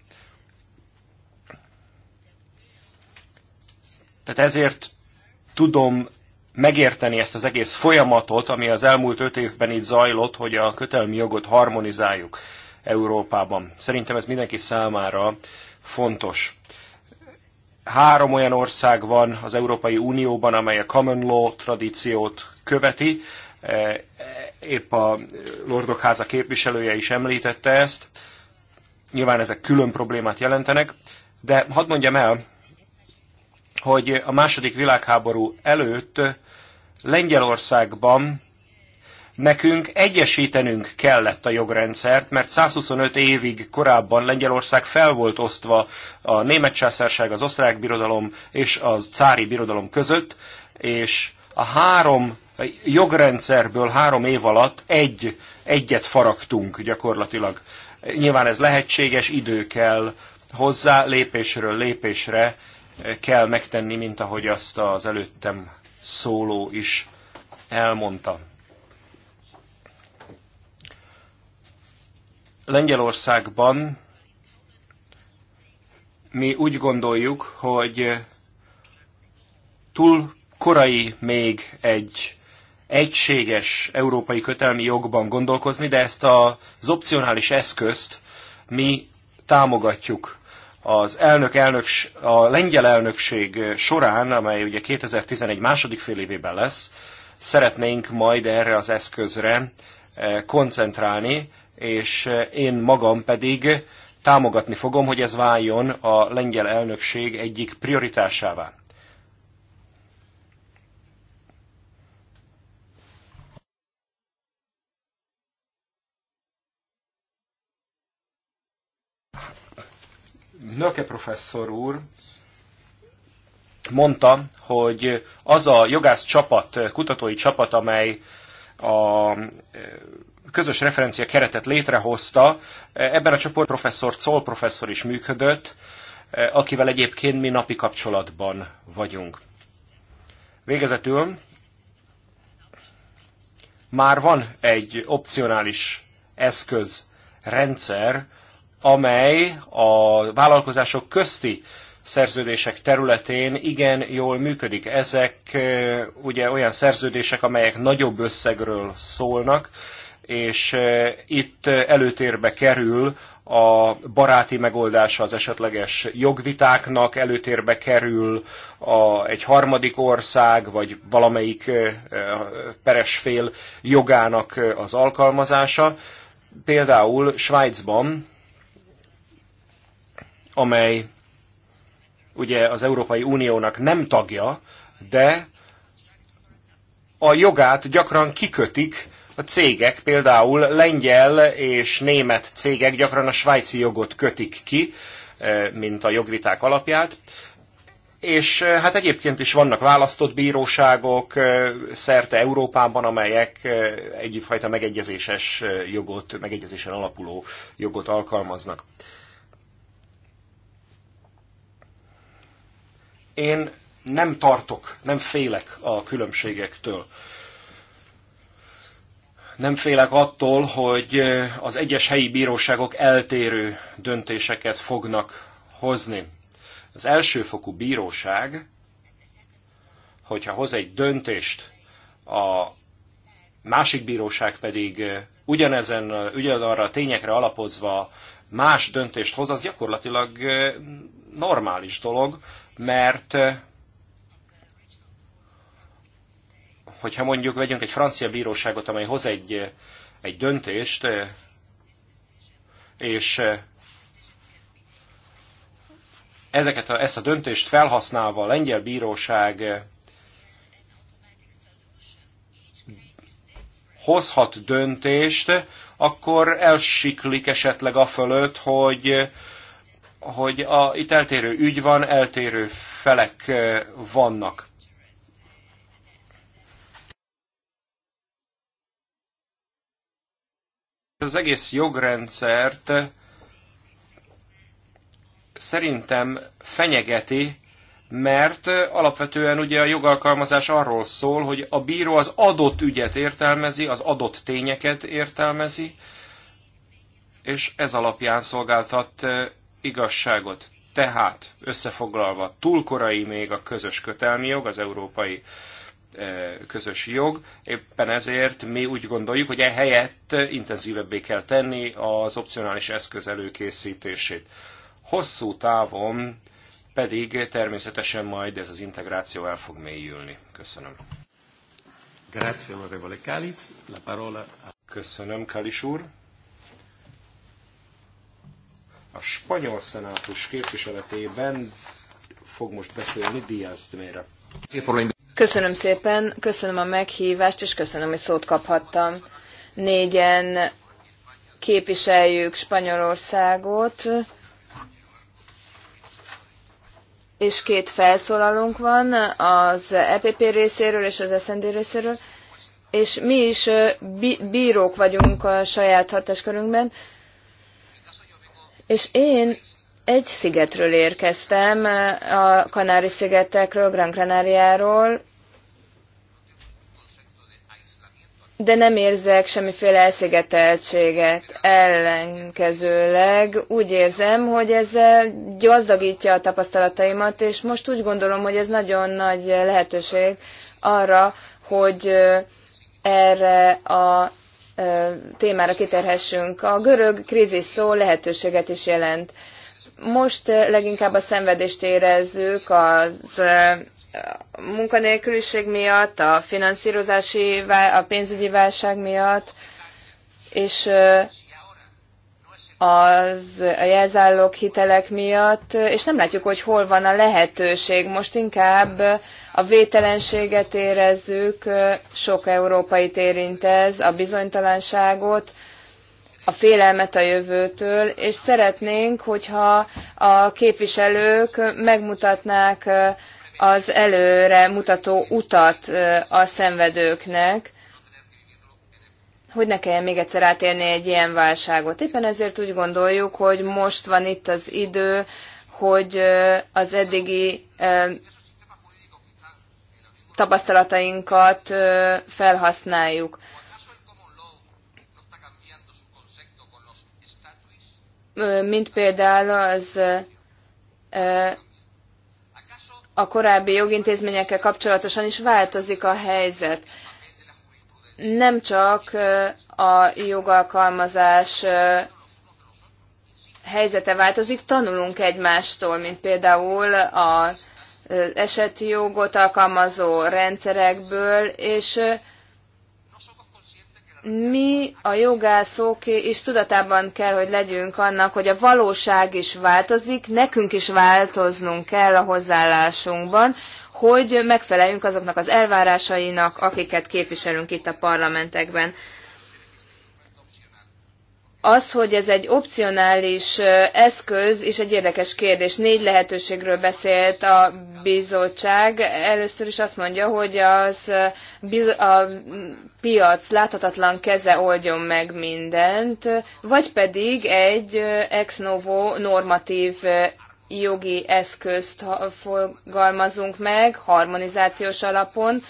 Tehát ezért tudom megérteni ezt az egész folyamatot, ami az elmúlt öt évben itt zajlott, hogy a kötelmi jogot harmonizáljuk Európában. Szerintem ez mindenki számára fontos. Három olyan ország van az Európai Unióban, amely a common law tradíciót követi. E, épp a Lordok háza képviselője is említette ezt. Nyilván ezek külön problémát jelentenek, de hadd mondjam el, hogy a második világháború előtt Lengyelországban nekünk egyesítenünk kellett a jogrendszert, mert 125 évig korábban Lengyelország fel volt osztva a német császárság, az osztrák birodalom és a cári birodalom között, és a három jogrendszerből három év alatt egy, egyet faragtunk gyakorlatilag. Nyilván ez lehetséges, idő kell hozzá, lépésről lépésre kell megtenni, mint ahogy azt az előttem szóló is elmondta. Lengyelországban mi úgy gondoljuk, hogy túl korai még egy egységes európai kötelmi jogban gondolkozni, de ezt az opcionális eszközt mi támogatjuk az elnök elnöks, a lengyel elnökség során, amely ugye 2011 második fél évében lesz, szeretnénk majd erre az eszközre eh, koncentrálni, és eh, én magam pedig támogatni fogom, hogy ez váljon a lengyel elnökség egyik prioritásává. Nöke professzor úr mondta, hogy az a jogász csapat, kutatói csapat, amely a e, közös referencia keretet létrehozta, e, ebben a csoport professzor Czol professzor is működött, e, akivel egyébként mi napi kapcsolatban vagyunk. Végezetül már van egy opcionális eszköz, rendszer, amely a vállalkozások közti szerződések területén igen jól működik. Ezek ugye olyan szerződések, amelyek nagyobb összegről szólnak, és itt előtérbe kerül a baráti megoldása az esetleges jogvitáknak, előtérbe kerül a, egy harmadik ország, vagy valamelyik peresfél jogának az alkalmazása. Például Svájcban amely ugye az Európai Uniónak nem tagja, de a jogát gyakran kikötik a cégek, például lengyel és német cégek gyakran a svájci jogot kötik ki, eh, mint a jogviták alapját. És eh, hát egyébként is vannak választott bíróságok eh, szerte Európában, amelyek egyfajta megegyezéses jogot, megegyezésen alapuló jogot alkalmaznak. Én nem tartok, nem félek a különbségektől. Nem félek attól, hogy az egyes helyi bíróságok eltérő döntéseket fognak hozni. Az elsőfokú bíróság, hogyha hoz egy döntést, a másik bíróság pedig ugyanezen, ugyanarra a tényekre alapozva más döntést hoz, az gyakorlatilag normális dolog, mert hogyha mondjuk vegyünk egy francia bíróságot, amely hoz egy, egy döntést, és ezeket a, ezt a döntést felhasználva a lengyel bíróság hozhat döntést, akkor elsiklik esetleg a fölött, hogy hogy a, itt eltérő ügy van, eltérő felek vannak. Az egész jogrendszert szerintem fenyegeti, mert alapvetően ugye a jogalkalmazás arról szól, hogy a bíró az adott ügyet értelmezi, az adott tényeket értelmezi, és ez alapján szolgáltat igazságot. Tehát összefoglalva túl korai még a közös kötelmi jog, az európai eh, közös jog. Éppen ezért mi úgy gondoljuk, hogy ehelyett intenzívebbé kell tenni az opcionális eszköz előkészítését. Hosszú távon pedig természetesen majd ez az integráció el fog mélyülni. Köszönöm. parola... Köszönöm, Kalis úr a spanyol szenátus képviseletében fog most beszélni Diaz de Mera. Köszönöm szépen, köszönöm a meghívást, és köszönöm, hogy szót kaphattam. Négyen képviseljük Spanyolországot, és két felszólalunk van, az EPP részéről és az SND részéről, és mi is bírók vagyunk a saját hatáskörünkben, és én egy szigetről érkeztem, a Kanári-szigetekről, Gran Canariáról, de nem érzek semmiféle elszigeteltséget. Ellenkezőleg úgy érzem, hogy ez gazdagítja a tapasztalataimat, és most úgy gondolom, hogy ez nagyon nagy lehetőség arra, hogy erre a témára kiterhessünk. A görög krízis szó lehetőséget is jelent. Most leginkább a szenvedést érezzük az munkanélküliség miatt, a finanszírozási, a pénzügyi válság miatt, és az, a jelzállók hitelek miatt, és nem látjuk, hogy hol van a lehetőség. Most inkább a vételenséget érezzük, sok európai érint ez, a bizonytalanságot, a félelmet a jövőtől, és szeretnénk, hogyha a képviselők megmutatnák az előre mutató utat a szenvedőknek, hogy ne kelljen még egyszer átélni egy ilyen válságot. Éppen ezért úgy gondoljuk, hogy most van itt az idő, hogy az eddigi tapasztalatainkat felhasználjuk. Mint például az a korábbi jogintézményekkel kapcsolatosan is változik a helyzet nem csak a jogalkalmazás helyzete változik, tanulunk egymástól, mint például az eseti jogot alkalmazó rendszerekből, és mi a jogászok is tudatában kell, hogy legyünk annak, hogy a valóság is változik, nekünk is változnunk kell a hozzáállásunkban, hogy megfeleljünk azoknak az elvárásainak, akiket képviselünk itt a parlamentekben. Az, hogy ez egy opcionális eszköz, és egy érdekes kérdés. Négy lehetőségről beszélt a bizottság. Először is azt mondja, hogy az a piac láthatatlan keze oldjon meg mindent, vagy pedig egy ex novo normatív jogi eszközt fogalmazunk meg harmonizációs alapon,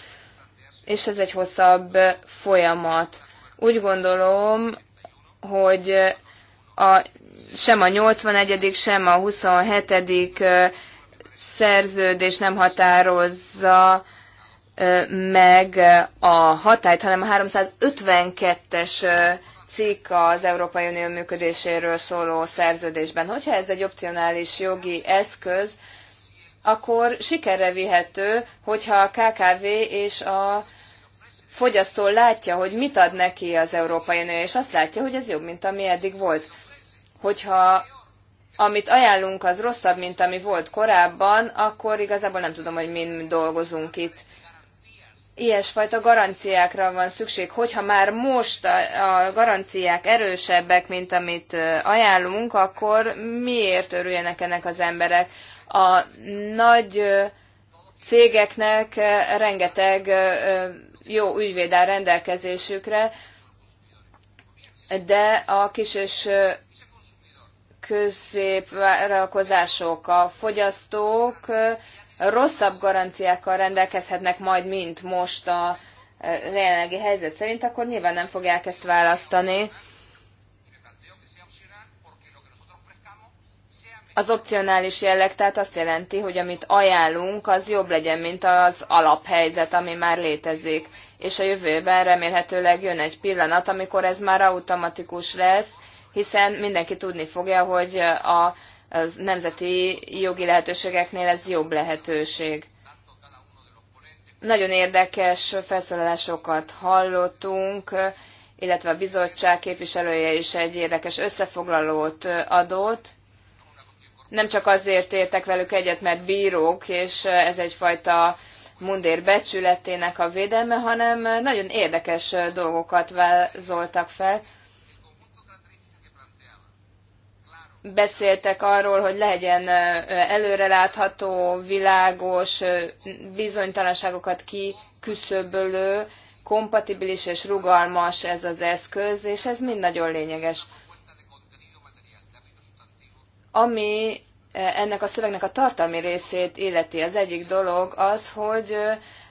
és ez egy hosszabb folyamat. Úgy gondolom, hogy a, sem a 81. sem a 27. szerződés nem határozza meg a hatályt, hanem a 352-es cikk az Európai Unió működéséről szóló szerződésben. Hogyha ez egy opcionális jogi eszköz, akkor sikerre vihető, hogyha a KKV és a fogyasztó látja, hogy mit ad neki az Európai Unió, és azt látja, hogy ez jobb, mint ami eddig volt. Hogyha amit ajánlunk, az rosszabb, mint ami volt korábban, akkor igazából nem tudom, hogy mind dolgozunk itt ilyesfajta garanciákra van szükség. Hogyha már most a, garanciák erősebbek, mint amit ajánlunk, akkor miért örüljenek ennek az emberek? A nagy cégeknek rengeteg jó ügyvéd áll rendelkezésükre, de a kis és középvállalkozások, a fogyasztók rosszabb garanciákkal rendelkezhetnek majd, mint most a e, jelenlegi helyzet szerint, akkor nyilván nem fogják ezt választani. Az opcionális jelleg tehát azt jelenti, hogy amit ajánlunk, az jobb legyen, mint az alaphelyzet, ami már létezik. És a jövőben remélhetőleg jön egy pillanat, amikor ez már automatikus lesz, hiszen mindenki tudni fogja, hogy a az nemzeti jogi lehetőségeknél ez jobb lehetőség. Nagyon érdekes felszólalásokat hallottunk, illetve a bizottság képviselője is egy érdekes összefoglalót adott. Nem csak azért értek velük egyet, mert bírók, és ez egyfajta mundér becsületének a védelme, hanem nagyon érdekes dolgokat vázoltak fel. beszéltek arról, hogy legyen előrelátható, világos, bizonytalanságokat kiküszöbölő, kompatibilis és rugalmas ez az eszköz, és ez mind nagyon lényeges. Ami ennek a szövegnek a tartalmi részét illeti, az egyik dolog az, hogy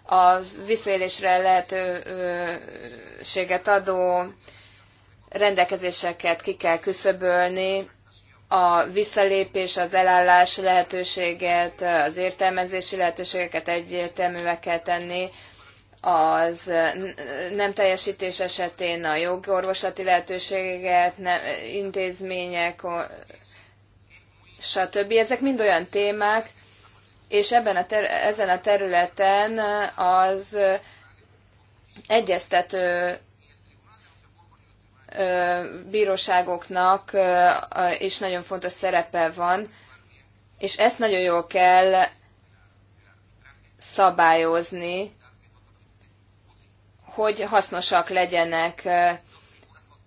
a visszaélésre lehetőséget adó rendelkezéseket ki kell küszöbölni, a visszalépés, az elállás lehetőséget, az értelmezési lehetőségeket egyértelművé kell tenni, az nem teljesítés esetén a jogorvoslati lehetőségeket nem, intézmények, stb. Ezek mind olyan témák, és ebben a ter- ezen a területen az egyeztető bíróságoknak is nagyon fontos szerepe van, és ezt nagyon jól kell szabályozni, hogy hasznosak legyenek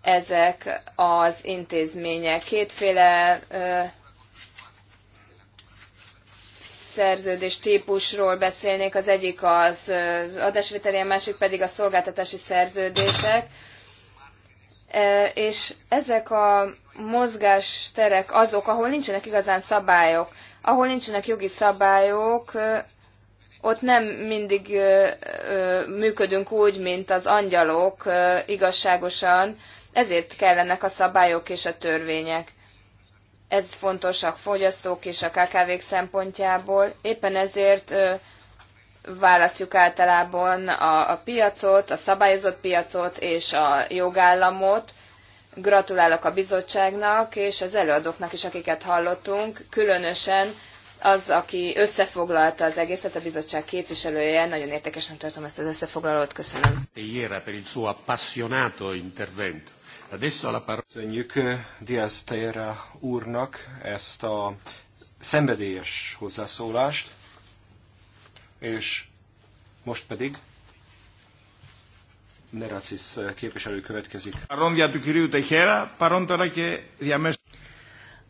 ezek az intézmények. Kétféle szerződés típusról beszélnék, az egyik az adásvételi, a másik pedig a szolgáltatási szerződések és ezek a mozgásterek azok, ahol nincsenek igazán szabályok, ahol nincsenek jogi szabályok, ott nem mindig működünk úgy, mint az angyalok igazságosan, ezért kellenek a szabályok és a törvények. Ez fontos a fogyasztók és a KKV-k szempontjából. Éppen ezért választjuk általában a, a piacot, a szabályozott piacot és a jogállamot. Gratulálok a bizottságnak és az előadóknak is, akiket hallottunk, különösen az, aki összefoglalta az egészet, a bizottság képviselője, nagyon értékesen tartom ezt az összefoglalót, köszönöm. Köszönjük eh, Diaz Teira úrnak ezt a szenvedélyes hozzászólást és most pedig Neracis képviselő következik.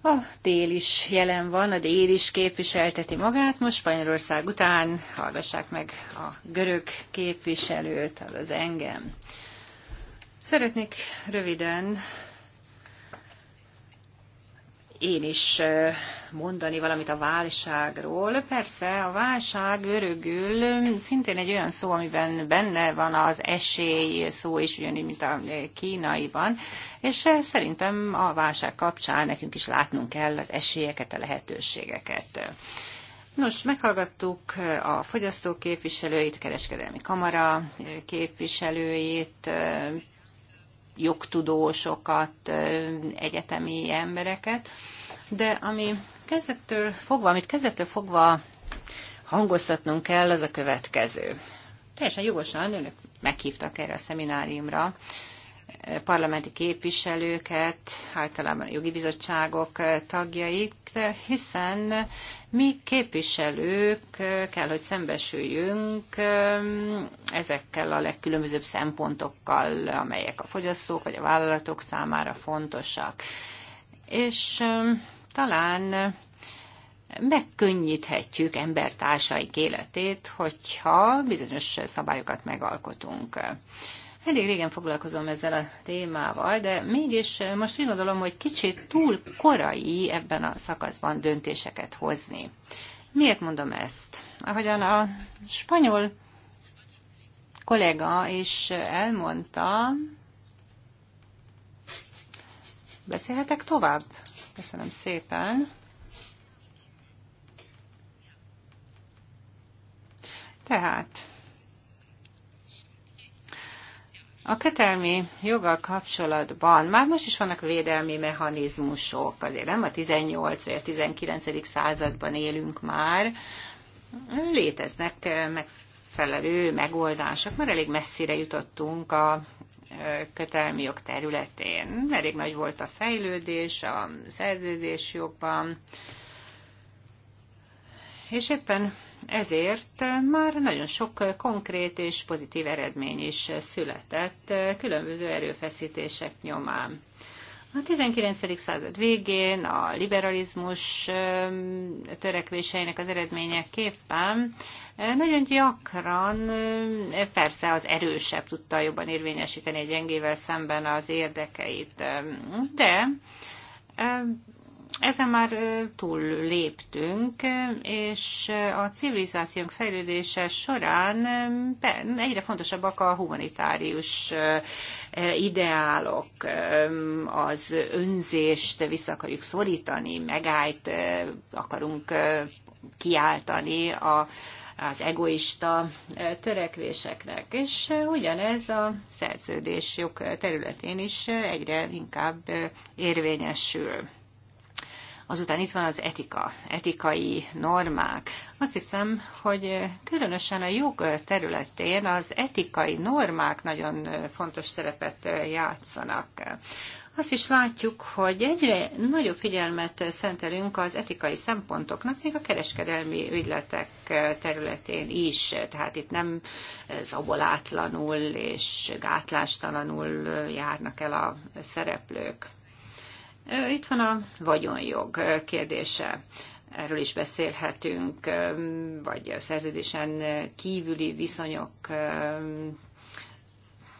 A dél is jelen van, a dél is képviselteti magát. Most Spanyolország után hallgassák meg a görög képviselőt, az engem. Szeretnék röviden én is mondani valamit a válságról. Persze a válság örögül szintén egy olyan szó, amiben benne van az esély szó is, ugyanígy, mint a kínaiban, és szerintem a válság kapcsán nekünk is látnunk kell az esélyeket, a lehetőségeket. Nos, meghallgattuk a fogyasztóképviselőit, kereskedelmi kamara képviselőjét, jogtudósokat, egyetemi embereket, de ami kezdettől fogva, amit kezdettől fogva hangoztatnunk kell, az a következő. Teljesen jogosan önök meghívtak erre a szemináriumra, parlamenti képviselőket, általában a jogi bizottságok eh, tagjait, hiszen mi képviselők eh, kell, hogy szembesüljünk eh, ezekkel a legkülönbözőbb szempontokkal, amelyek a fogyasztók vagy a vállalatok számára fontosak. És talán megkönnyíthetjük embertársaik életét, hogyha bizonyos szabályokat megalkotunk. Elég régen foglalkozom ezzel a témával, de mégis eh, most úgy gondolom, hogy kicsit túl korai ebben a szakaszban döntéseket hozni. Miért mondom ezt? Ahogyan a spanyol kollega is elmondta, beszélhetek tovább? Köszönöm szépen. Tehát, A kötelmi joggal kapcsolatban már most is vannak védelmi mechanizmusok, azért nem a 18 vagy a 19. században élünk már, léteznek eh, megfelelő megoldások, mert elég messzire jutottunk a eh, kötelmi jog területén. Elég nagy volt a fejlődés a jogban, és éppen ezért már nagyon sok konkrét és pozitív eredmény is született különböző erőfeszítések nyomán. A 19. század végén a liberalizmus törekvéseinek az eredményeképpen eh, nagyon gyakran eh, persze az erősebb tudta jobban érvényesíteni egy gyengével szemben az érdekeit, eh, de ezen már túl léptünk, és a civilizációnk fejlődése során egyre fontosabbak a humanitárius ideálok, az önzést vissza akarjuk szorítani, megállt akarunk kiáltani a az egoista törekvéseknek. És ugyanez a szerződés jog területén is egyre inkább érvényesül. Azután itt van az etika, etikai normák. Azt hiszem, hogy különösen a jog területén az etikai normák nagyon fontos szerepet játszanak. Azt is látjuk, hogy egyre nagyobb figyelmet szentelünk az etikai szempontoknak, még a kereskedelmi ügyletek területén is. Tehát itt nem zabolátlanul és gátlástalanul járnak el a szereplők. Itt van a vagyonjog kérdése. Erről is beszélhetünk, vagy a szerződésen kívüli viszonyok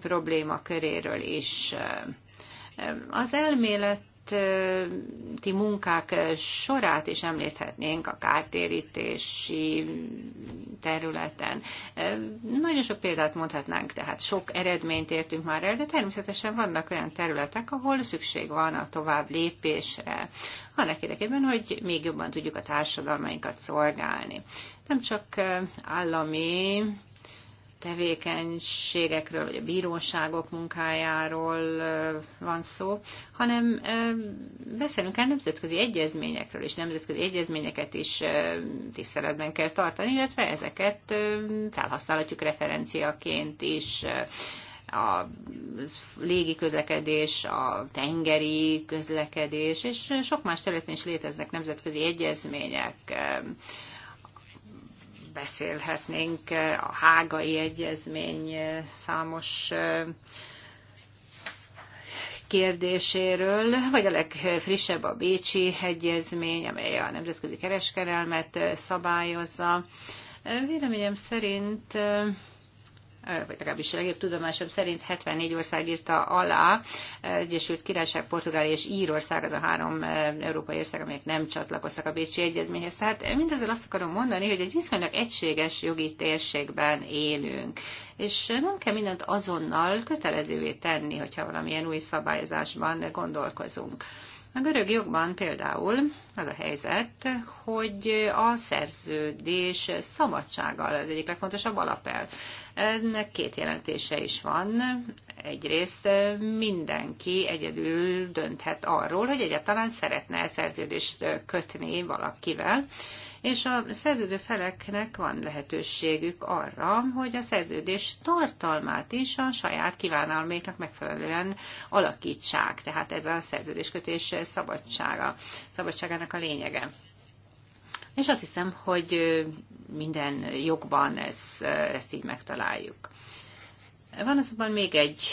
probléma köréről is. Az elmélet ti munkák sorát is említhetnénk a kártérítési területen. Nagyon sok példát mondhatnánk, tehát sok eredményt értünk már el, de természetesen vannak olyan területek, ahol szükség van a tovább lépésre, annak érdekében, hogy még jobban tudjuk a társadalmainkat szolgálni. Nem csak eh, állami tevékenységekről, vagy a bíróságok munkájáról van szó, hanem beszélünk el nemzetközi egyezményekről, és nemzetközi egyezményeket is tiszteletben kell tartani, illetve ezeket felhasználhatjuk referenciaként is a légi közlekedés, a tengeri közlekedés, és sok más területen is léteznek nemzetközi egyezmények beszélhetnénk eh, a hágai egyezmény eh, számos eh, kérdéséről, vagy a legfrissebb a Bécsi egyezmény, amely a nemzetközi kereskedelmet szabályozza. Véleményem szerint vagy legalábbis legjobb tudomásom szerint 74 ország írta alá, Egyesült Királyság, Portugália és Írország az a három európai ország, amelyek nem csatlakoztak a Bécsi Egyezményhez. Tehát mindezzel azt akarom mondani, hogy egy viszonylag egységes jogi térségben élünk, és nem kell mindent azonnal kötelezővé tenni, hogyha valamilyen új szabályozásban gondolkozunk. A görög jogban például az a helyzet, hogy a szerződés szabadsággal az egyik legfontosabb alapel. Ennek két jelentése is van. Egyrészt eh, mindenki egyedül dönthet arról, hogy egyáltalán szeretne -e szerződést eh, kötni valakivel, és a szerződő feleknek van lehetőségük arra, hogy a szerződés tartalmát is a saját kívánalméknak megfelelően alakítsák. Tehát ez a szerződéskötés szabadsága, szabadságának a lényege és azt hiszem, hogy minden jogban ezt ezt így megtaláljuk. Van azonban még egy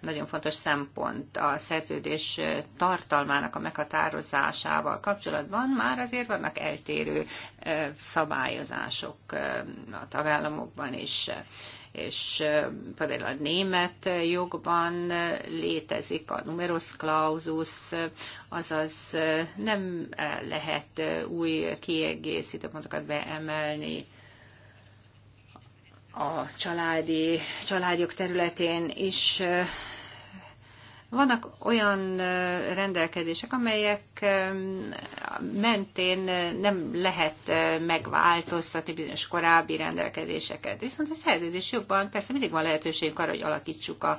nagyon fontos szempont a szerződés tartalmának a meghatározásával kapcsolatban már azért vannak eltérő szabályozások a tagállamokban is és például a német jogban létezik a numerus clausus, azaz nem lehet új kiegészítő pontokat beemelni a családi, családjog területén is vannak olyan rendelkezések, amelyek mentén nem lehet megváltoztatni bizonyos korábbi rendelkezéseket. Viszont a szerződés jogban persze mindig van lehetőség arra, hogy alakítsuk a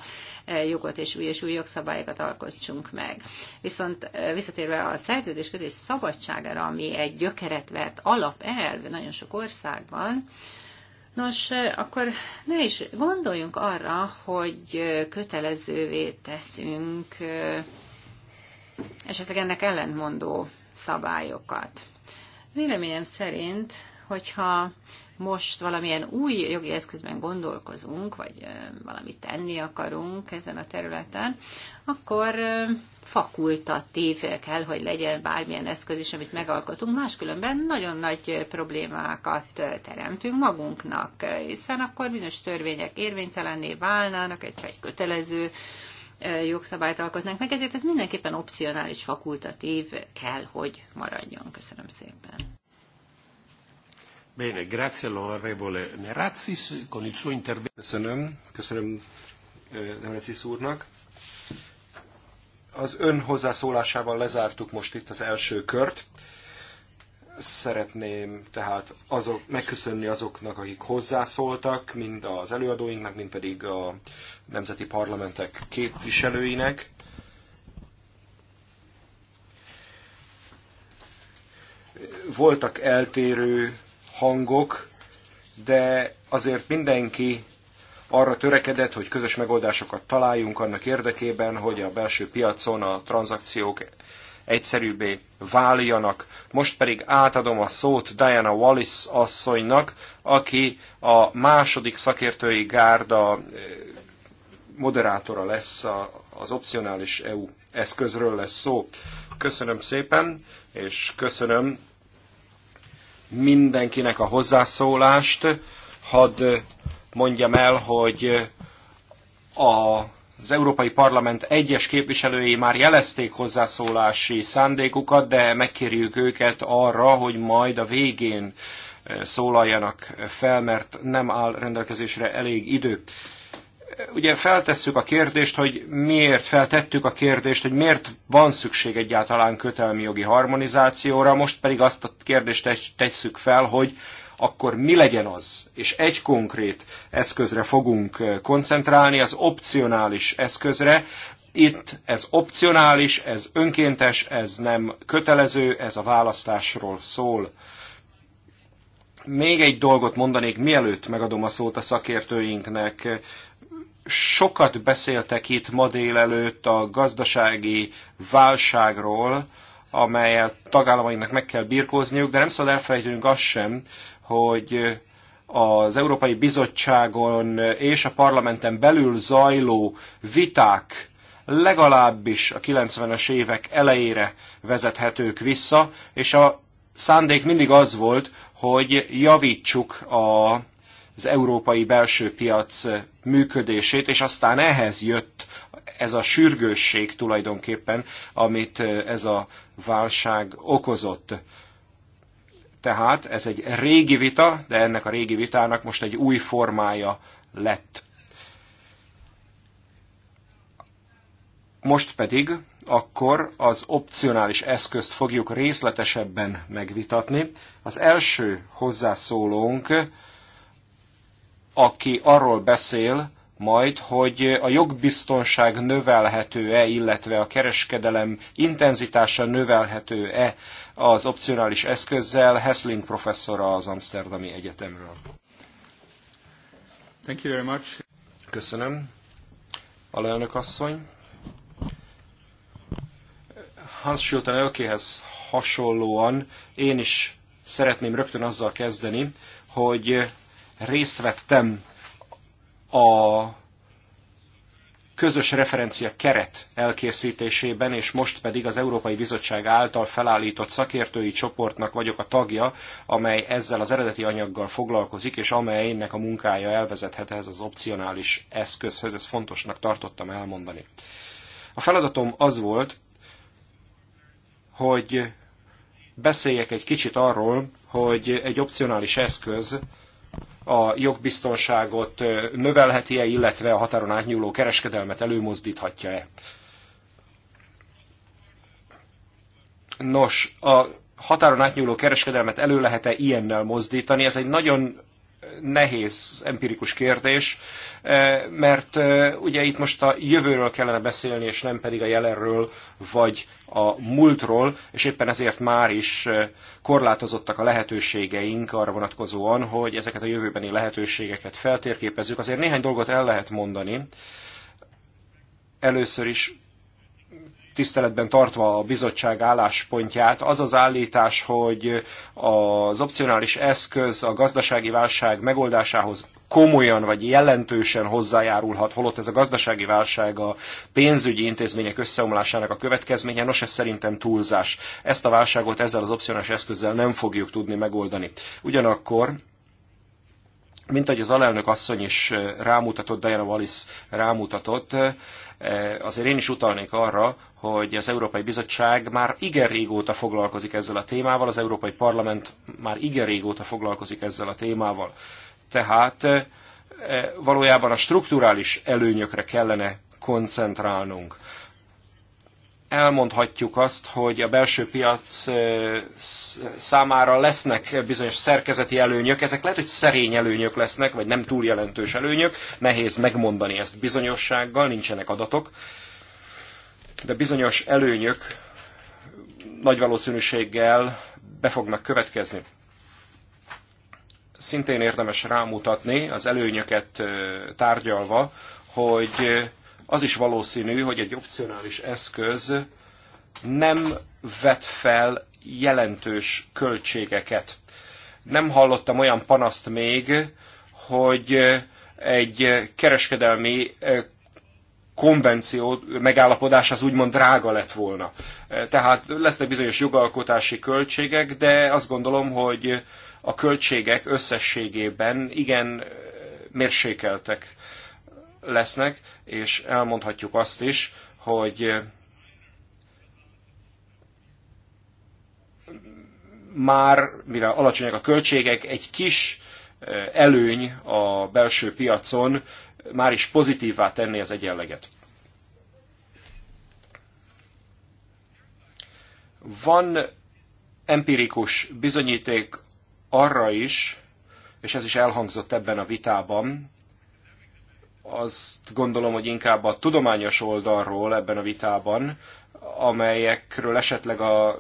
jogot, és új és új jogszabályokat alkotsunk meg. Viszont visszatérve a szerződés kötés szabadságára, ami egy gyökeret vert alapelv nagyon sok országban, Nos, akkor ne is gondoljunk arra, hogy kötelezővé teszünk esetleg ennek ellentmondó szabályokat. Véleményem szerint, hogyha most valamilyen új jogi eszközben gondolkozunk, vagy valamit tenni akarunk ezen a területen, akkor fakultatív kell, hogy legyen bármilyen eszköz is, amit megalkotunk, máskülönben nagyon nagy problémákat teremtünk magunknak, hiszen akkor bizonyos törvények érvénytelenné válnának, egy, egy kötelező jogszabályt alkotnánk meg, ezért ez mindenképpen opcionális, fakultatív kell, hogy maradjon. Köszönöm szépen. Bene, grazie all'onorevole Nerazzis con il suo intervento. Köszönöm, köszönöm Nerazzis úrnak. Az ön hozzászólásával lezártuk most itt az első kört. Szeretném tehát azok, megköszönni azoknak, akik hozzászóltak, mind az előadóinknak, mind pedig a nemzeti parlamentek képviselőinek. Voltak eltérő hangok, de azért mindenki arra törekedett, hogy közös megoldásokat találjunk annak érdekében, hogy a belső piacon a tranzakciók egyszerűbbé váljanak. Most pedig átadom a szót Diana Wallis asszonynak, aki a második szakértői gárda eh, moderátora lesz, az opcionális EU eszközről lesz szó. Köszönöm szépen, és köszönöm mindenkinek a hozzászólást. Hadd eh, mondjam el, hogy a az Európai Parlament egyes képviselői már jelezték hozzászólási szándékukat, de megkérjük őket arra, hogy majd a végén szólaljanak fel, mert nem áll rendelkezésre elég idő. Ugye feltesszük a kérdést, hogy miért feltettük a kérdést, hogy miért van szükség egyáltalán kötelmi jogi harmonizációra, most pedig azt a kérdést tesszük fel, hogy akkor mi legyen az? És egy konkrét eszközre fogunk eh, koncentrálni, az opcionális eszközre. Itt ez opcionális, ez önkéntes, ez nem kötelező, ez a választásról szól. Még egy dolgot mondanék, mielőtt megadom a szót a szakértőinknek sokat beszéltek itt ma délelőtt a gazdasági válságról, amelyet tagállamainknak meg kell birkózniuk, de nem szabad elfelejtenünk azt sem, hogy az Európai Bizottságon és a parlamenten belül zajló viták legalábbis a 90-es évek elejére vezethetők vissza, és a szándék mindig az volt, hogy javítsuk a, az európai belső piac működését, és aztán ehhez jött ez a sürgősség tulajdonképpen, amit ez a válság okozott. Tehát ez egy régi vita, de ennek a régi vitának most egy új formája lett. Most pedig akkor az opcionális eszközt fogjuk részletesebben megvitatni. Az első hozzászólónk, aki arról beszél, majd, hogy a jogbiztonság növelhető-e, illetve a kereskedelem intenzitása növelhető-e az opcionális eszközzel. Hessling professzora az Amsterdami Egyetemről. Thank you very much. Köszönöm. Alelnök asszony. Hans Schulten Elkéhez hasonlóan én is szeretném rögtön azzal kezdeni, hogy részt vettem a közös referencia keret elkészítésében, és most pedig az Európai Bizottság által felállított szakértői csoportnak vagyok a tagja, amely ezzel az eredeti anyaggal foglalkozik, és amelynek a munkája elvezethet ehhez az opcionális eszközhöz, ez fontosnak tartottam elmondani. A feladatom az volt, hogy beszéljek egy kicsit arról, hogy egy opcionális eszköz a jogbiztonságot növelheti-e, illetve a határon átnyúló kereskedelmet előmozdíthatja-e. Nos, a határon átnyúló kereskedelmet elő lehet-e ilyennel mozdítani? Ez egy nagyon nehéz empirikus kérdés, eh, mert eh, ugye itt most a jövőről kellene beszélni, és nem pedig a jelenről, vagy a múltról, és éppen ezért már is eh, korlátozottak a lehetőségeink arra vonatkozóan, hogy ezeket a jövőbeni lehetőségeket feltérképezzük. Azért néhány dolgot el lehet mondani. Először is tiszteletben tartva a bizottság álláspontját, az az állítás, hogy az opcionális eszköz a gazdasági válság megoldásához komolyan vagy jelentősen hozzájárulhat, holott ez a gazdasági válság a pénzügyi intézmények összeomlásának a következménye, nos ez szerintem túlzás. Ezt a válságot ezzel az opcionális eszközzel nem fogjuk tudni megoldani. Ugyanakkor mint ahogy az alelnök asszony is eh, rámutatott, Diana Wallis rámutatott, eh, azért én is utalnék arra, hogy az Európai Bizottság már igen régóta foglalkozik ezzel a témával, az Európai Parlament már igen régóta foglalkozik ezzel a témával. Tehát eh, valójában a strukturális előnyökre kellene koncentrálnunk elmondhatjuk azt, hogy a belső piac számára lesznek bizonyos szerkezeti előnyök, ezek lehet, hogy szerény előnyök lesznek, vagy nem túl jelentős előnyök, nehéz megmondani ezt bizonyossággal, nincsenek adatok, de bizonyos előnyök nagy valószínűséggel be fognak következni. Szintén érdemes rámutatni az előnyöket tárgyalva, hogy az is valószínű, hogy egy opcionális eszköz nem vet fel jelentős költségeket. Nem hallottam olyan panaszt még, hogy egy kereskedelmi konvenció megállapodás az úgymond drága lett volna. Tehát lesznek bizonyos jogalkotási költségek, de azt gondolom, hogy a költségek összességében igen mérsékeltek lesznek, és elmondhatjuk azt is, hogy eh, már, mivel alacsonyak a költségek, egy kis eh, előny a belső piacon már is pozitívvá tenni az egyenleget. Van empirikus bizonyíték arra is, és ez is elhangzott ebben a vitában, azt gondolom, hogy inkább a tudományos oldalról ebben a vitában, amelyekről esetleg a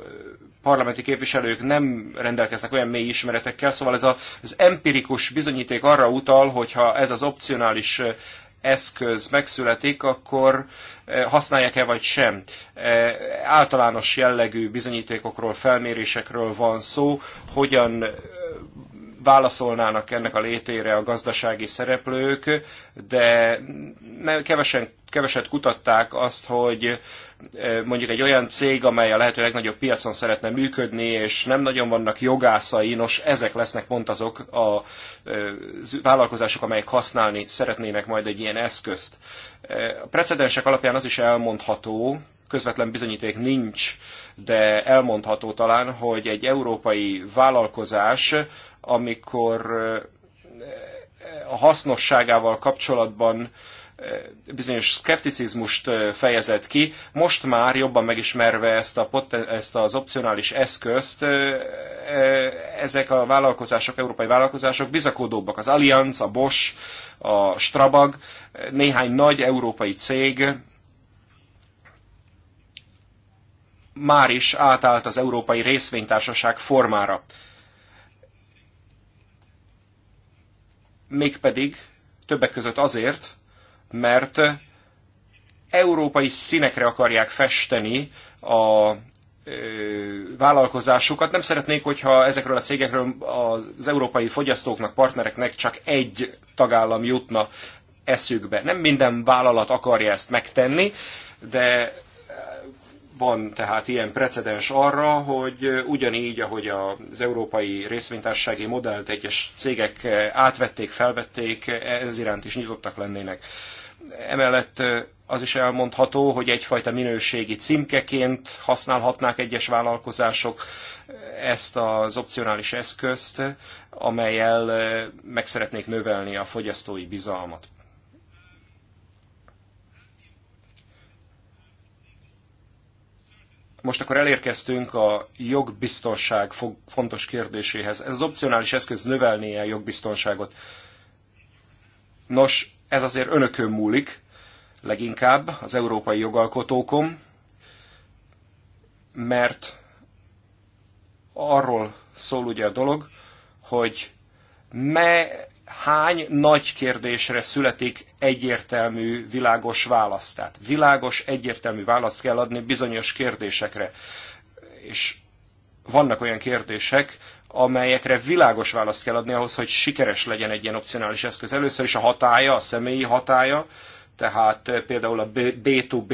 parlamenti képviselők nem rendelkeznek olyan mély ismeretekkel, szóval ez a, az empirikus bizonyíték arra utal, hogyha ez az opcionális eszköz megszületik, akkor használják-e vagy sem. Általános jellegű bizonyítékokról, felmérésekről van szó, hogyan válaszolnának ennek a létére a gazdasági szereplők, de nem, kevesen, keveset kutatták azt, hogy e, mondjuk egy olyan cég, amely a lehető legnagyobb piacon szeretne működni, és nem nagyon vannak jogászai, nos, ezek lesznek pont azok a e, vállalkozások, amelyek használni szeretnének majd egy ilyen eszközt. E, a precedensek alapján az is elmondható, közvetlen bizonyíték nincs, de elmondható talán, hogy egy európai vállalkozás amikor a hasznosságával kapcsolatban bizonyos szkepticizmust fejezett ki, most már jobban megismerve ezt, a, ezt az opcionális eszközt, ezek a vállalkozások, európai vállalkozások bizakodóbbak. Az Allianz, a Bosch, a Strabag, néhány nagy európai cég már is átállt az európai részvénytársaság formára. mégpedig többek között azért, mert európai színekre akarják festeni a vállalkozásukat. Nem szeretnék, hogyha ezekről a cégekről az európai fogyasztóknak, partnereknek csak egy tagállam jutna eszükbe. Nem minden vállalat akarja ezt megtenni, de van tehát ilyen precedens arra, hogy ugyanígy, ahogy az európai részvénytársasági modellt egyes cégek átvették, felvették, ez iránt is nyitottak lennének. Emellett az is elmondható, hogy egyfajta minőségi címkeként használhatnák egyes vállalkozások ezt az opcionális eszközt, amelyel meg szeretnék növelni a fogyasztói bizalmat. most akkor elérkeztünk a jogbiztonság fontos kérdéséhez. Ez az opcionális eszköz növelné a jogbiztonságot. Nos, ez azért önökön múlik, leginkább az európai jogalkotókon, mert arról szól ugye a dolog, hogy me hány nagy kérdésre születik egyértelmű, világos választ. Tehát világos, egyértelmű választ kell adni bizonyos kérdésekre. És vannak olyan kérdések, amelyekre világos választ kell adni ahhoz, hogy sikeres legyen egy ilyen opcionális eszköz. Először is a hatája, a személyi hatája, tehát eh, például a B 2 b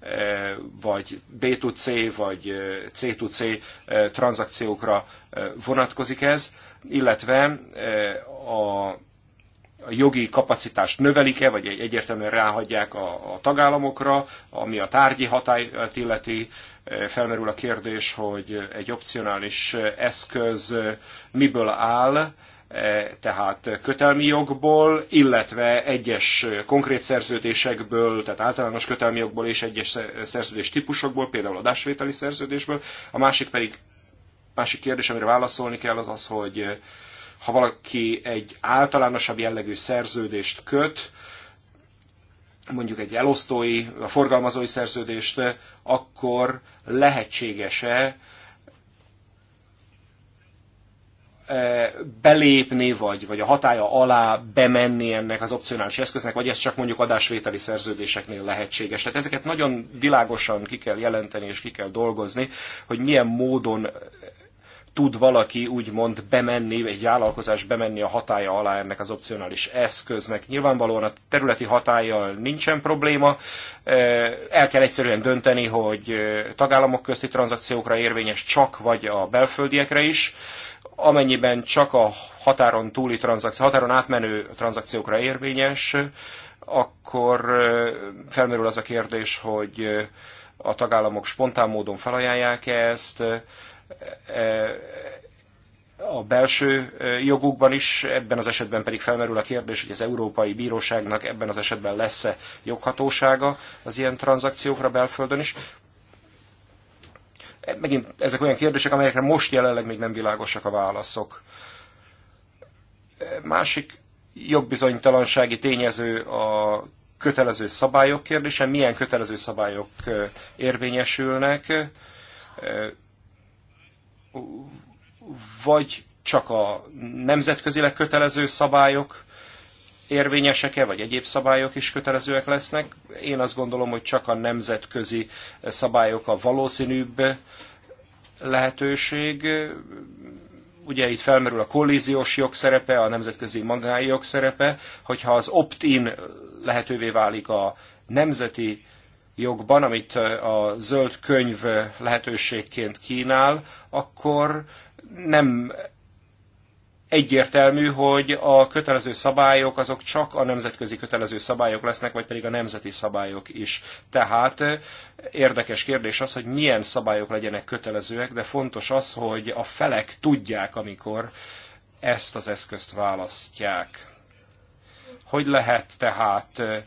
eh, vagy B2C vagy C2C eh, tranzakciókra vonatkozik ez, illetve a a jogi kapacitást növelik-e, vagy egyértelműen ráhagyják a, a tagállamokra, ami a tárgyi hatályt illeti, felmerül a kérdés, hogy egy opcionális eszköz miből áll, E, tehát kötelmi jogból, illetve egyes konkrét szerződésekből, tehát általános kötelmi jogból és egyes szerződés típusokból, például adásvételi szerződésből. A másik pedig, másik kérdés, amire válaszolni kell, az az, hogy e, ha valaki egy általánosabb jellegű szerződést köt, mondjuk egy elosztói, a forgalmazói szerződést, akkor lehetséges-e belépni, vagy, vagy a hatája alá bemenni ennek az opcionális eszköznek, vagy ez csak mondjuk adásvételi szerződéseknél lehetséges. Tehát ezeket nagyon világosan ki kell jelenteni és ki kell dolgozni, hogy milyen módon tud valaki úgymond bemenni, egy vállalkozás bemenni a hatája alá ennek az opcionális eszköznek. Nyilvánvalóan a területi hatája nincsen probléma, el kell egyszerűen dönteni, hogy tagállamok közti tranzakciókra érvényes csak, vagy a belföldiekre is amennyiben csak a határon túli tranzakció, határon átmenő tranzakciókra érvényes, akkor felmerül az a kérdés, hogy a tagállamok spontán módon felajánlják -e ezt, a belső jogukban is, ebben az esetben pedig felmerül a kérdés, hogy az Európai Bíróságnak ebben az esetben lesz-e joghatósága az ilyen tranzakciókra belföldön is megint ezek olyan kérdések, amelyekre most jelenleg még nem világosak a válaszok. Másik jogbizonytalansági tényező a kötelező szabályok kérdése, milyen kötelező szabályok érvényesülnek, vagy csak a nemzetközileg kötelező szabályok, érvényesek-e, vagy egyéb szabályok is kötelezőek lesznek. Én azt gondolom, hogy csak a nemzetközi szabályok a valószínűbb lehetőség. Ugye itt felmerül a kollíziós jogszerepe, a nemzetközi magány jogszerepe, hogyha az opt-in lehetővé válik a nemzeti jogban, amit a zöld könyv lehetőségként kínál, akkor nem egyértelmű, hogy a kötelező szabályok azok csak a nemzetközi kötelező szabályok lesznek, vagy pedig a nemzeti szabályok is. Tehát eh, érdekes kérdés az, hogy milyen szabályok legyenek kötelezőek, de fontos az, hogy a felek tudják, amikor ezt az eszközt választják. Hogy lehet tehát eh,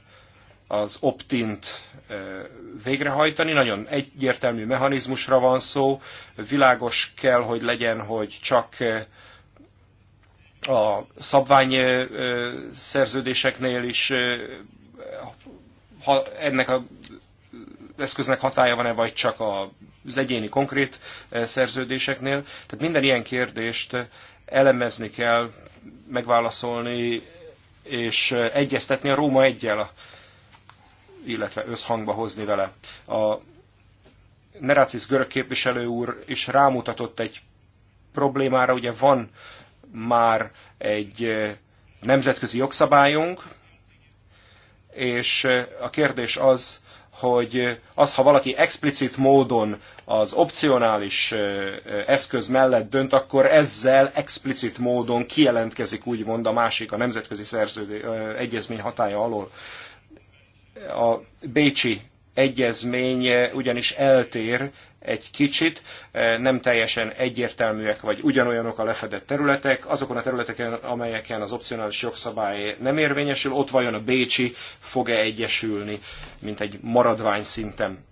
az optint eh, végrehajtani. Nagyon egyértelmű mechanizmusra van szó, világos kell, hogy legyen, hogy csak a szabvány szerződéseknél is ha ennek a eszköznek hatája van-e, vagy csak az egyéni konkrét szerződéseknél. Tehát minden ilyen kérdést elemezni kell, megválaszolni és egyeztetni a Róma egyel, illetve összhangba hozni vele. A Nerácis görög képviselő úr is rámutatott egy problémára, ugye van már egy nemzetközi jogszabályunk, és a kérdés az, hogy az, ha valaki explicit módon az opcionális eszköz mellett dönt, akkor ezzel explicit módon kijelentkezik úgymond a másik a nemzetközi szerződő egyezmény hatája alól. A Bécsi egyezmény ugyanis eltér egy kicsit, e, nem teljesen egyértelműek vagy ugyanolyanok a lefedett területek, azokon a területeken, amelyeken az opcionális jogszabály nem érvényesül, ott vajon a Bécsi fog-e egyesülni, mint egy maradvány szinten.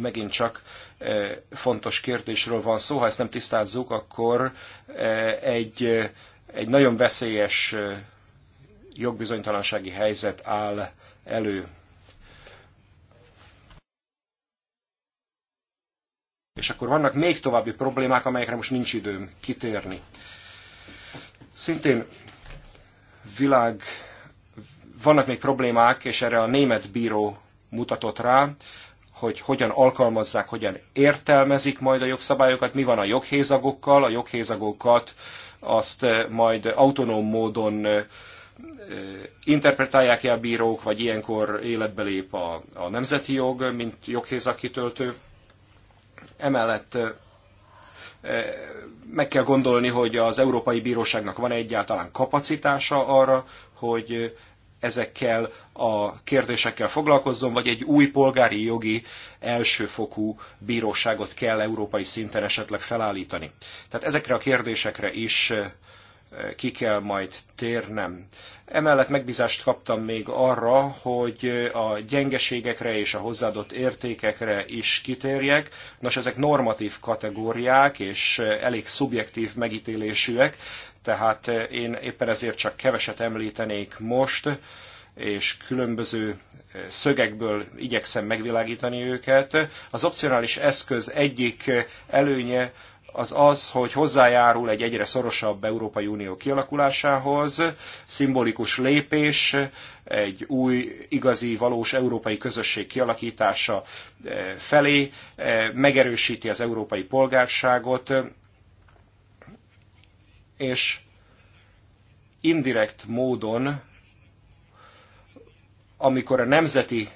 Megint csak e, fontos kérdésről van szó, ha ezt nem tisztázzuk, akkor e, egy, egy nagyon veszélyes jogbizonytalansági helyzet áll elő. És akkor vannak még további problémák, amelyekre most nincs időm kitérni. Szintén világ, vannak még problémák, és erre a német bíró mutatott rá, hogy hogyan alkalmazzák, hogyan értelmezik majd a jogszabályokat, mi van a joghézagokkal, a joghézagokat azt eh, majd autonóm módon eh, interpretálják-e a bírók, vagy ilyenkor életbe lép a, a nemzeti jog, mint joghézak kitöltő. Emellett meg kell gondolni, hogy az Európai Bíróságnak van -e egyáltalán kapacitása arra, hogy ezekkel a kérdésekkel foglalkozzon, vagy egy új polgári jogi elsőfokú bíróságot kell európai szinten esetleg felállítani. Tehát ezekre a kérdésekre is ki kell majd térnem. Emellett megbízást kaptam még arra, hogy a gyengeségekre és a hozzáadott értékekre is kitérjek. Nos, ezek normatív kategóriák, és elég szubjektív megítélésűek, tehát én éppen ezért csak keveset említenék most, és különböző szögekből igyekszem megvilágítani őket. Az opcionális eszköz egyik előnye az az, hogy hozzájárul egy egyre szorosabb Európai Unió kialakulásához, szimbolikus lépés, egy új, igazi, valós európai közösség kialakítása eh, felé, eh, megerősíti az európai polgárságot, és indirekt módon, amikor a nemzeti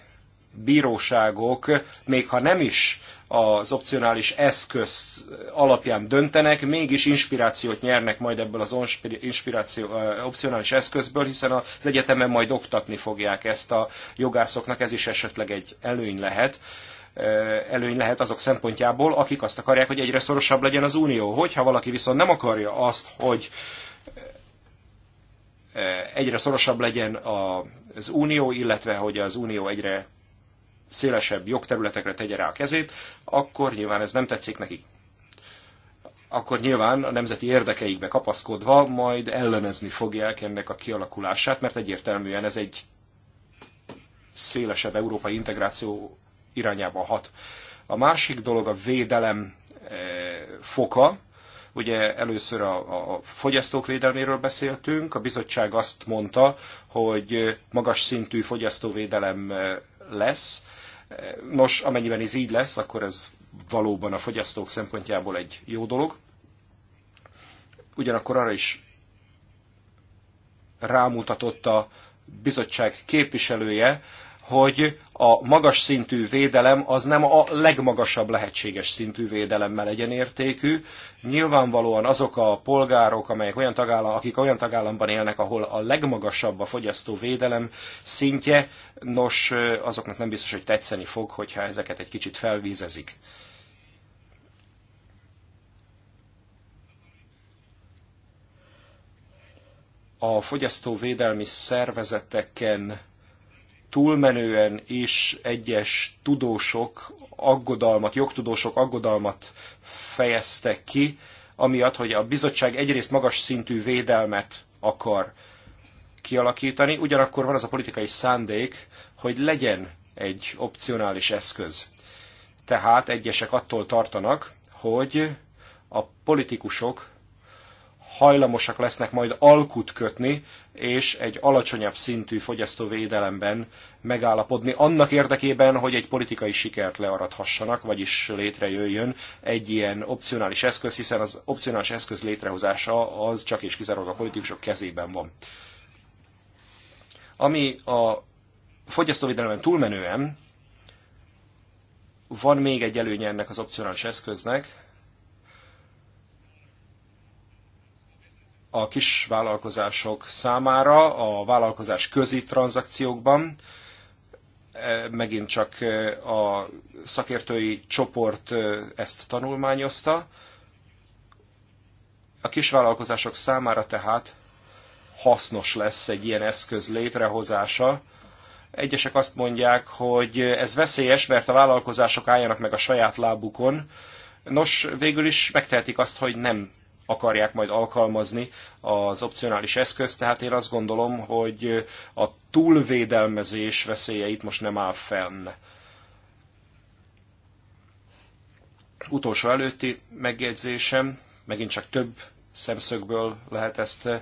bíróságok, még ha nem is az opcionális eszköz alapján döntenek, mégis inspirációt nyernek majd ebből az inspiráció, opcionális eszközből, hiszen az egyetemen majd oktatni fogják ezt a jogászoknak, ez is esetleg egy előny lehet előny lehet azok szempontjából, akik azt akarják, hogy egyre szorosabb legyen az unió. Hogyha valaki viszont nem akarja azt, hogy egyre szorosabb legyen az unió, illetve hogy az unió egyre szélesebb jogterületekre tegye rá a kezét, akkor nyilván ez nem tetszik nekik. Akkor nyilván a nemzeti érdekeikbe kapaszkodva majd ellenezni fogják ennek a kialakulását, mert egyértelműen ez egy szélesebb európai integráció irányába hat. A másik dolog a védelem eh, foka, ugye először a, a fogyasztók védelméről beszéltünk, a bizottság azt mondta, hogy magas szintű fogyasztóvédelem eh, lesz. Nos, amennyiben ez így lesz, akkor ez valóban a fogyasztók szempontjából egy jó dolog. Ugyanakkor arra is rámutatott a bizottság képviselője, hogy a magas szintű védelem az nem a legmagasabb lehetséges szintű védelemmel legyen értékű. Nyilvánvalóan azok a polgárok, amelyek olyan tagállam, akik olyan tagállamban élnek, ahol a legmagasabb a fogyasztóvédelem szintje, nos, azoknak nem biztos, hogy tetszeni fog, hogyha ezeket egy kicsit felvízezik. A fogyasztóvédelmi szervezeteken túlmenően is egyes tudósok aggodalmat, jogtudósok aggodalmat fejeztek ki, amiatt, hogy a bizottság egyrészt magas szintű védelmet akar kialakítani, ugyanakkor van az a politikai szándék, hogy legyen egy opcionális eszköz. Tehát egyesek attól tartanak, hogy a politikusok hajlamosak lesznek majd alkut kötni, és egy alacsonyabb szintű fogyasztóvédelemben megállapodni annak érdekében, hogy egy politikai sikert learadhassanak, vagyis létrejöjjön egy ilyen opcionális eszköz, hiszen az opcionális eszköz létrehozása az csak és kizárólag a politikusok kezében van. Ami a fogyasztóvédelemen túlmenően van még egy előnye ennek az opcionális eszköznek, a kis vállalkozások számára a vállalkozás közi tranzakciókban. E, megint csak e, a szakértői csoport e, ezt tanulmányozta. A kisvállalkozások számára tehát hasznos lesz egy ilyen eszköz létrehozása. Egyesek azt mondják, hogy ez veszélyes, mert a vállalkozások álljanak meg a saját lábukon. Nos, végül is megtehetik azt, hogy nem akarják majd alkalmazni az opcionális eszközt, tehát én azt gondolom, hogy a túlvédelmezés veszélye itt most nem áll fenn. Utolsó előtti megjegyzésem, megint csak több szemszögből lehet ezt eh,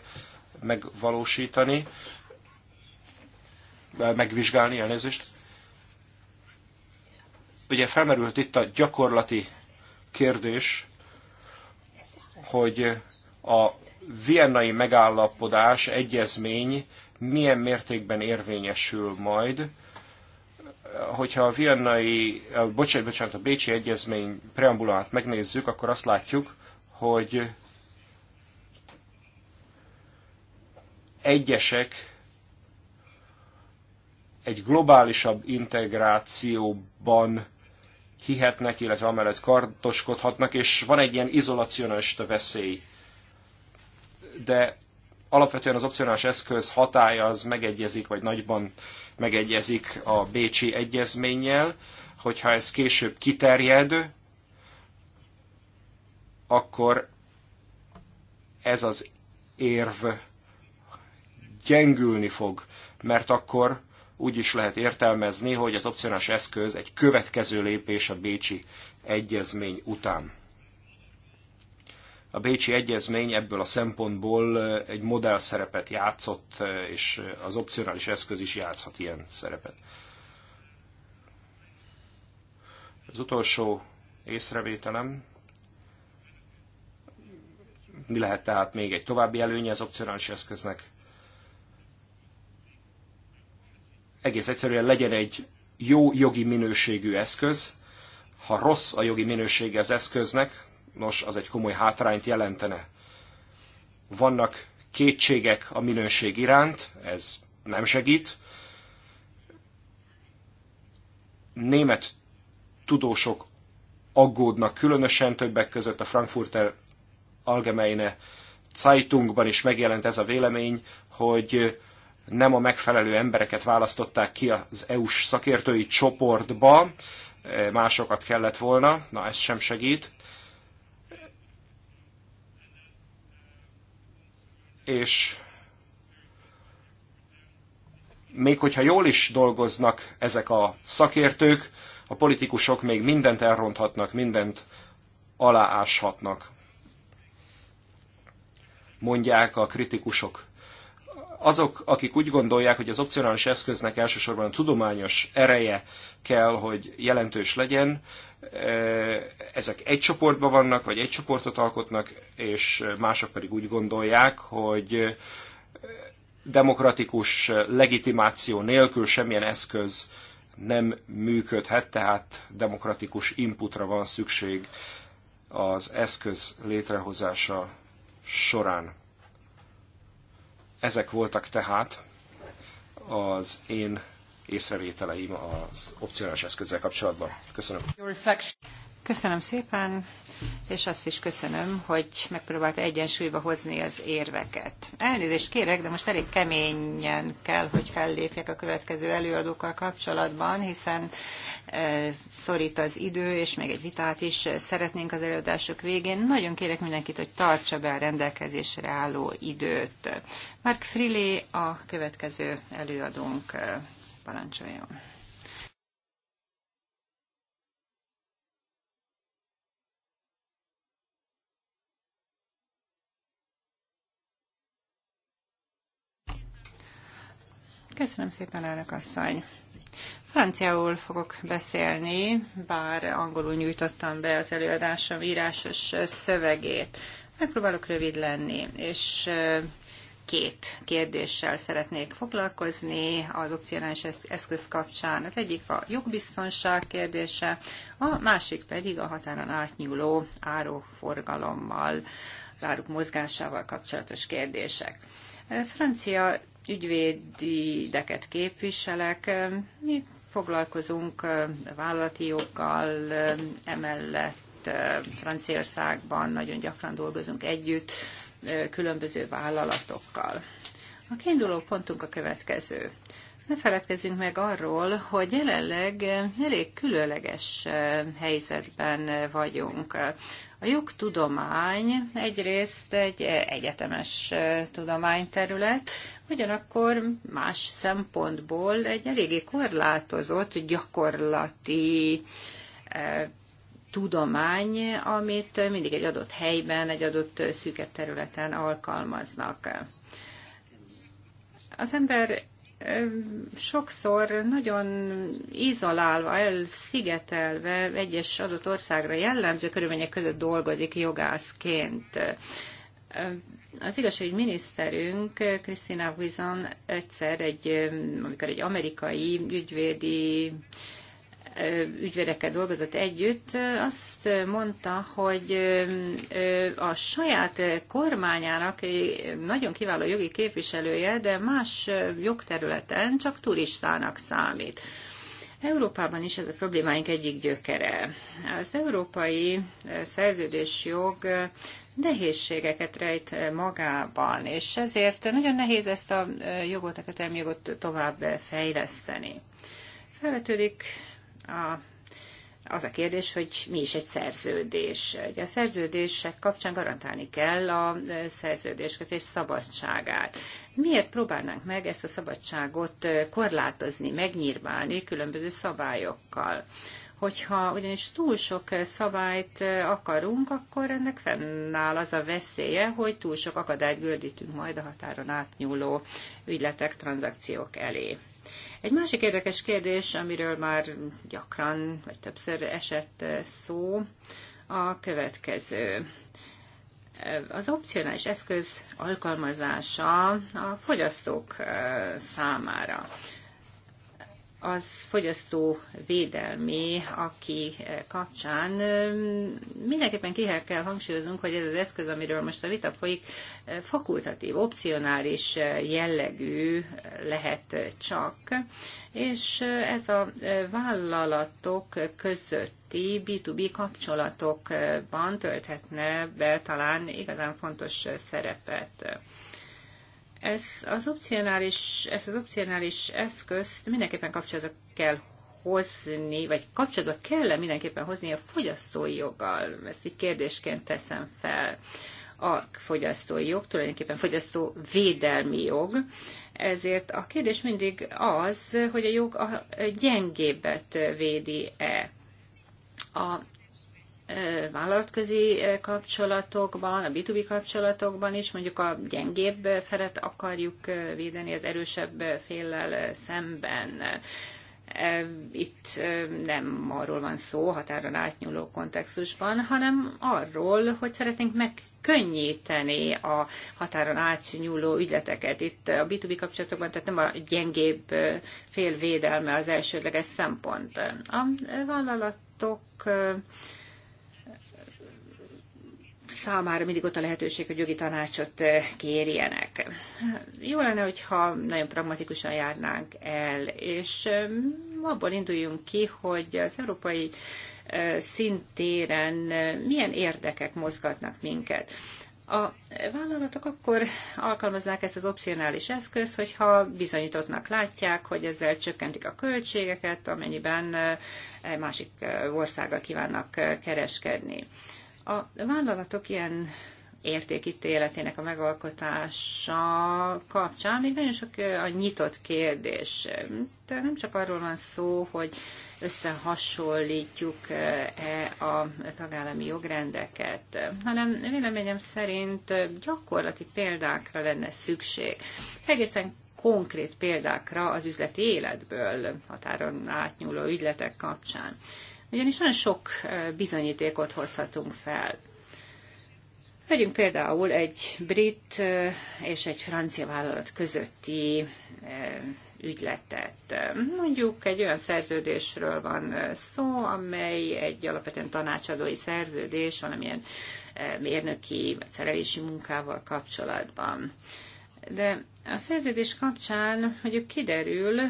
megvalósítani, eh, megvizsgálni, elnézést. Ugye felmerült itt a gyakorlati kérdés, hogy a viennai megállapodás, egyezmény milyen mértékben érvényesül majd, hogyha a viennai, bocsánat, bocsánat, a Bécsi Egyezmény preambulát megnézzük, akkor azt látjuk, hogy egyesek egy globálisabb integrációban hihetnek, illetve amellett kardoskodhatnak, és van egy ilyen izolacionista veszély. De alapvetően az opcionális eszköz hatája az megegyezik, vagy nagyban megegyezik a Bécsi egyezménnyel, hogyha ez később kiterjed, akkor ez az érv gyengülni fog, mert akkor úgy is lehet értelmezni, hogy az opcionális eszköz egy következő lépés a Bécsi egyezmény után. A Bécsi Egyezmény ebből a szempontból egy modell szerepet játszott, és az opcionális eszköz is játszhat ilyen szerepet. Az utolsó észrevételem, mi lehet tehát még egy további előnye az opcionális eszköznek? egész egyszerűen legyen egy jó jogi minőségű eszköz. Ha rossz a jogi minősége az eszköznek, nos, az egy komoly hátrányt jelentene. Vannak kétségek a minőség iránt, ez nem segít. Német tudósok aggódnak különösen, többek között a Frankfurter Allgemeine Zeitungban is megjelent ez a vélemény, hogy nem a megfelelő embereket választották ki az EU-s szakértői csoportba, e, másokat kellett volna, na ez sem segít. És még hogyha jól is dolgoznak ezek a szakértők, a politikusok még mindent elronthatnak, mindent alááshatnak, mondják a kritikusok. Azok, akik úgy gondolják, hogy az opcionális eszköznek elsősorban a tudományos ereje kell, hogy jelentős legyen, e, ezek egy csoportban vannak, vagy egy csoportot alkotnak, és mások pedig úgy gondolják, hogy e, demokratikus legitimáció nélkül semmilyen eszköz nem működhet, tehát demokratikus inputra van szükség az eszköz létrehozása során. Ezek voltak tehát az én észrevételeim az opcionális eszközzel kapcsolatban. Köszönöm. Köszönöm szépen és azt is köszönöm, hogy megpróbált egyensúlyba hozni az érveket. Elnézést kérek, de most elég keményen kell, hogy fellépjek a következő előadókkal kapcsolatban, hiszen e, szorít az idő, és még egy vitát is szeretnénk az előadások végén. Nagyon kérek mindenkit, hogy tartsa be a rendelkezésre álló időt. Mark Frilé a következő előadónk e, parancsoljon. Köszönöm szépen, elnök asszony. Franciául fogok beszélni, bár angolul nyújtottam be az előadásom írásos szövegét. Megpróbálok rövid lenni, és két kérdéssel szeretnék foglalkozni az opcionális eszköz kapcsán. Az egyik a jogbiztonság kérdése, a másik pedig a határon átnyúló áróforgalommal, áruk mozgásával kapcsolatos kérdések. Francia ügyvédideket képviselek. Mi foglalkozunk vállalati joggal, emellett Franciaországban nagyon gyakran dolgozunk együtt különböző vállalatokkal. A kiinduló pontunk a következő. Ne feledkezzünk meg arról, hogy jelenleg elég különleges helyzetben vagyunk. A jogtudomány egyrészt egy egyetemes tudományterület, ugyanakkor más szempontból egy eléggé korlátozott gyakorlati eh, tudomány, amit mindig egy adott helyben, egy adott szűkebb területen alkalmaznak. Az ember eh, sokszor nagyon izolálva, elszigetelve egyes adott országra jellemző körülmények között dolgozik jogászként eh, az igazság, hogy miniszterünk, Kristina Wizon egyszer, egy, amikor egy amerikai ügyvédi ügyvédekkel dolgozott együtt, azt mondta, hogy a saját kormányának nagyon kiváló jogi képviselője, de más jogterületen csak turistának számít. Európában is ez a problémáink egyik gyökere. Az európai szerződésjog nehézségeket rejt eh, magában, és ezért nagyon nehéz ezt a eh, jogot, a kötelmi jogot tovább eh, fejleszteni. Felvetődik a az a kérdés, hogy mi is egy szerződés. Ugye a szerződések kapcsán garantálni kell a szerződéskötés szabadságát. Miért próbálnánk meg ezt a szabadságot korlátozni, megnyírválni különböző szabályokkal? Hogyha ugyanis túl sok szabályt eh, akarunk, akkor ennek fennáll az a veszélye, hogy túl sok akadályt gördítünk majd a határon átnyúló ügyletek, tranzakciók elé. Egy másik érdekes kérdés, amiről már gyakran vagy többször esett eh, szó, a következő. Eh, az opcionális eszköz alkalmazása a fogyasztók számára az fogyasztó védelmi, aki eh, kapcsán eh, mindenképpen ki kell hangsúlyoznunk, hogy ez az eszköz, amiről most a vita folyik, eh, fakultatív, opcionális jellegű lehet csak, és ez a vállalatok közötti B2B kapcsolatokban tölthetne be talán igazán fontos szerepet. Ez az opcionális, ezt az opcionális eszközt mindenképpen kapcsolatba kell hozni, vagy kapcsolatba kell -e mindenképpen hozni a fogyasztói joggal? Ezt így kérdésként teszem fel. A fogyasztói jog tulajdonképpen fogyasztó védelmi jog, ezért a kérdés mindig az, hogy a jog a gyengébbet védi-e. A vállalatközi kapcsolatokban, a B2B kapcsolatokban is, mondjuk a gyengébb felet akarjuk védeni az erősebb féllel szemben. Itt nem arról van szó határon átnyúló kontextusban, hanem arról, hogy szeretnénk megkönnyíteni a határon átnyúló ügyleteket. Itt a B2B kapcsolatokban, tehát nem a gyengébb fél védelme az elsődleges szempont. A vállalatok számára mindig ott a lehetőség, hogy jogi tanácsot eh, kérjenek. Jó lenne, hogyha nagyon pragmatikusan járnánk el, és eh, abból induljunk ki, hogy az európai eh, szintéren milyen érdekek mozgatnak minket. A vállalatok akkor alkalmaznák ezt az opcionális eszközt, hogyha bizonyítottnak látják, hogy ezzel csökkentik a költségeket, amennyiben másik országgal kívánnak kereskedni. A vállalatok ilyen értékítéletének a megalkotása kapcsán még nagyon sok a nyitott kérdés. De nem csak arról van szó, hogy összehasonlítjuk-e a tagállami jogrendeket, hanem véleményem szerint gyakorlati példákra lenne szükség. Egészen konkrét példákra az üzleti életből, határon átnyúló ügyletek kapcsán ugyanis nagyon sok bizonyítékot hozhatunk fel. Vegyünk például egy brit és egy francia vállalat közötti ügyletet. Mondjuk egy olyan szerződésről van szó, amely egy alapvetően tanácsadói szerződés, valamilyen mérnöki vagy szerelési munkával kapcsolatban. De a szerződés kapcsán mondjuk kiderül,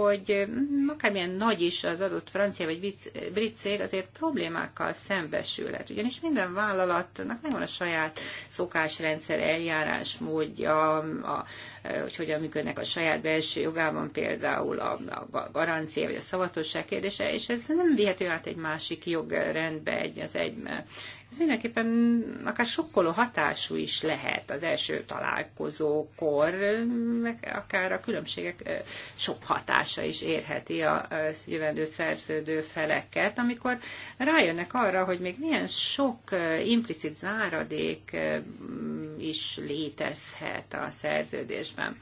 hogy akármilyen nagy is az adott francia vagy brit cég, azért problémákkal szembesülhet. Ugyanis minden vállalatnak megvan a saját szokásrendszer, eljárásmódja, a, e, hogy hogyan működnek a saját belső jogában például a, a garancia vagy a szavatosság kérdése, és ez nem vihető át egy másik jogrendbe egy az egy ez mindenképpen akár sokkoló hatású is lehet az első találkozókor, akár a különbségek sok hatása is érheti a jövendő szerződő feleket, amikor rájönnek arra, hogy még milyen sok implicit záradék is létezhet a szerződésben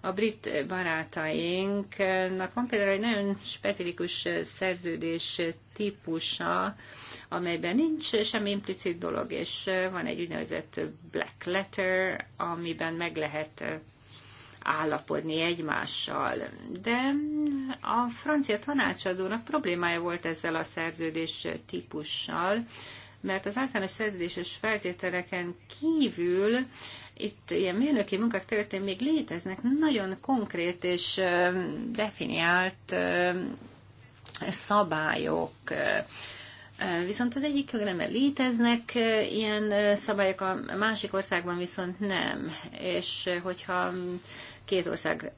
a brit barátainknak van például egy nagyon specifikus szerződés típusa, amelyben nincs semmi implicit dolog, és van egy úgynevezett black letter, amiben meg lehet állapodni egymással. De a francia tanácsadónak problémája volt ezzel a szerződés típussal, mert az általános szerződéses feltételeken kívül itt ilyen mérnöki munkák területén még léteznek nagyon konkrét és definiált szabályok, Viszont az egyik jogrendben léteznek ilyen szabályok, a másik országban viszont nem. És hogyha két ország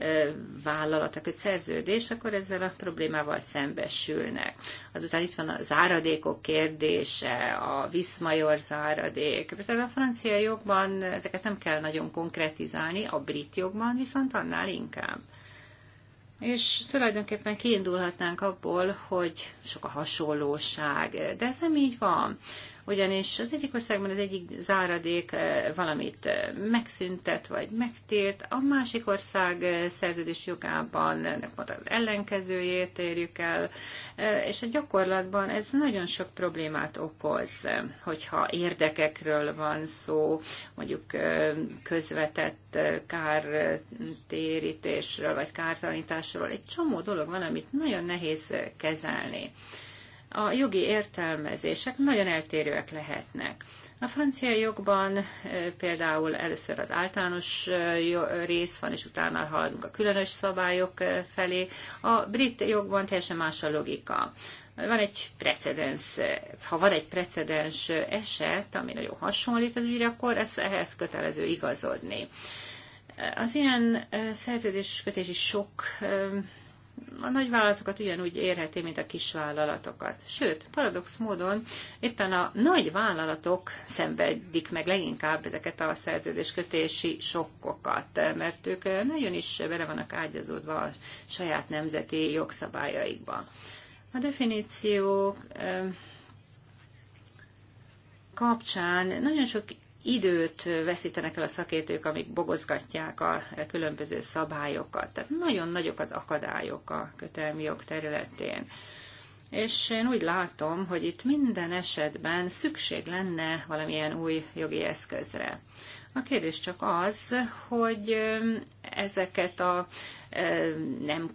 vállalata köt szerződés, akkor ezzel a problémával szembesülnek. Azután itt van a záradékok kérdése, a viszmajor záradék. Például a francia jogban ezeket nem kell nagyon konkretizálni, a brit jogban viszont annál inkább és tulajdonképpen kiindulhatnánk abból, hogy sok a hasonlóság, de ez nem így van ugyanis az egyik országban az egyik záradék eh, valamit eh, megszüntet vagy megtért, a másik ország eh, szerződés jogában ennek az ellenkezőjét érjük el, és a gyakorlatban ez nagyon sok problémát okoz, hogyha érdekekről van szó, mondjuk közvetett kártérítésről vagy kártalanításról. Egy csomó dolog van, amit nagyon nehéz kezelni a jogi értelmezések nagyon eltérőek lehetnek. A francia jogban például először az általános rész van, és utána haladunk a különös szabályok felé. A brit jogban teljesen más a logika. Van egy precedens, ha van egy precedens eset, ami nagyon hasonlít az ügyre, akkor ez, ehhez kötelező igazodni. Az ilyen szerződéskötési sok a nagyvállalatokat ugyanúgy érheti, mint a kisvállalatokat. Sőt, paradox módon éppen a nagy vállalatok szenvedik meg leginkább ezeket a szerződéskötési sokkokat, mert ők nagyon is bele vannak ágyazódva a saját nemzeti jogszabályaikba. A definíció kapcsán nagyon sok időt veszítenek el a szakértők, amik bogozgatják a különböző szabályokat. Tehát nagyon nagyok az akadályok a kötelmi jog területén. És én úgy látom, hogy itt minden esetben szükség lenne valamilyen új jogi eszközre. A kérdés csak az, hogy ezeket a nem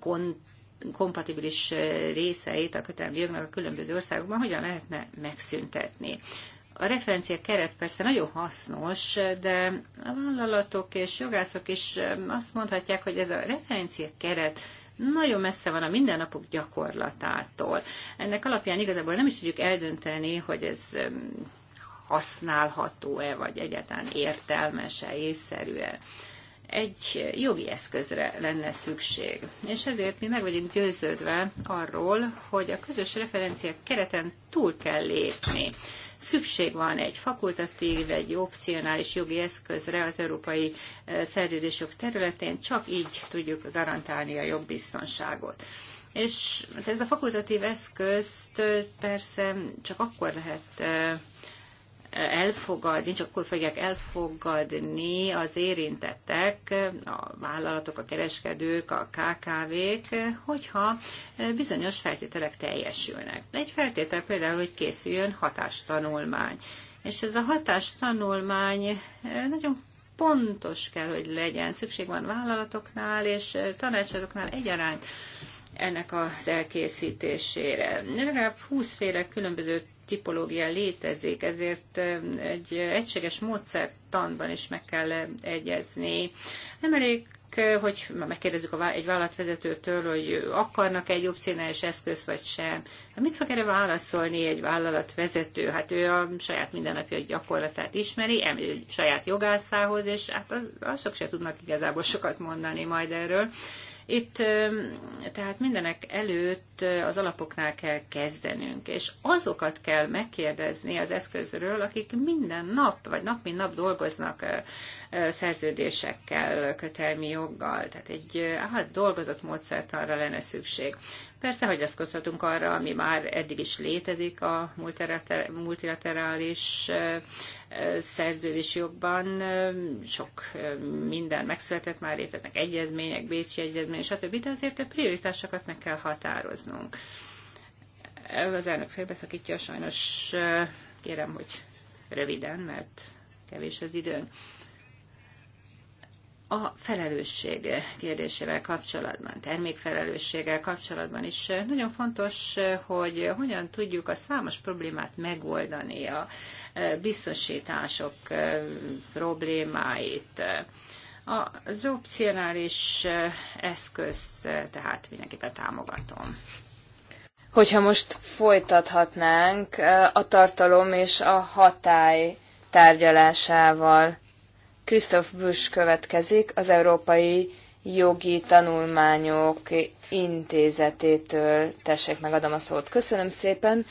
kompatibilis részeit a kötelmi jognak a különböző országokban hogyan lehetne megszüntetni. A referencia keret persze nagyon hasznos, de a vállalatok és jogászok is um, azt mondhatják, hogy ez a referencia keret nagyon messze van a mindennapok gyakorlatától. Ennek alapján igazából nem is tudjuk eldönteni, hogy ez um, használható-e, vagy egyáltalán értelmes-e, észszerű-e egy jogi eszközre lenne szükség. És ezért mi meg vagyunk győződve arról, hogy a közös referenciák kereten túl kell lépni szükség van egy fakultatív, egy opcionális jogi eszközre az európai eh, szerződések területén, csak így tudjuk garantálni a jogbiztonságot. És hát ez a fakultatív eszközt eh, persze csak akkor lehet eh, elfogadni, nincs akkor fogják elfogadni az érintettek, a vállalatok, a kereskedők, a KKV-k, hogyha bizonyos feltételek teljesülnek. Egy feltétel például, hogy készüljön hatástanulmány. És ez a hatástanulmány eh, nagyon pontos kell, hogy legyen. Szükség van vállalatoknál és eh, tanácsadóknál egyaránt ennek az elkészítésére. Legalább 20 féle különböző tipológia létezik, ezért egy egységes módszertanban is meg kell egyezni. Nem elég hogy megkérdezzük egy vállalatvezetőtől, hogy akarnak -e egy opcionális eszköz vagy sem. Hát mit fog erre válaszolni egy vállalatvezető? Hát ő a saját mindennapi gyakorlatát ismeri, saját jogászához, és hát azok az se tudnak igazából sokat mondani majd erről. Itt tehát mindenek előtt az alapoknál kell kezdenünk, és azokat kell megkérdezni az eszközről, akik minden nap, vagy nap mint nap dolgoznak szerződésekkel, kötelmi joggal. Tehát egy hát, dolgozott módszert arra lenne szükség. Persze hogy hagyaszkodhatunk arra, ami már eddig is létezik a multilaterális szerződés jogban. Sok minden megszületett már, léteznek egyezmények, Bécsi egyezmények, stb. De azért a prioritásokat meg kell határoznunk. Az elnök félbeszakítja, sajnos kérem, hogy röviden, mert kevés az időnk a felelősség kérdésével kapcsolatban, termékfelelősséggel kapcsolatban is nagyon fontos, hogy hogyan tudjuk a számos problémát megoldani, a e, biztosítások e, problémáit. Az opcionális e, eszköz tehát mindenképpen támogatom. Hogyha most folytathatnánk a tartalom és a hatály tárgyalásával Christoph Busch következik az Európai Jogi Tanulmányok Intézetétől. Tessék, megadom a szót. Köszönöm szépen.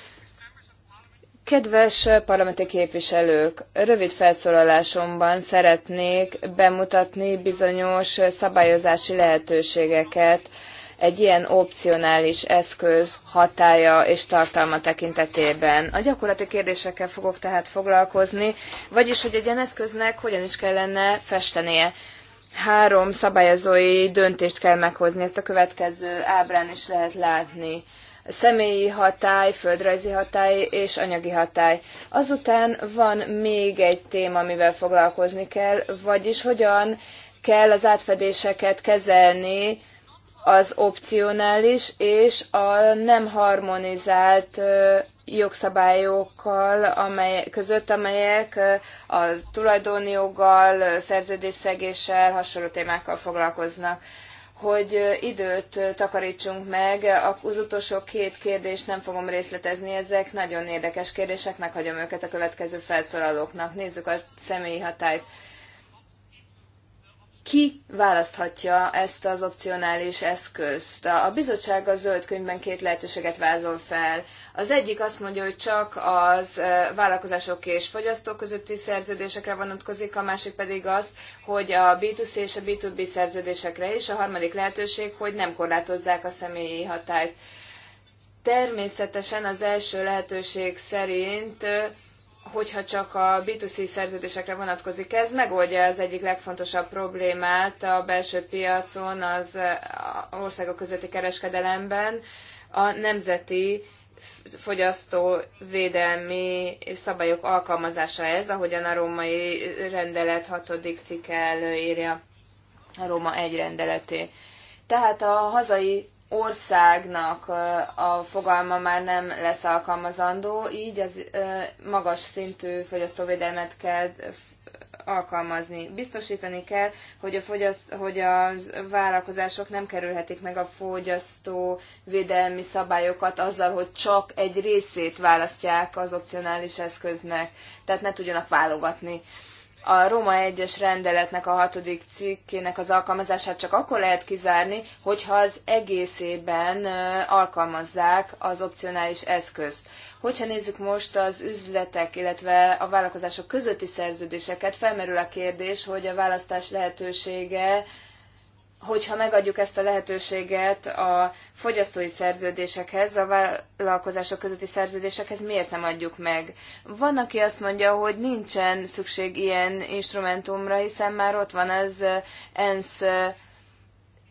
Kedves parlamenti képviselők, rövid felszólalásomban szeretnék bemutatni bizonyos szabályozási lehetőségeket egy ilyen opcionális eszköz hatája és tartalma tekintetében. A gyakorlati kérdésekkel fogok tehát foglalkozni, vagyis hogy egy ilyen eszköznek hogyan is kellene festenie. Három szabályozói döntést kell meghozni, ezt a következő ábrán is lehet látni személyi hatály, földrajzi hatály és anyagi hatály. Azután van még egy téma, amivel foglalkozni kell, vagyis hogyan kell az átfedéseket kezelni az opcionális és a nem harmonizált jogszabályokkal amely, között, amelyek a tulajdonjoggal, szerződésszegéssel, hasonló témákkal foglalkoznak. Hogy időt takarítsunk meg, az utolsó két kérdést nem fogom részletezni, ezek nagyon érdekes kérdések, meghagyom őket a következő felszólalóknak. Nézzük a személyi hatályt ki választhatja ezt az opcionális eszközt. A bizottság a zöld könyvben két lehetőséget vázol fel. Az egyik azt mondja, hogy csak az vállalkozások és fogyasztók közötti szerződésekre vonatkozik, a másik pedig az, hogy a B2C és a B2B szerződésekre is, a harmadik lehetőség, hogy nem korlátozzák a személyi hatályt. Természetesen az első lehetőség szerint hogyha csak a B2C szerződésekre vonatkozik ez, megoldja az egyik legfontosabb problémát a belső piacon, az eh, országok közötti kereskedelemben, a nemzeti fogyasztóvédelmi szabályok alkalmazása ez, ahogyan a római rendelet hatodik cikke előírja a Róma egy rendeleté. Tehát a hazai országnak a fogalma már nem lesz alkalmazandó, így az magas szintű fogyasztóvédelmet kell alkalmazni. Biztosítani kell, hogy a, fogyaszt, hogy a vállalkozások nem kerülhetik meg a fogyasztóvédelmi szabályokat azzal, hogy csak egy részét választják az opcionális eszköznek, tehát ne tudjanak válogatni a Róma 1-es rendeletnek a hatodik cikkének az alkalmazását csak akkor lehet kizárni, hogyha az egészében alkalmazzák az opcionális eszközt. Hogyha nézzük most az üzletek, illetve a vállalkozások közötti szerződéseket, felmerül a kérdés, hogy a választás lehetősége hogyha megadjuk ezt a lehetőséget a fogyasztói szerződésekhez, a vállalkozások közötti szerződésekhez, miért nem adjuk meg? Van, aki azt mondja, hogy nincsen szükség ilyen instrumentumra, hiszen már ott van az ENSZ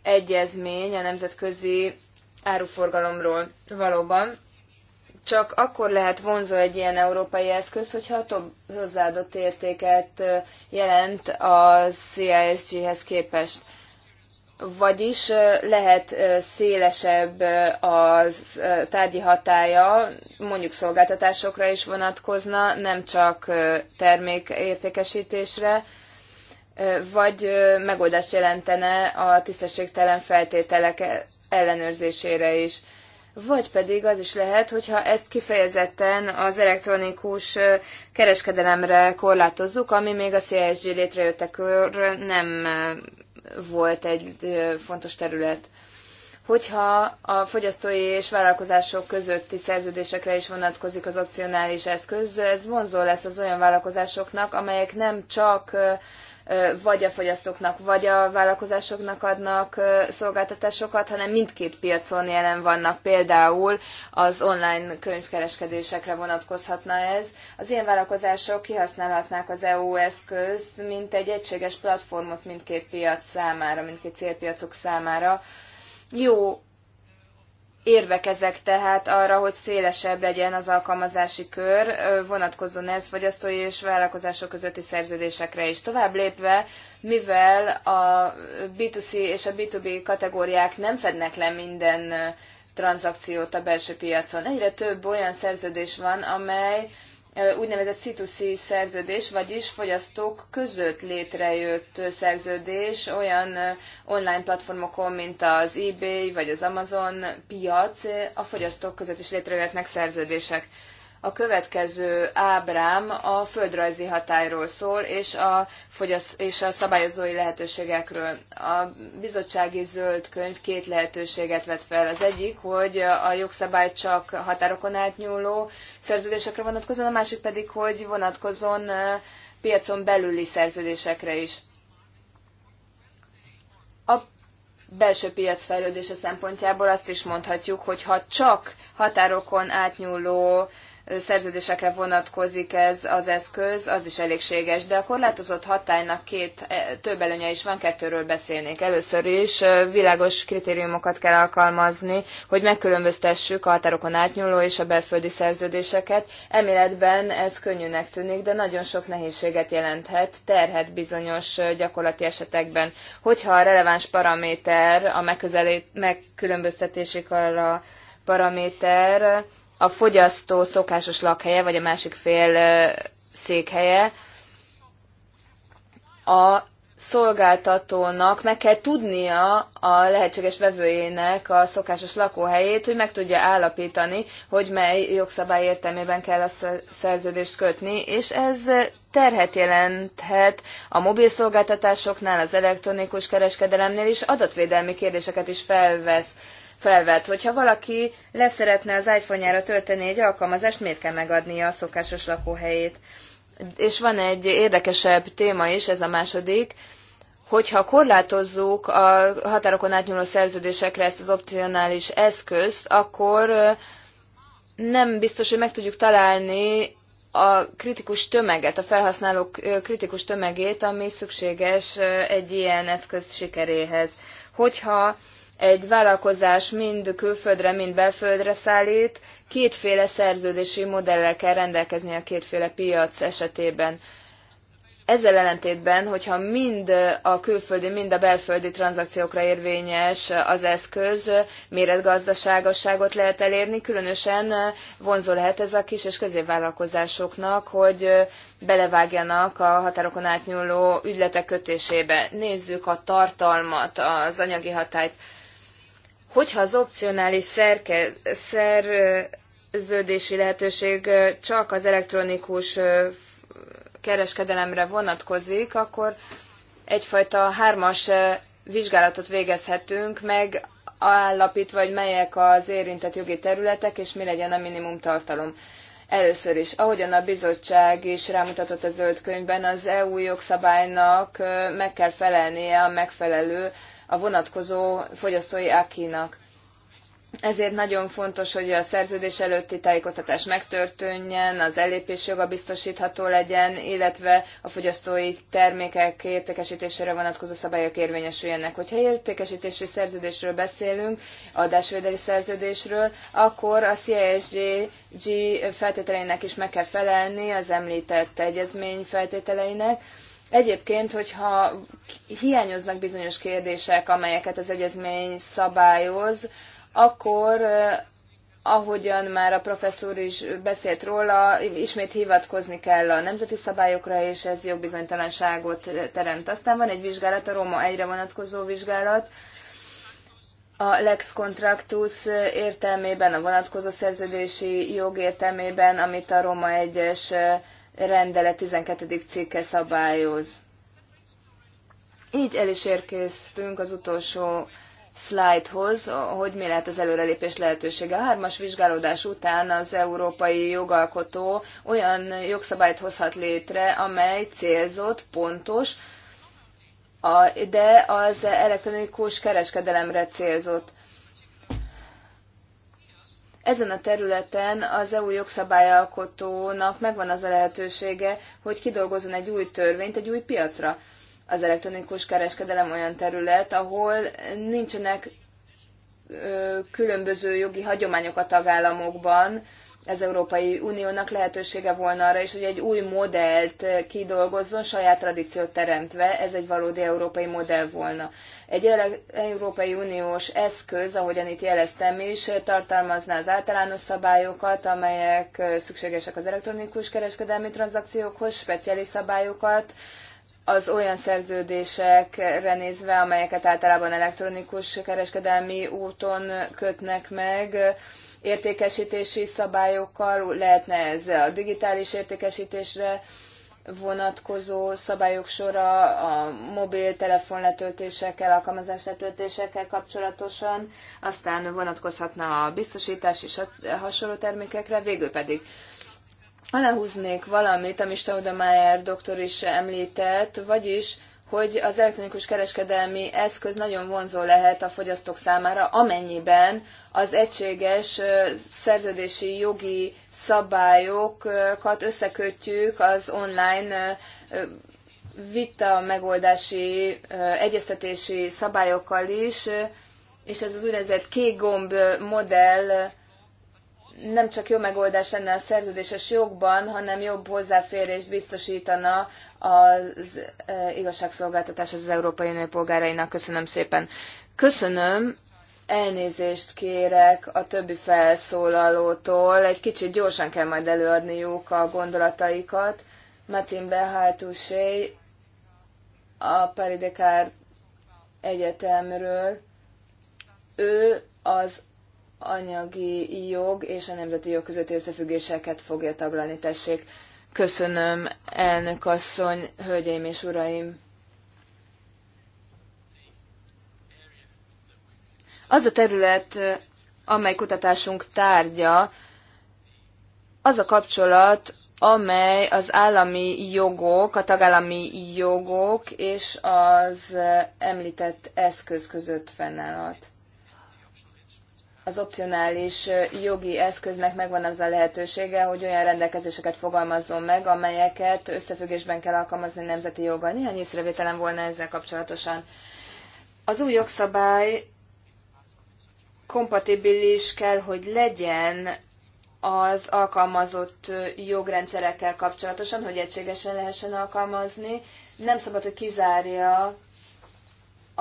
egyezmény a nemzetközi áruforgalomról valóban. Csak akkor lehet vonzó egy ilyen európai eszköz, hogyha több hozzáadott értéket jelent a CISG-hez képest vagyis lehet szélesebb az tárgyi hatája, mondjuk szolgáltatásokra is vonatkozna, nem csak termékértékesítésre, vagy megoldást jelentene a tisztességtelen feltételek e- ellenőrzésére is. Vagy pedig az is lehet, hogyha ezt kifejezetten az elektronikus kereskedelemre korlátozzuk, ami még a CSG létrejöttekor nem volt egy fontos terület. Hogyha a fogyasztói és vállalkozások közötti szerződésekre is vonatkozik az opcionális eszköz, ez vonzó lesz az olyan vállalkozásoknak, amelyek nem csak vagy a fogyasztóknak, vagy a vállalkozásoknak adnak szolgáltatásokat, hanem mindkét piacon jelen vannak. Például az online könyvkereskedésekre vonatkozhatna ez. Az ilyen vállalkozások kihasználhatnák az EU eszközt, mint egy egységes platformot mindkét piac számára, mindkét célpiacok számára. Jó Érvek ezek tehát arra, hogy szélesebb legyen az alkalmazási kör, vonatkozzon ez fogyasztói és vállalkozások közötti szerződésekre is. Tovább lépve, mivel a B2C és a B2B kategóriák nem fednek le minden tranzakciót a belső piacon, egyre több olyan szerződés van, amely úgynevezett C2C szerződés, vagyis fogyasztók között létrejött szerződés olyan online platformokon, mint az eBay vagy az Amazon piac, a fogyasztók között is létrejöhetnek szerződések. A következő ábrám a földrajzi hatályról szól, és a, fogyasz, és a szabályozói lehetőségekről. A bizottsági zöld könyv két lehetőséget vet fel. Az egyik, hogy a jogszabály csak határokon átnyúló szerződésekre vonatkozon, a másik pedig, hogy vonatkozon piacon belüli szerződésekre is. A belső piac fejlődése szempontjából azt is mondhatjuk, hogy ha csak határokon átnyúló szerződésekre vonatkozik ez az eszköz, az is elégséges, de a korlátozott hatálynak két e, több előnye is van, kettőről beszélnék. Először is világos kritériumokat kell alkalmazni, hogy megkülönböztessük a határokon átnyúló és a belföldi szerződéseket. Eméletben ez könnyűnek tűnik, de nagyon sok nehézséget jelenthet, terhet bizonyos gyakorlati esetekben. Hogyha a releváns paraméter, a megközelít, megkülönböztetési paraméter, a fogyasztó szokásos lakhelye, vagy a másik fél székhelye, a szolgáltatónak meg kell tudnia a lehetséges vevőjének a szokásos lakóhelyét, hogy meg tudja állapítani, hogy mely jogszabály értelmében kell a szerződést kötni, és ez terhet jelenthet a mobil szolgáltatásoknál, az elektronikus kereskedelemnél is adatvédelmi kérdéseket is felvesz felvet. Hogyha valaki leszeretne az iPhone-jára tölteni egy alkalmazást, miért kell megadnia a szokásos lakóhelyét? És van egy érdekesebb téma is, ez a második, hogyha korlátozzuk a határokon átnyúló szerződésekre ezt az opcionális eszközt, akkor nem biztos, hogy meg tudjuk találni a kritikus tömeget, a felhasználók kritikus tömegét, ami szükséges egy ilyen eszköz sikeréhez. Hogyha egy vállalkozás mind külföldre, mind belföldre szállít, kétféle szerződési modellel kell rendelkezni a kétféle piac esetében. Ezzel ellentétben, hogyha mind a külföldi, mind a belföldi tranzakciókra érvényes az eszköz, méretgazdaságosságot lehet elérni, különösen vonzó lehet ez a kis és középvállalkozásoknak, hogy belevágjanak a határokon átnyúló ügyletek kötésébe. Nézzük a tartalmat, az anyagi hatályt. Hogyha az opcionális szerke, szerződési lehetőség csak az elektronikus kereskedelemre vonatkozik, akkor egyfajta hármas vizsgálatot végezhetünk meg, állapítva, hogy melyek az érintett jogi területek, és mi legyen a minimum tartalom. Először is, ahogyan a bizottság is rámutatott a zöld könyvben, az EU jogszabálynak meg kell felelnie a megfelelő, a vonatkozó fogyasztói ákinak. Ezért nagyon fontos, hogy a szerződés előtti tájékoztatás megtörténjen, az ellépés joga biztosítható legyen, illetve a fogyasztói termékek értékesítésére vonatkozó szabályok érvényesüljenek. Hogyha értékesítési szerződésről beszélünk, adásvédeli szerződésről, akkor a CISG feltételeinek is meg kell felelni az említett egyezmény feltételeinek, Egyébként, hogyha hiányoznak bizonyos kérdések, amelyeket az egyezmény szabályoz, akkor ahogyan már a professzor is beszélt róla, ismét hivatkozni kell a nemzeti szabályokra, és ez jogbizonytalanságot teremt. Aztán van egy vizsgálat, a Roma egyre vonatkozó vizsgálat, a Lex Contractus értelmében, a vonatkozó szerződési jog értelmében, amit a Roma 1-es rendelet 12. cikke szabályoz. Így el is érkeztünk az utolsó slidehoz, hogy mi lehet az előrelépés lehetősége. A hármas vizsgálódás után az európai jogalkotó olyan jogszabályt hozhat létre, amely célzott, pontos, de az elektronikus kereskedelemre célzott. Ezen a területen az EU jogszabályalkotónak megvan az a lehetősége, hogy kidolgozzon egy új törvényt egy új piacra az elektronikus kereskedelem olyan terület, ahol nincsenek különböző jogi hagyományok a tagállamokban, az Európai Uniónak lehetősége volna arra is, hogy egy új modellt kidolgozzon, saját tradíciót teremtve, ez egy valódi európai modell volna. Egy Európai Uniós eszköz, ahogyan itt jeleztem is, tartalmazná az általános szabályokat, amelyek szükségesek az elektronikus kereskedelmi tranzakciókhoz, speciális szabályokat, az olyan szerződésekre nézve, amelyeket általában elektronikus kereskedelmi úton kötnek meg, értékesítési szabályokkal, lehetne ez a digitális értékesítésre vonatkozó szabályok sora, a mobiltelefon letöltésekkel, alkalmazás letöltésekkel kapcsolatosan, aztán vonatkozhatna a biztosítás és a hasonló termékekre, végül pedig aláhúznék valamit, amit Staudemeyer doktor is említett, vagyis hogy az elektronikus kereskedelmi eszköz nagyon vonzó lehet a fogyasztók számára, amennyiben az egységes szerződési jogi szabályokat összekötjük az online vita megoldási, egyeztetési szabályokkal is, és ez az úgynevezett kék gomb modell nem csak jó megoldás lenne a szerződéses jogban, hanem jobb hozzáférést biztosítana az e, igazságszolgáltatás az Európai Unió polgárainak. Köszönöm szépen. Köszönöm, elnézést kérek a többi felszólalótól. Egy kicsit gyorsan kell majd előadniuk a gondolataikat. Matin Behátusé a Paris Descartes Egyetemről. Ő az anyagi jog és a nemzeti jog közötti összefüggéseket fogja taglalni. Tessék, köszönöm, elnök asszony, hölgyeim és uraim! Az a terület, amely kutatásunk tárgya, az a kapcsolat, amely az állami jogok, a tagállami jogok és az említett eszköz között fennállhat az opcionális jogi eszköznek megvan az a lehetősége, hogy olyan rendelkezéseket fogalmazzon meg, amelyeket összefüggésben kell alkalmazni nemzeti joggal. Néhány észrevételem volna ezzel kapcsolatosan. Az új jogszabály kompatibilis kell, hogy legyen az alkalmazott jogrendszerekkel kapcsolatosan, hogy egységesen lehessen alkalmazni. Nem szabad, hogy kizárja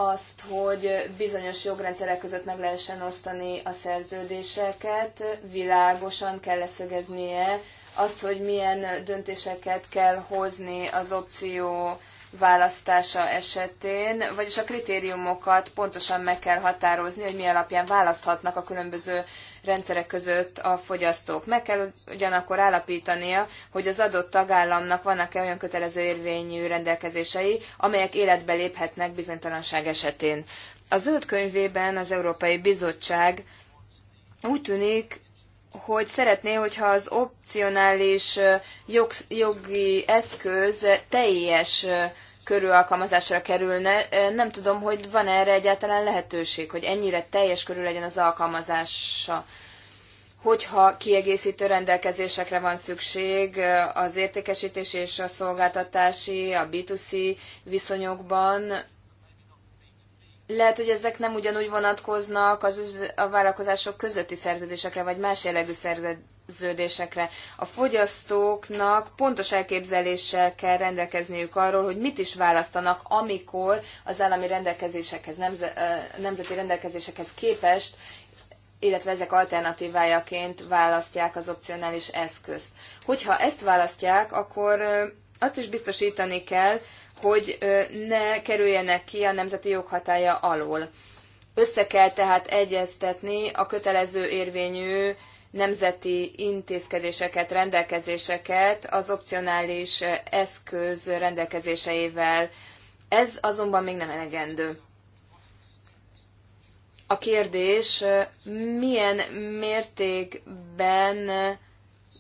azt, hogy bizonyos jogrendszerek között meg lehessen osztani a szerződéseket, világosan kell leszögeznie azt, hogy milyen döntéseket kell hozni az opció választása esetén, vagyis a kritériumokat pontosan meg kell határozni, hogy mi alapján választhatnak a különböző rendszerek között a fogyasztók. Meg kell ugyanakkor állapítania, hogy az adott tagállamnak vannak-e olyan kötelező érvényű rendelkezései, amelyek életbe léphetnek bizonytalanság esetén. A zöld könyvében az Európai Bizottság úgy tűnik, hogy szeretné, hogyha az opcionális jog, jogi eszköz teljes körű alkalmazásra kerülne. Nem tudom, hogy van -e erre egyáltalán lehetőség, hogy ennyire teljes körül legyen az alkalmazása. Hogyha kiegészítő rendelkezésekre van szükség az értékesítés és a szolgáltatási, a B2C viszonyokban, lehet, hogy ezek nem ugyanúgy vonatkoznak az üz- a vállalkozások közötti szerződésekre, vagy más jellegű szerződésekre. A fogyasztóknak pontos elképzeléssel kell rendelkezniük arról, hogy mit is választanak, amikor az állami rendelkezésekhez, nemze- nemzeti rendelkezésekhez képest, illetve ezek alternatívájaként választják az opcionális eszközt. Hogyha ezt választják, akkor azt is biztosítani kell, hogy ne kerüljenek ki a nemzeti joghatája alól. Össze kell tehát egyeztetni a kötelező érvényű nemzeti intézkedéseket, rendelkezéseket az opcionális eszköz rendelkezéseivel. Ez azonban még nem elegendő. A kérdés, milyen mértékben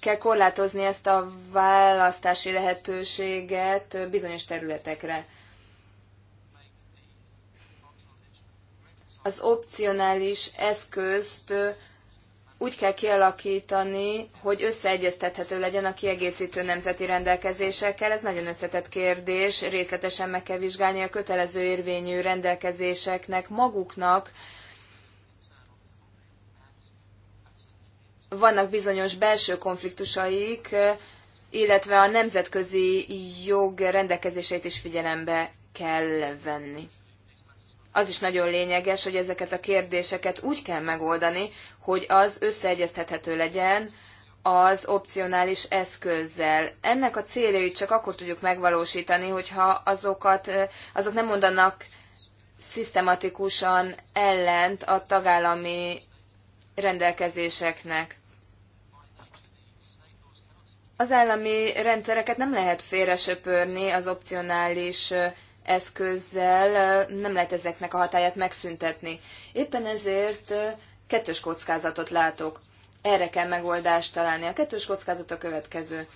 kell korlátozni ezt a választási lehetőséget bizonyos területekre. Az opcionális eszközt úgy kell kialakítani, hogy összeegyeztethető legyen a kiegészítő nemzeti rendelkezésekkel. Ez nagyon összetett kérdés, részletesen meg kell vizsgálni a kötelező érvényű rendelkezéseknek maguknak vannak bizonyos belső konfliktusaik, illetve a nemzetközi jog rendelkezéseit is figyelembe kell venni. Az is nagyon lényeges, hogy ezeket a kérdéseket úgy kell megoldani, hogy az összeegyeztethető legyen az opcionális eszközzel. Ennek a céljait csak akkor tudjuk megvalósítani, hogyha azokat, azok nem mondanak szisztematikusan ellent a tagállami rendelkezéseknek. Az állami rendszereket nem lehet félresöpörni az opcionális eszközzel, nem lehet ezeknek a hatáját megszüntetni. Éppen ezért kettős kockázatot látok. Erre kell megoldást találni. A kettős kockázat a következő.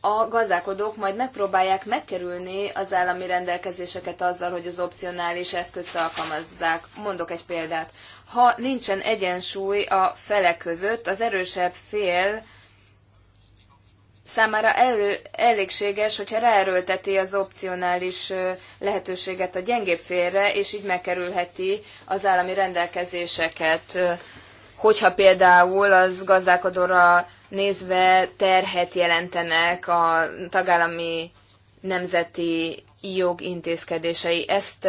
A gazdálkodók majd megpróbálják megkerülni az állami rendelkezéseket azzal, hogy az opcionális eszközt alkalmazzák. Mondok egy példát. Ha nincsen egyensúly a felek között, az erősebb fél számára elő, elégséges, hogyha ráerőlteti az opcionális lehetőséget a gyengébb félre, és így megkerülheti az állami rendelkezéseket. Hogyha például az gazdálkodóra nézve terhet jelentenek a tagállami nemzeti jogintézkedései, ezt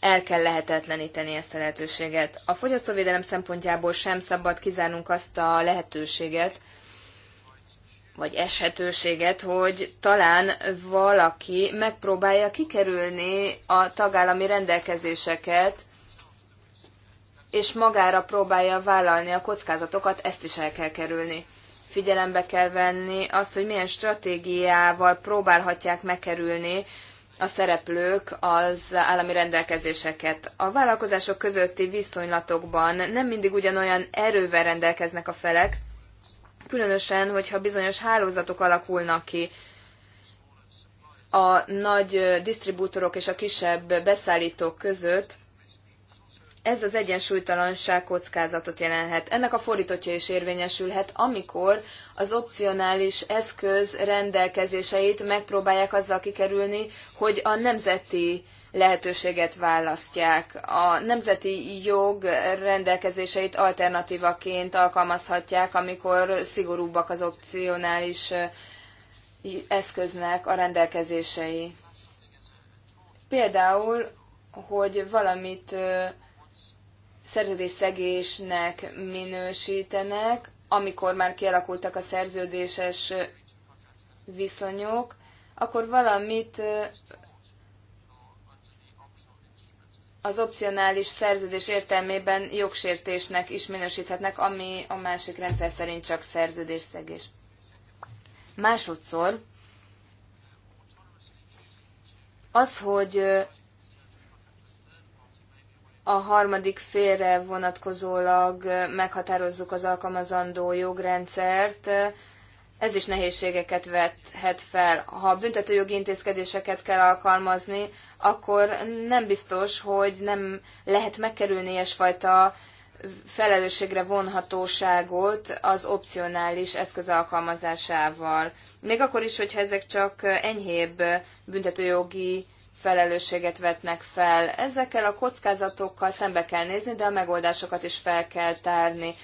el kell lehetetleníteni ezt a lehetőséget. A fogyasztóvédelem szempontjából sem szabad kizárnunk azt a lehetőséget, vagy eshetőséget, hogy talán valaki megpróbálja kikerülni a tagállami rendelkezéseket, és magára próbálja vállalni a kockázatokat, ezt is el kell kerülni. Figyelembe kell venni azt, hogy milyen stratégiával próbálhatják megkerülni a szereplők az állami rendelkezéseket. A vállalkozások közötti viszonylatokban nem mindig ugyanolyan erővel rendelkeznek a felek, különösen, hogyha bizonyos hálózatok alakulnak ki, a nagy disztribútorok és a kisebb beszállítók között, ez az egyensúlytalanság kockázatot jelenhet. Ennek a fordítotja is érvényesülhet, amikor az opcionális eszköz rendelkezéseit megpróbálják azzal kikerülni, hogy a nemzeti lehetőséget választják. A nemzeti jog rendelkezéseit alternatívaként alkalmazhatják, amikor szigorúbbak az opcionális eszköznek a rendelkezései. Például, hogy valamit szerződésszegésnek minősítenek, amikor már kialakultak a szerződéses viszonyok, akkor valamit az opcionális szerződés értelmében jogsértésnek is minősíthetnek, ami a másik rendszer szerint csak szerződésszegés. Másodszor az, hogy a harmadik félre vonatkozólag meghatározzuk az alkalmazandó jogrendszert, ez is nehézségeket vethet fel. Ha büntetőjogi intézkedéseket kell alkalmazni, akkor nem biztos, hogy nem lehet megkerülni ilyesfajta felelősségre vonhatóságot az opcionális eszköz alkalmazásával. Még akkor is, hogyha ezek csak enyhébb büntetőjogi felelősséget vetnek fel. Ezekkel a kockázatokkal szembe kell nézni, de a megoldásokat is fel kell tárni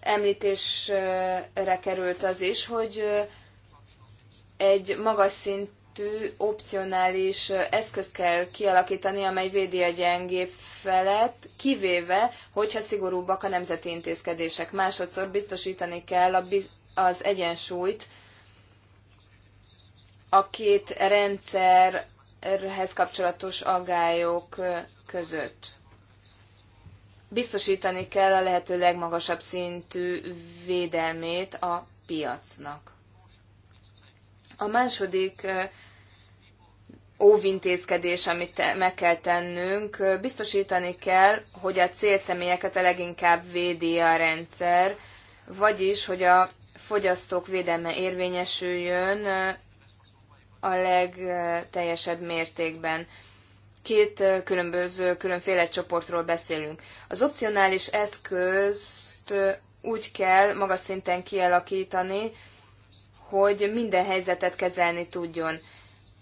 említésre került az is, hogy egy magas szintű opcionális eszköz kell kialakítani, amely védi a gyengébb felet, kivéve, hogyha szigorúbbak a nemzeti intézkedések. Másodszor biztosítani kell a biz- az egyensúlyt a két rendszerhez kapcsolatos agályok között biztosítani kell a lehető legmagasabb szintű védelmét a piacnak. A második óvintézkedés, amit meg kell tennünk, biztosítani kell, hogy a célszemélyeket a leginkább védi a rendszer, vagyis, hogy a fogyasztók védelme érvényesüljön a legteljesebb mértékben két különböző, különféle csoportról beszélünk. Az opcionális eszközt úgy kell magas szinten kialakítani, hogy minden helyzetet kezelni tudjon.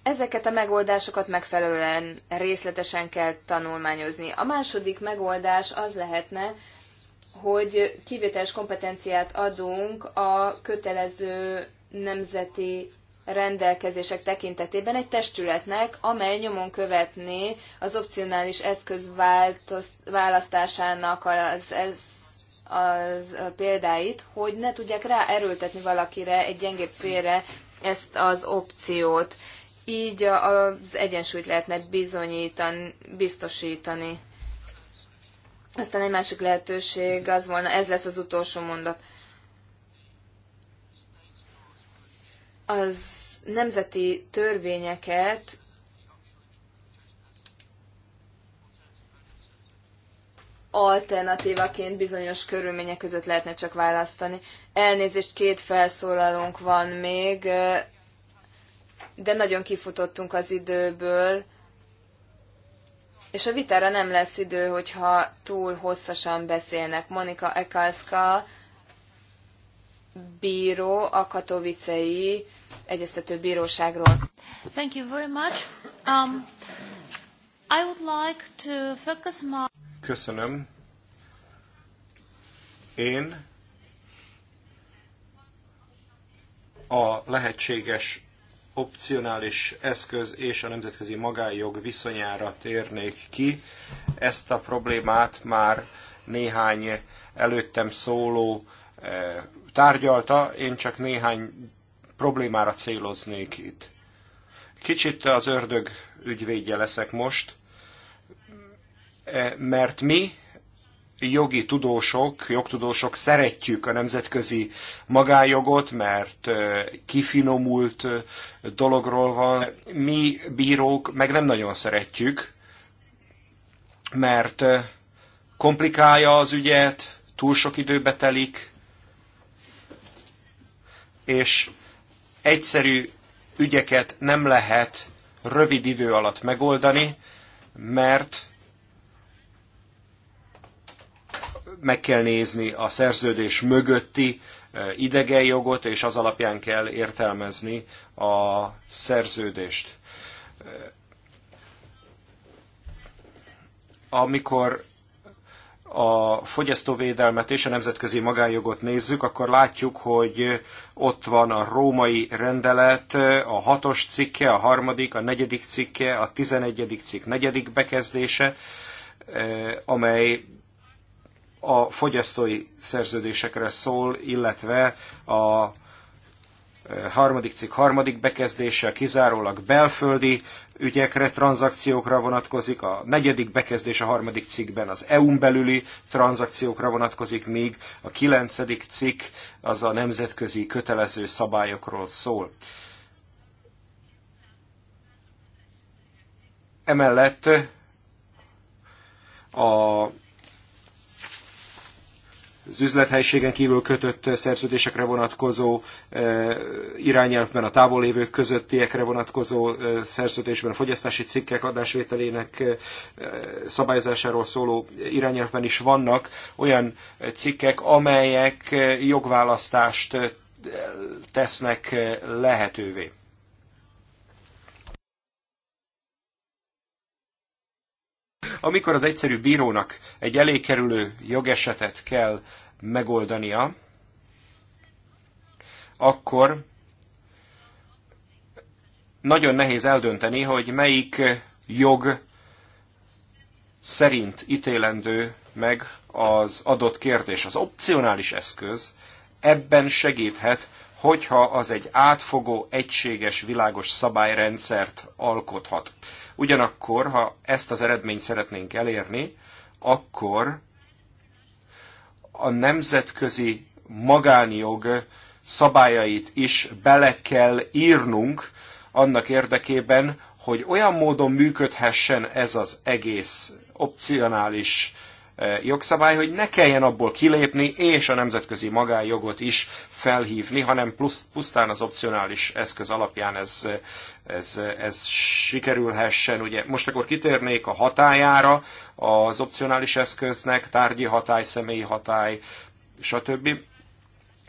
Ezeket a megoldásokat megfelelően részletesen kell tanulmányozni. A második megoldás az lehetne, hogy kivételes kompetenciát adunk a kötelező nemzeti rendelkezések tekintetében egy testületnek, amely nyomon követné az opcionális eszköz választásának az, az, az példáit, hogy ne tudják rá erőltetni valakire, egy gyengébb félre ezt az opciót. Így az egyensúlyt lehetne bizonyítani, biztosítani. Aztán egy másik lehetőség az volna, ez lesz az utolsó mondat az nemzeti törvényeket alternatívaként bizonyos körülmények között lehetne csak választani. Elnézést, két felszólalónk van még, de nagyon kifutottunk az időből, és a vitára nem lesz idő, hogyha túl hosszasan beszélnek. Monika Ekalska bíró a katovicei egyeztető bíróságról. Thank you very much. Um, I would like to focus my... Köszönöm. Én a lehetséges opcionális eszköz és a nemzetközi magánjog viszonyára térnék ki. Ezt a problémát már néhány előttem szóló tárgyalta, én csak néhány problémára céloznék itt. Kicsit az ördög ügyvédje leszek most, mert mi, jogi tudósok, jogtudósok szeretjük a nemzetközi magájogot, mert kifinomult dologról van. Mi bírók meg nem nagyon szeretjük, mert komplikálja az ügyet, túl sok időbe telik, és egyszerű ügyeket nem lehet rövid idő alatt megoldani, mert meg kell nézni a szerződés mögötti jogot, és az alapján kell értelmezni a szerződést. Amikor a fogyasztóvédelmet és a nemzetközi magánjogot nézzük, akkor látjuk, hogy ott van a római rendelet, a hatos cikke, a harmadik, a negyedik cikke, a tizenegyedik cikk negyedik bekezdése, eh, amely a fogyasztói szerződésekre szól, illetve a harmadik cikk harmadik bekezdése kizárólag belföldi ügyekre, tranzakciókra vonatkozik, a negyedik bekezdés a harmadik cikkben az EU-n belüli tranzakciókra vonatkozik, míg a kilencedik cikk az a nemzetközi kötelező szabályokról szól. Emellett a az üzlethelységen kívül kötött szerződésekre vonatkozó e, irányelvben, a távollévők közöttiekre vonatkozó e, szerződésben, a fogyasztási cikkek adásvételének e, szabályzásáról szóló irányelvben is vannak olyan cikkek, amelyek jogválasztást tesznek lehetővé. Amikor az egyszerű bírónak egy elékerülő jogesetet kell megoldania, akkor nagyon nehéz eldönteni, hogy melyik jog szerint ítélendő meg az adott kérdés. Az opcionális eszköz ebben segíthet, hogyha az egy átfogó, egységes, világos szabályrendszert alkothat. Ugyanakkor, ha ezt az eredményt szeretnénk elérni, akkor a nemzetközi magánjog szabályait is bele kell írnunk annak érdekében, hogy olyan módon működhessen ez az egész opcionális jogszabály, hogy ne kelljen abból kilépni, és a nemzetközi magánjogot is felhívni, hanem plusz, pusztán az opcionális eszköz alapján ez, ez, ez sikerülhessen. Ugye most akkor kitérnék a hatájára az opcionális eszköznek, tárgyi hatály, személyi hatály, stb.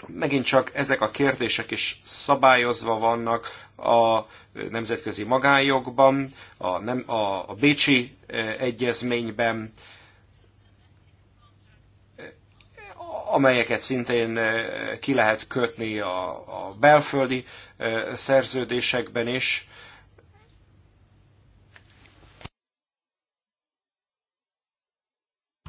Megint csak ezek a kérdések is szabályozva vannak a nemzetközi magánjogban, a, nem, a, a Bécsi egyezményben, amelyeket szintén ki lehet kötni a, a belföldi szerződésekben is.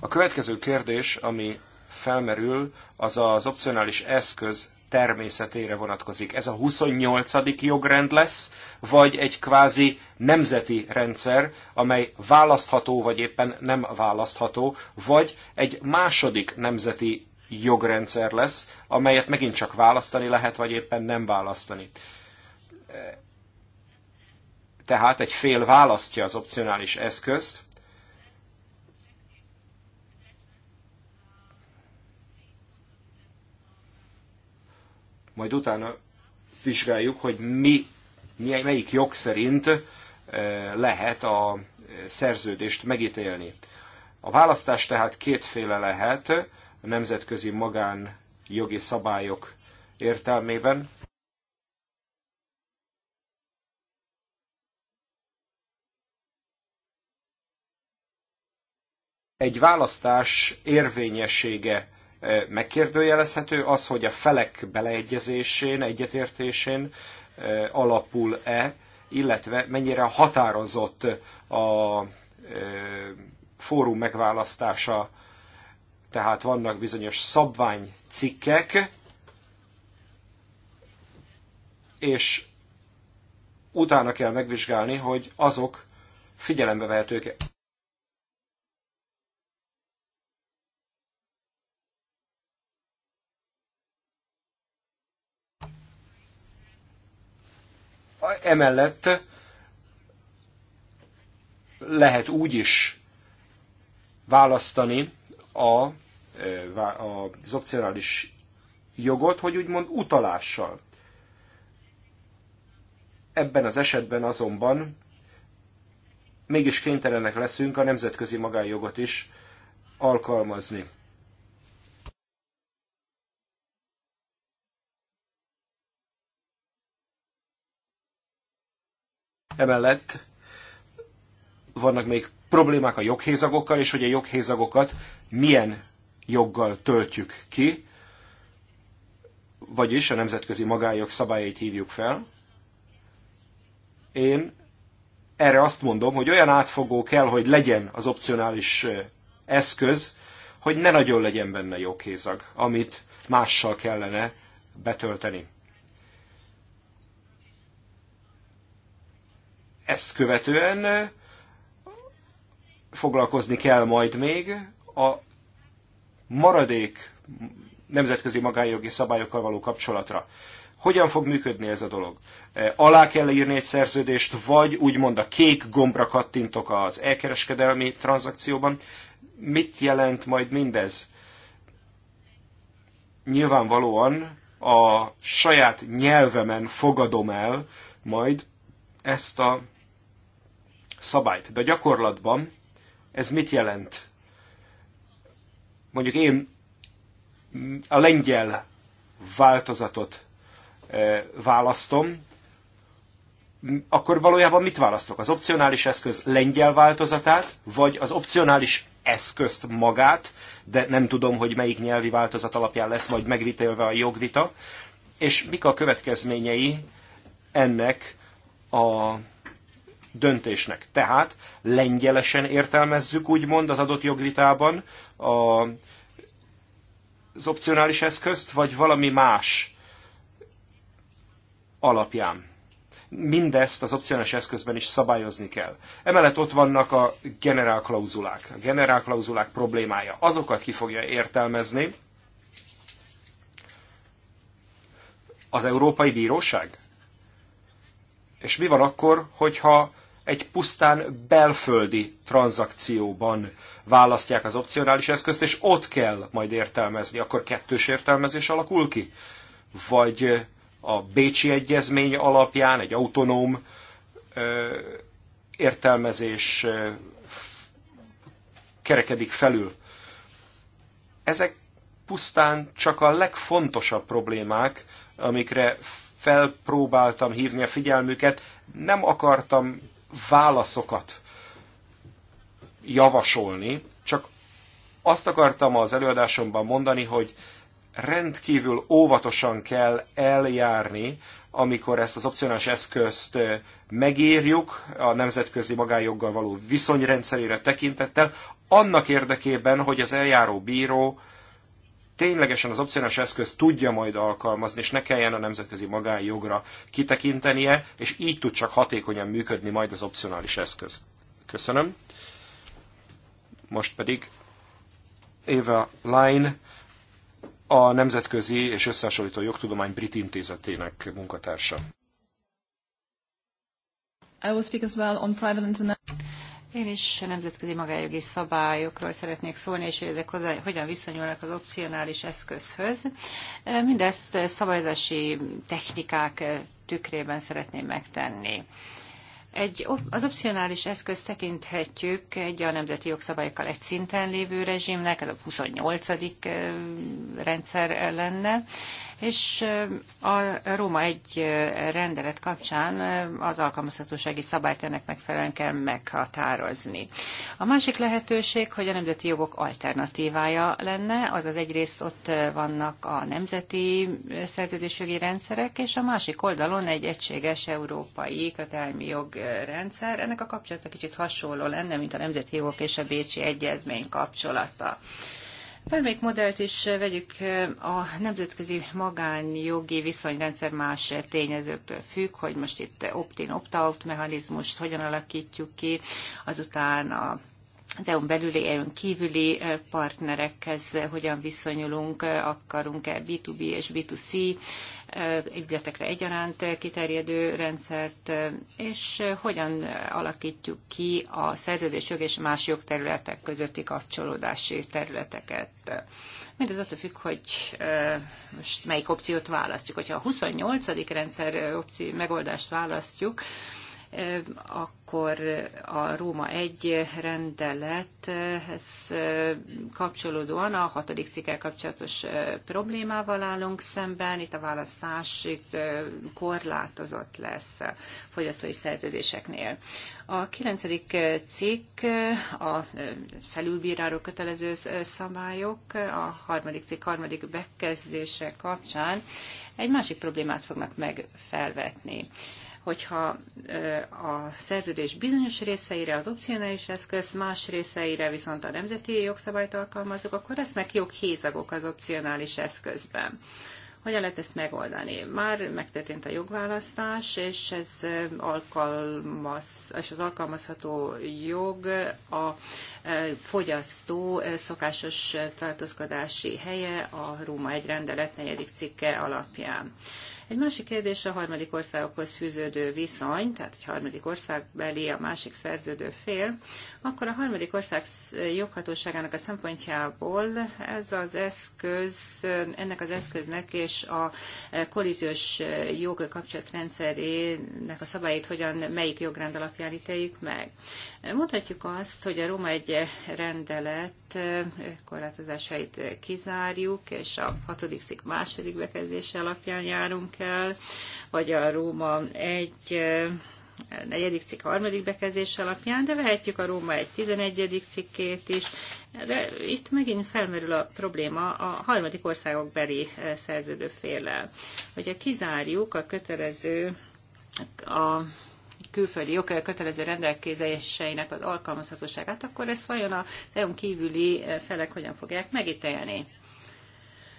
A következő kérdés, ami felmerül, az az opcionális eszköz természetére vonatkozik. Ez a 28. jogrend lesz, vagy egy kvázi nemzeti rendszer, amely választható, vagy éppen nem választható, vagy egy második nemzeti jogrendszer lesz, amelyet megint csak választani lehet, vagy éppen nem választani. Tehát egy fél választja az opcionális eszközt, majd utána vizsgáljuk, hogy mi, melyik jog szerint lehet a szerződést megítélni. A választás tehát kétféle lehet, nemzetközi magán jogi szabályok értelmében. Egy választás érvényessége eh, megkérdőjelezhető az, hogy a felek beleegyezésén, egyetértésén eh, alapul-e, illetve mennyire határozott a eh, fórum megválasztása tehát vannak bizonyos szabványcikkek, és utána kell megvizsgálni, hogy azok figyelembe vehetők. e Emellett lehet úgy is választani, E, a, az opcionális jogot, hogy úgymond utalással. Ebben az esetben azonban mégis kénytelenek leszünk a nemzetközi magánjogot is alkalmazni. Emellett vannak még problémák a joghézagokkal, és hogy a joghézagokat milyen joggal töltjük ki, vagyis a nemzetközi magájog szabályait hívjuk fel. Én erre azt mondom, hogy olyan átfogó kell, hogy legyen az opcionális eszköz, hogy ne nagyon legyen benne joghézag, amit mással kellene betölteni. Ezt követően foglalkozni kell majd még a maradék nemzetközi magánjogi szabályokkal való kapcsolatra. Hogyan fog működni ez a dolog? E, alá kell írni egy szerződést, vagy úgymond a kék gombra kattintok az elkereskedelmi tranzakcióban. Mit jelent majd mindez? Nyilvánvalóan a saját nyelvemen fogadom el majd ezt a szabályt. De a gyakorlatban ez mit jelent? Mondjuk én a lengyel változatot eh, választom, akkor valójában mit választok? Az opcionális eszköz lengyel változatát, vagy az opcionális eszközt magát, de nem tudom, hogy melyik nyelvi változat alapján lesz majd megvitélve a jogvita, és mik a következményei ennek a döntésnek. Tehát lengyelesen értelmezzük úgymond az adott jogvitában a, az opcionális eszközt, vagy valami más alapján. Mindezt az opcionális eszközben is szabályozni kell. Emellett ott vannak a klauzulák. A klauzulák problémája. Azokat ki fogja értelmezni az Európai Bíróság? És mi van akkor, hogyha egy pusztán belföldi tranzakcióban választják az opcionális eszközt, és ott kell majd értelmezni. Akkor kettős értelmezés alakul ki? Vagy a Bécsi Egyezmény alapján egy autonóm értelmezés kerekedik felül. Ezek pusztán csak a legfontosabb problémák, amikre felpróbáltam hívni a figyelmüket. Nem akartam válaszokat javasolni, csak azt akartam az előadásomban mondani, hogy rendkívül óvatosan kell eljárni, amikor ezt az opcionális eszközt megírjuk a nemzetközi magánjoggal való viszonyrendszerére tekintettel, annak érdekében, hogy az eljáró bíró ténylegesen az opcionális eszköz tudja majd alkalmazni, és ne kelljen a nemzetközi magánjogra kitekintenie, és így tud csak hatékonyan működni majd az opcionális eszköz. Köszönöm. Most pedig Eva Line, a Nemzetközi és Összehasonlító Jogtudomány Brit Intézetének munkatársa. I will speak as well on private internet. Én is nemzetközi magájogi szabályokról szeretnék szólni, és ezek hozzá, hogyan viszonyulnak az opcionális eszközhöz. E, mindezt e, szabályozási technikák e, tükrében szeretném megtenni. Egy, az opcionális eszközt tekinthetjük egy a nemzeti jogszabályokkal egy szinten lévő rezsimnek, ez a 28. rendszer lenne, és a Róma egy rendelet kapcsán az alkalmazhatósági szabályt ennek megfelelően kell meghatározni. A másik lehetőség, hogy a nemzeti jogok alternatívája lenne, azaz egyrészt ott vannak a nemzeti szerződésjogi rendszerek, és a másik oldalon egy egységes európai kötelmi jogrendszer. Ennek a kapcsolata kicsit hasonló lenne, mint a nemzeti jogok és a Bécsi Egyezmény kapcsolata. Bármelyik modellt is eh, vegyük, eh, a nemzetközi magánjogi viszonyrendszer más eh, tényezőktől függ, hogy most itt opt-in, opt-out mechanizmust hogyan alakítjuk ki, azután a az EU-n belüli, EU-n kívüli eh, partnerekhez eh, hogyan viszonyulunk, eh, akarunk-e B2B és B2C ügyletekre egyaránt kiterjedő rendszert, és hogyan alakítjuk ki a szerződésjog és más jogterületek közötti kapcsolódási területeket. Mindez attól függ, hogy most melyik opciót választjuk. Hogyha a 28. rendszer opció, megoldást választjuk, akkor a Róma 1 rendelethez kapcsolódóan a hatodik cikkel kapcsolatos problémával állunk szemben. Itt a választás itt korlátozott lesz fogyasztói szerződéseknél. A kilencedik cikk a felülbíráló kötelező szabályok a harmadik cikk harmadik bekezdése kapcsán egy másik problémát fognak megfelvetni hogyha a szerződés bizonyos részeire az opcionális eszköz, más részeire viszont a nemzeti jogszabályt alkalmazzuk, akkor lesznek joghézagok az opcionális eszközben. Hogyan lehet ezt megoldani? Már megtörtént a jogválasztás, és ez alkalmaz, és az alkalmazható jog a fogyasztó szokásos tartózkodási helye a Róma egy rendelet negyedik cikke alapján. Egy másik kérdés a harmadik országokhoz fűződő viszony, tehát egy harmadik ország beli a másik szerződő fél, akkor a harmadik ország joghatóságának a szempontjából ez az eszköz, ennek az eszköznek és a kollíziós jog kapcsolatrendszerének a szabályait hogyan, melyik jogrend alapján ítéljük meg. Mondhatjuk azt, hogy a Róma egy rendelet korlátozásait kizárjuk, és a hatodik szik második bekezdése alapján járunk el, vagy a Róma egy negyedik cikk harmadik bekezdés alapján, de vehetjük a Róma egy tizenegyedik cikkét is, de itt megint felmerül a probléma a harmadik országok beli szerződő féllel. Hogyha kizárjuk a kötelező a külföldi jogkörök kötelező rendelkezéseinek az alkalmazhatóságát, akkor ezt vajon az EU-n kívüli eh, felek hogyan fogják megítélni?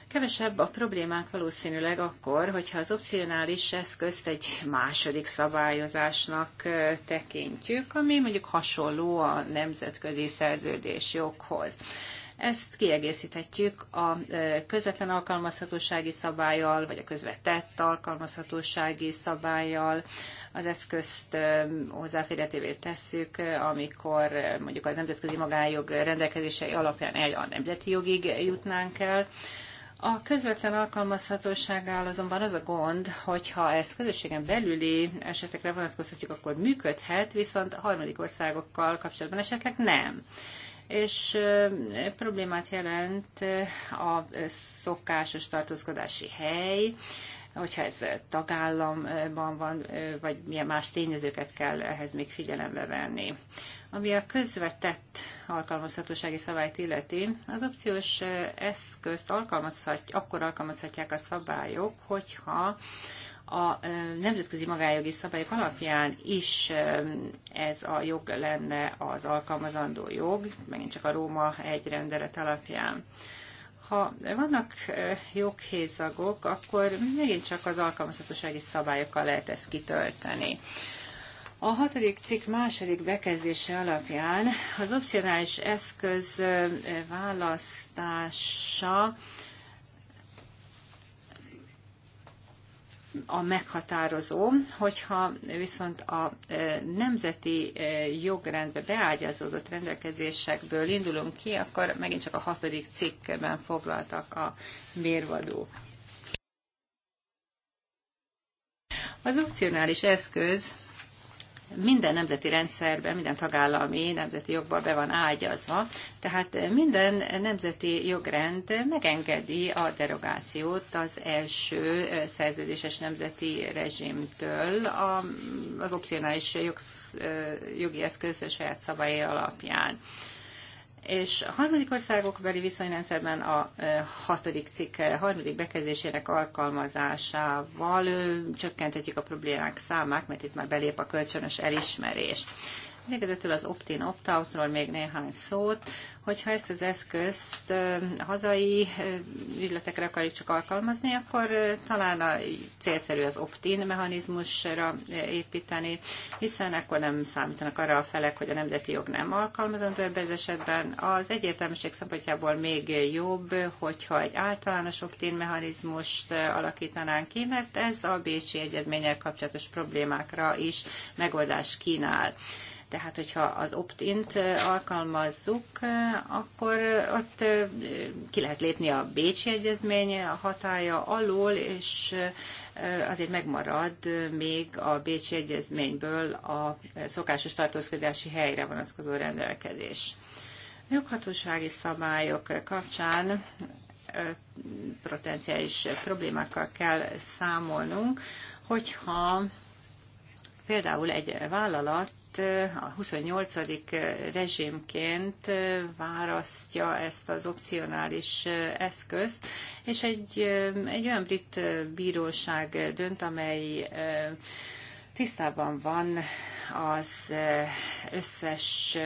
Kevesebb a problémák valószínűleg akkor, hogyha az opcionális eszközt egy második szabályozásnak eh, tekintjük, ami mondjuk hasonló a nemzetközi szerződés joghoz. Ezt kiegészíthetjük a közvetlen alkalmazhatósági szabályjal, vagy a közvetett alkalmazhatósági szabályjal. Az eszközt hozzáférhetővé tesszük, amikor mondjuk a nemzetközi magánjog rendelkezései alapján el a nemzeti jogig jutnánk el. A közvetlen alkalmazhatósággal azonban az a gond, hogyha ezt közösségen belüli esetekre vonatkoztatjuk, akkor működhet, viszont a harmadik országokkal kapcsolatban esetleg nem és problémát jelent a szokásos tartózkodási hely, hogyha ez tagállamban van, vagy milyen más tényezőket kell ehhez még figyelembe venni. Ami a közvetett alkalmazhatósági szabályt illeti, az opciós eszközt alkalmazhat, akkor alkalmazhatják a szabályok, hogyha a nemzetközi magájogi szabályok alapján is ez a jog lenne az alkalmazandó jog, megint csak a Róma egy rendelet alapján. Ha vannak joghézagok, akkor megint csak az alkalmazhatósági szabályokkal lehet ezt kitölteni. A hatodik cikk második bekezdése alapján az opcionális eszköz választása a meghatározó, hogyha viszont a e, nemzeti e, jogrendbe beágyazódott rendelkezésekből indulunk ki, akkor megint csak a hatodik cikkben foglaltak a mérvadó. Az opcionális eszköz minden nemzeti rendszerben, minden tagállami nemzeti jogban be van ágyazva, tehát minden nemzeti jogrend megengedi a derogációt az első szerződéses nemzeti rezsimtől az opcionális jogi eszköz saját szabályai alapján és a harmadik országok beli viszonyrendszerben a hatodik cikk harmadik bekezdésének alkalmazásával csökkenthetjük a problémák számát, mert itt már belép a kölcsönös elismerés. Végezetül az opt-in, opt-outról még néhány szót. Hogyha ezt az eszközt hazai ügyletekre akarjuk csak alkalmazni, akkor talán a célszerű az opt-in mechanizmusra építeni, hiszen akkor nem számítanak arra a felek, hogy a nemzeti jog nem alkalmazandó ebben az esetben. Az egyértelműség szempontjából még jobb, hogyha egy általános opt-in mechanizmust alakítanánk ki, mert ez a Bécsi Egyezménnyel kapcsolatos problémákra is megoldást kínál. Tehát, hogyha az opt-int alkalmazzuk, akkor ott ki lehet lépni a Bécsi Egyezmény hatája alól, és azért megmarad még a Bécsi Egyezményből a szokásos tartózkodási helyre vonatkozó rendelkezés. A joghatósági szabályok kapcsán potenciális problémákkal kell számolnunk, hogyha például egy vállalat itt eh, a 28. Eh, rezsimként eh, választja ezt az opcionális eszközt, és egy, egy olyan brit bíróság dönt, amely tisztában van az összes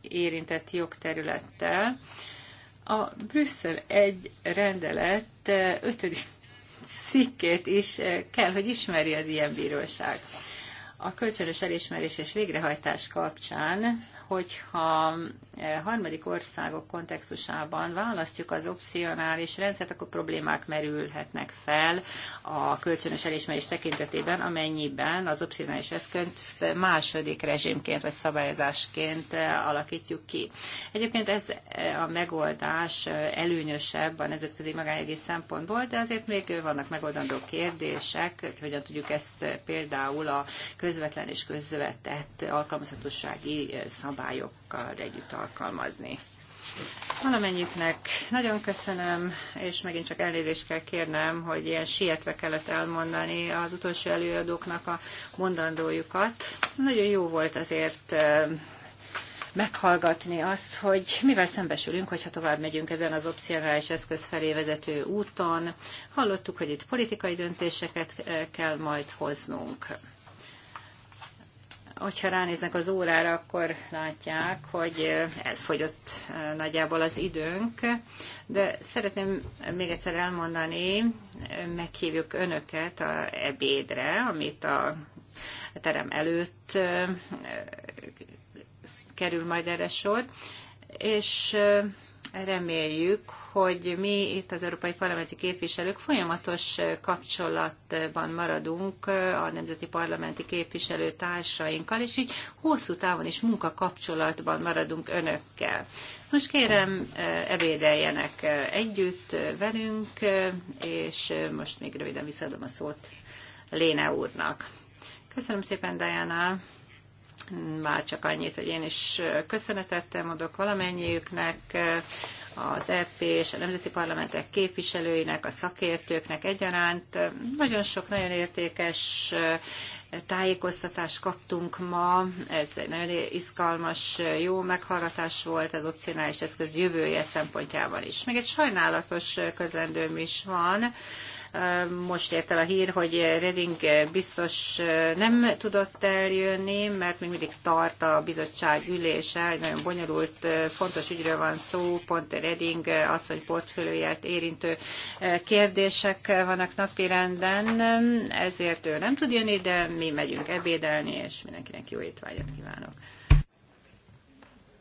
érintett jogterülettel. A Brüsszel egy rendelet ötödik cikkét is kell, hogy ismeri az ilyen bíróság a kölcsönös elismerés és végrehajtás kapcsán, hogyha e, harmadik országok kontextusában választjuk az opcionális rendszert, akkor problémák merülhetnek fel a kölcsönös elismerés tekintetében, amennyiben az opcionális eszközt második rezsimként vagy szabályozásként e, alakítjuk ki. Egyébként ez e, a megoldás előnyösebb a nemzetközi magányjogi szempontból, de azért még vannak megoldandó kérdések, hogy hogyan tudjuk ezt például a közvetlen és közvetett alkalmazhatósági eh, szabályokkal együtt alkalmazni. Valamennyiknek nagyon köszönöm, és megint csak elnézést kell kérnem, hogy ilyen sietve kellett elmondani az utolsó előadóknak a mondandójukat. Nagyon jó volt azért eh, meghallgatni azt, hogy mivel szembesülünk, hogyha tovább megyünk ezen az opcionális eszköz felé vezető úton. Hallottuk, hogy itt politikai döntéseket eh, kell majd hoznunk hogyha ránéznek az órára, akkor látják, hogy elfogyott nagyjából az időnk, de szeretném még egyszer elmondani, meghívjuk önöket a ebédre, amit a terem előtt kerül majd erre sor, és reméljük, hogy mi itt az európai parlamenti képviselők folyamatos kapcsolatban maradunk a nemzeti parlamenti képviselő társainkkal, és így hosszú távon is munkakapcsolatban maradunk önökkel. Most kérem, eh, ebédeljenek eh, együtt eh, velünk, és most még röviden visszaadom a szót Léne úrnak. Köszönöm szépen, Diana. Már csak annyit, hogy én is köszönetettel mondok valamennyiüknek, az EP és a nemzeti parlamentek képviselőinek, a szakértőknek egyaránt. Nagyon sok nagyon értékes tájékoztatást kaptunk ma, ez egy nagyon izgalmas, jó meghallgatás volt az opcionális eszköz jövője szempontjában is. Még egy sajnálatos közlendőm is van, most ért el a hír, hogy Reding biztos nem tudott eljönni, mert még mindig tart a bizottság ülése, egy nagyon bonyolult, fontos ügyről van szó, pont Reding asszony portfőjét érintő kérdések vannak napirenden, ezért ő nem tud jönni, de mi megyünk ebédelni, és mindenkinek jó étvágyat kívánok.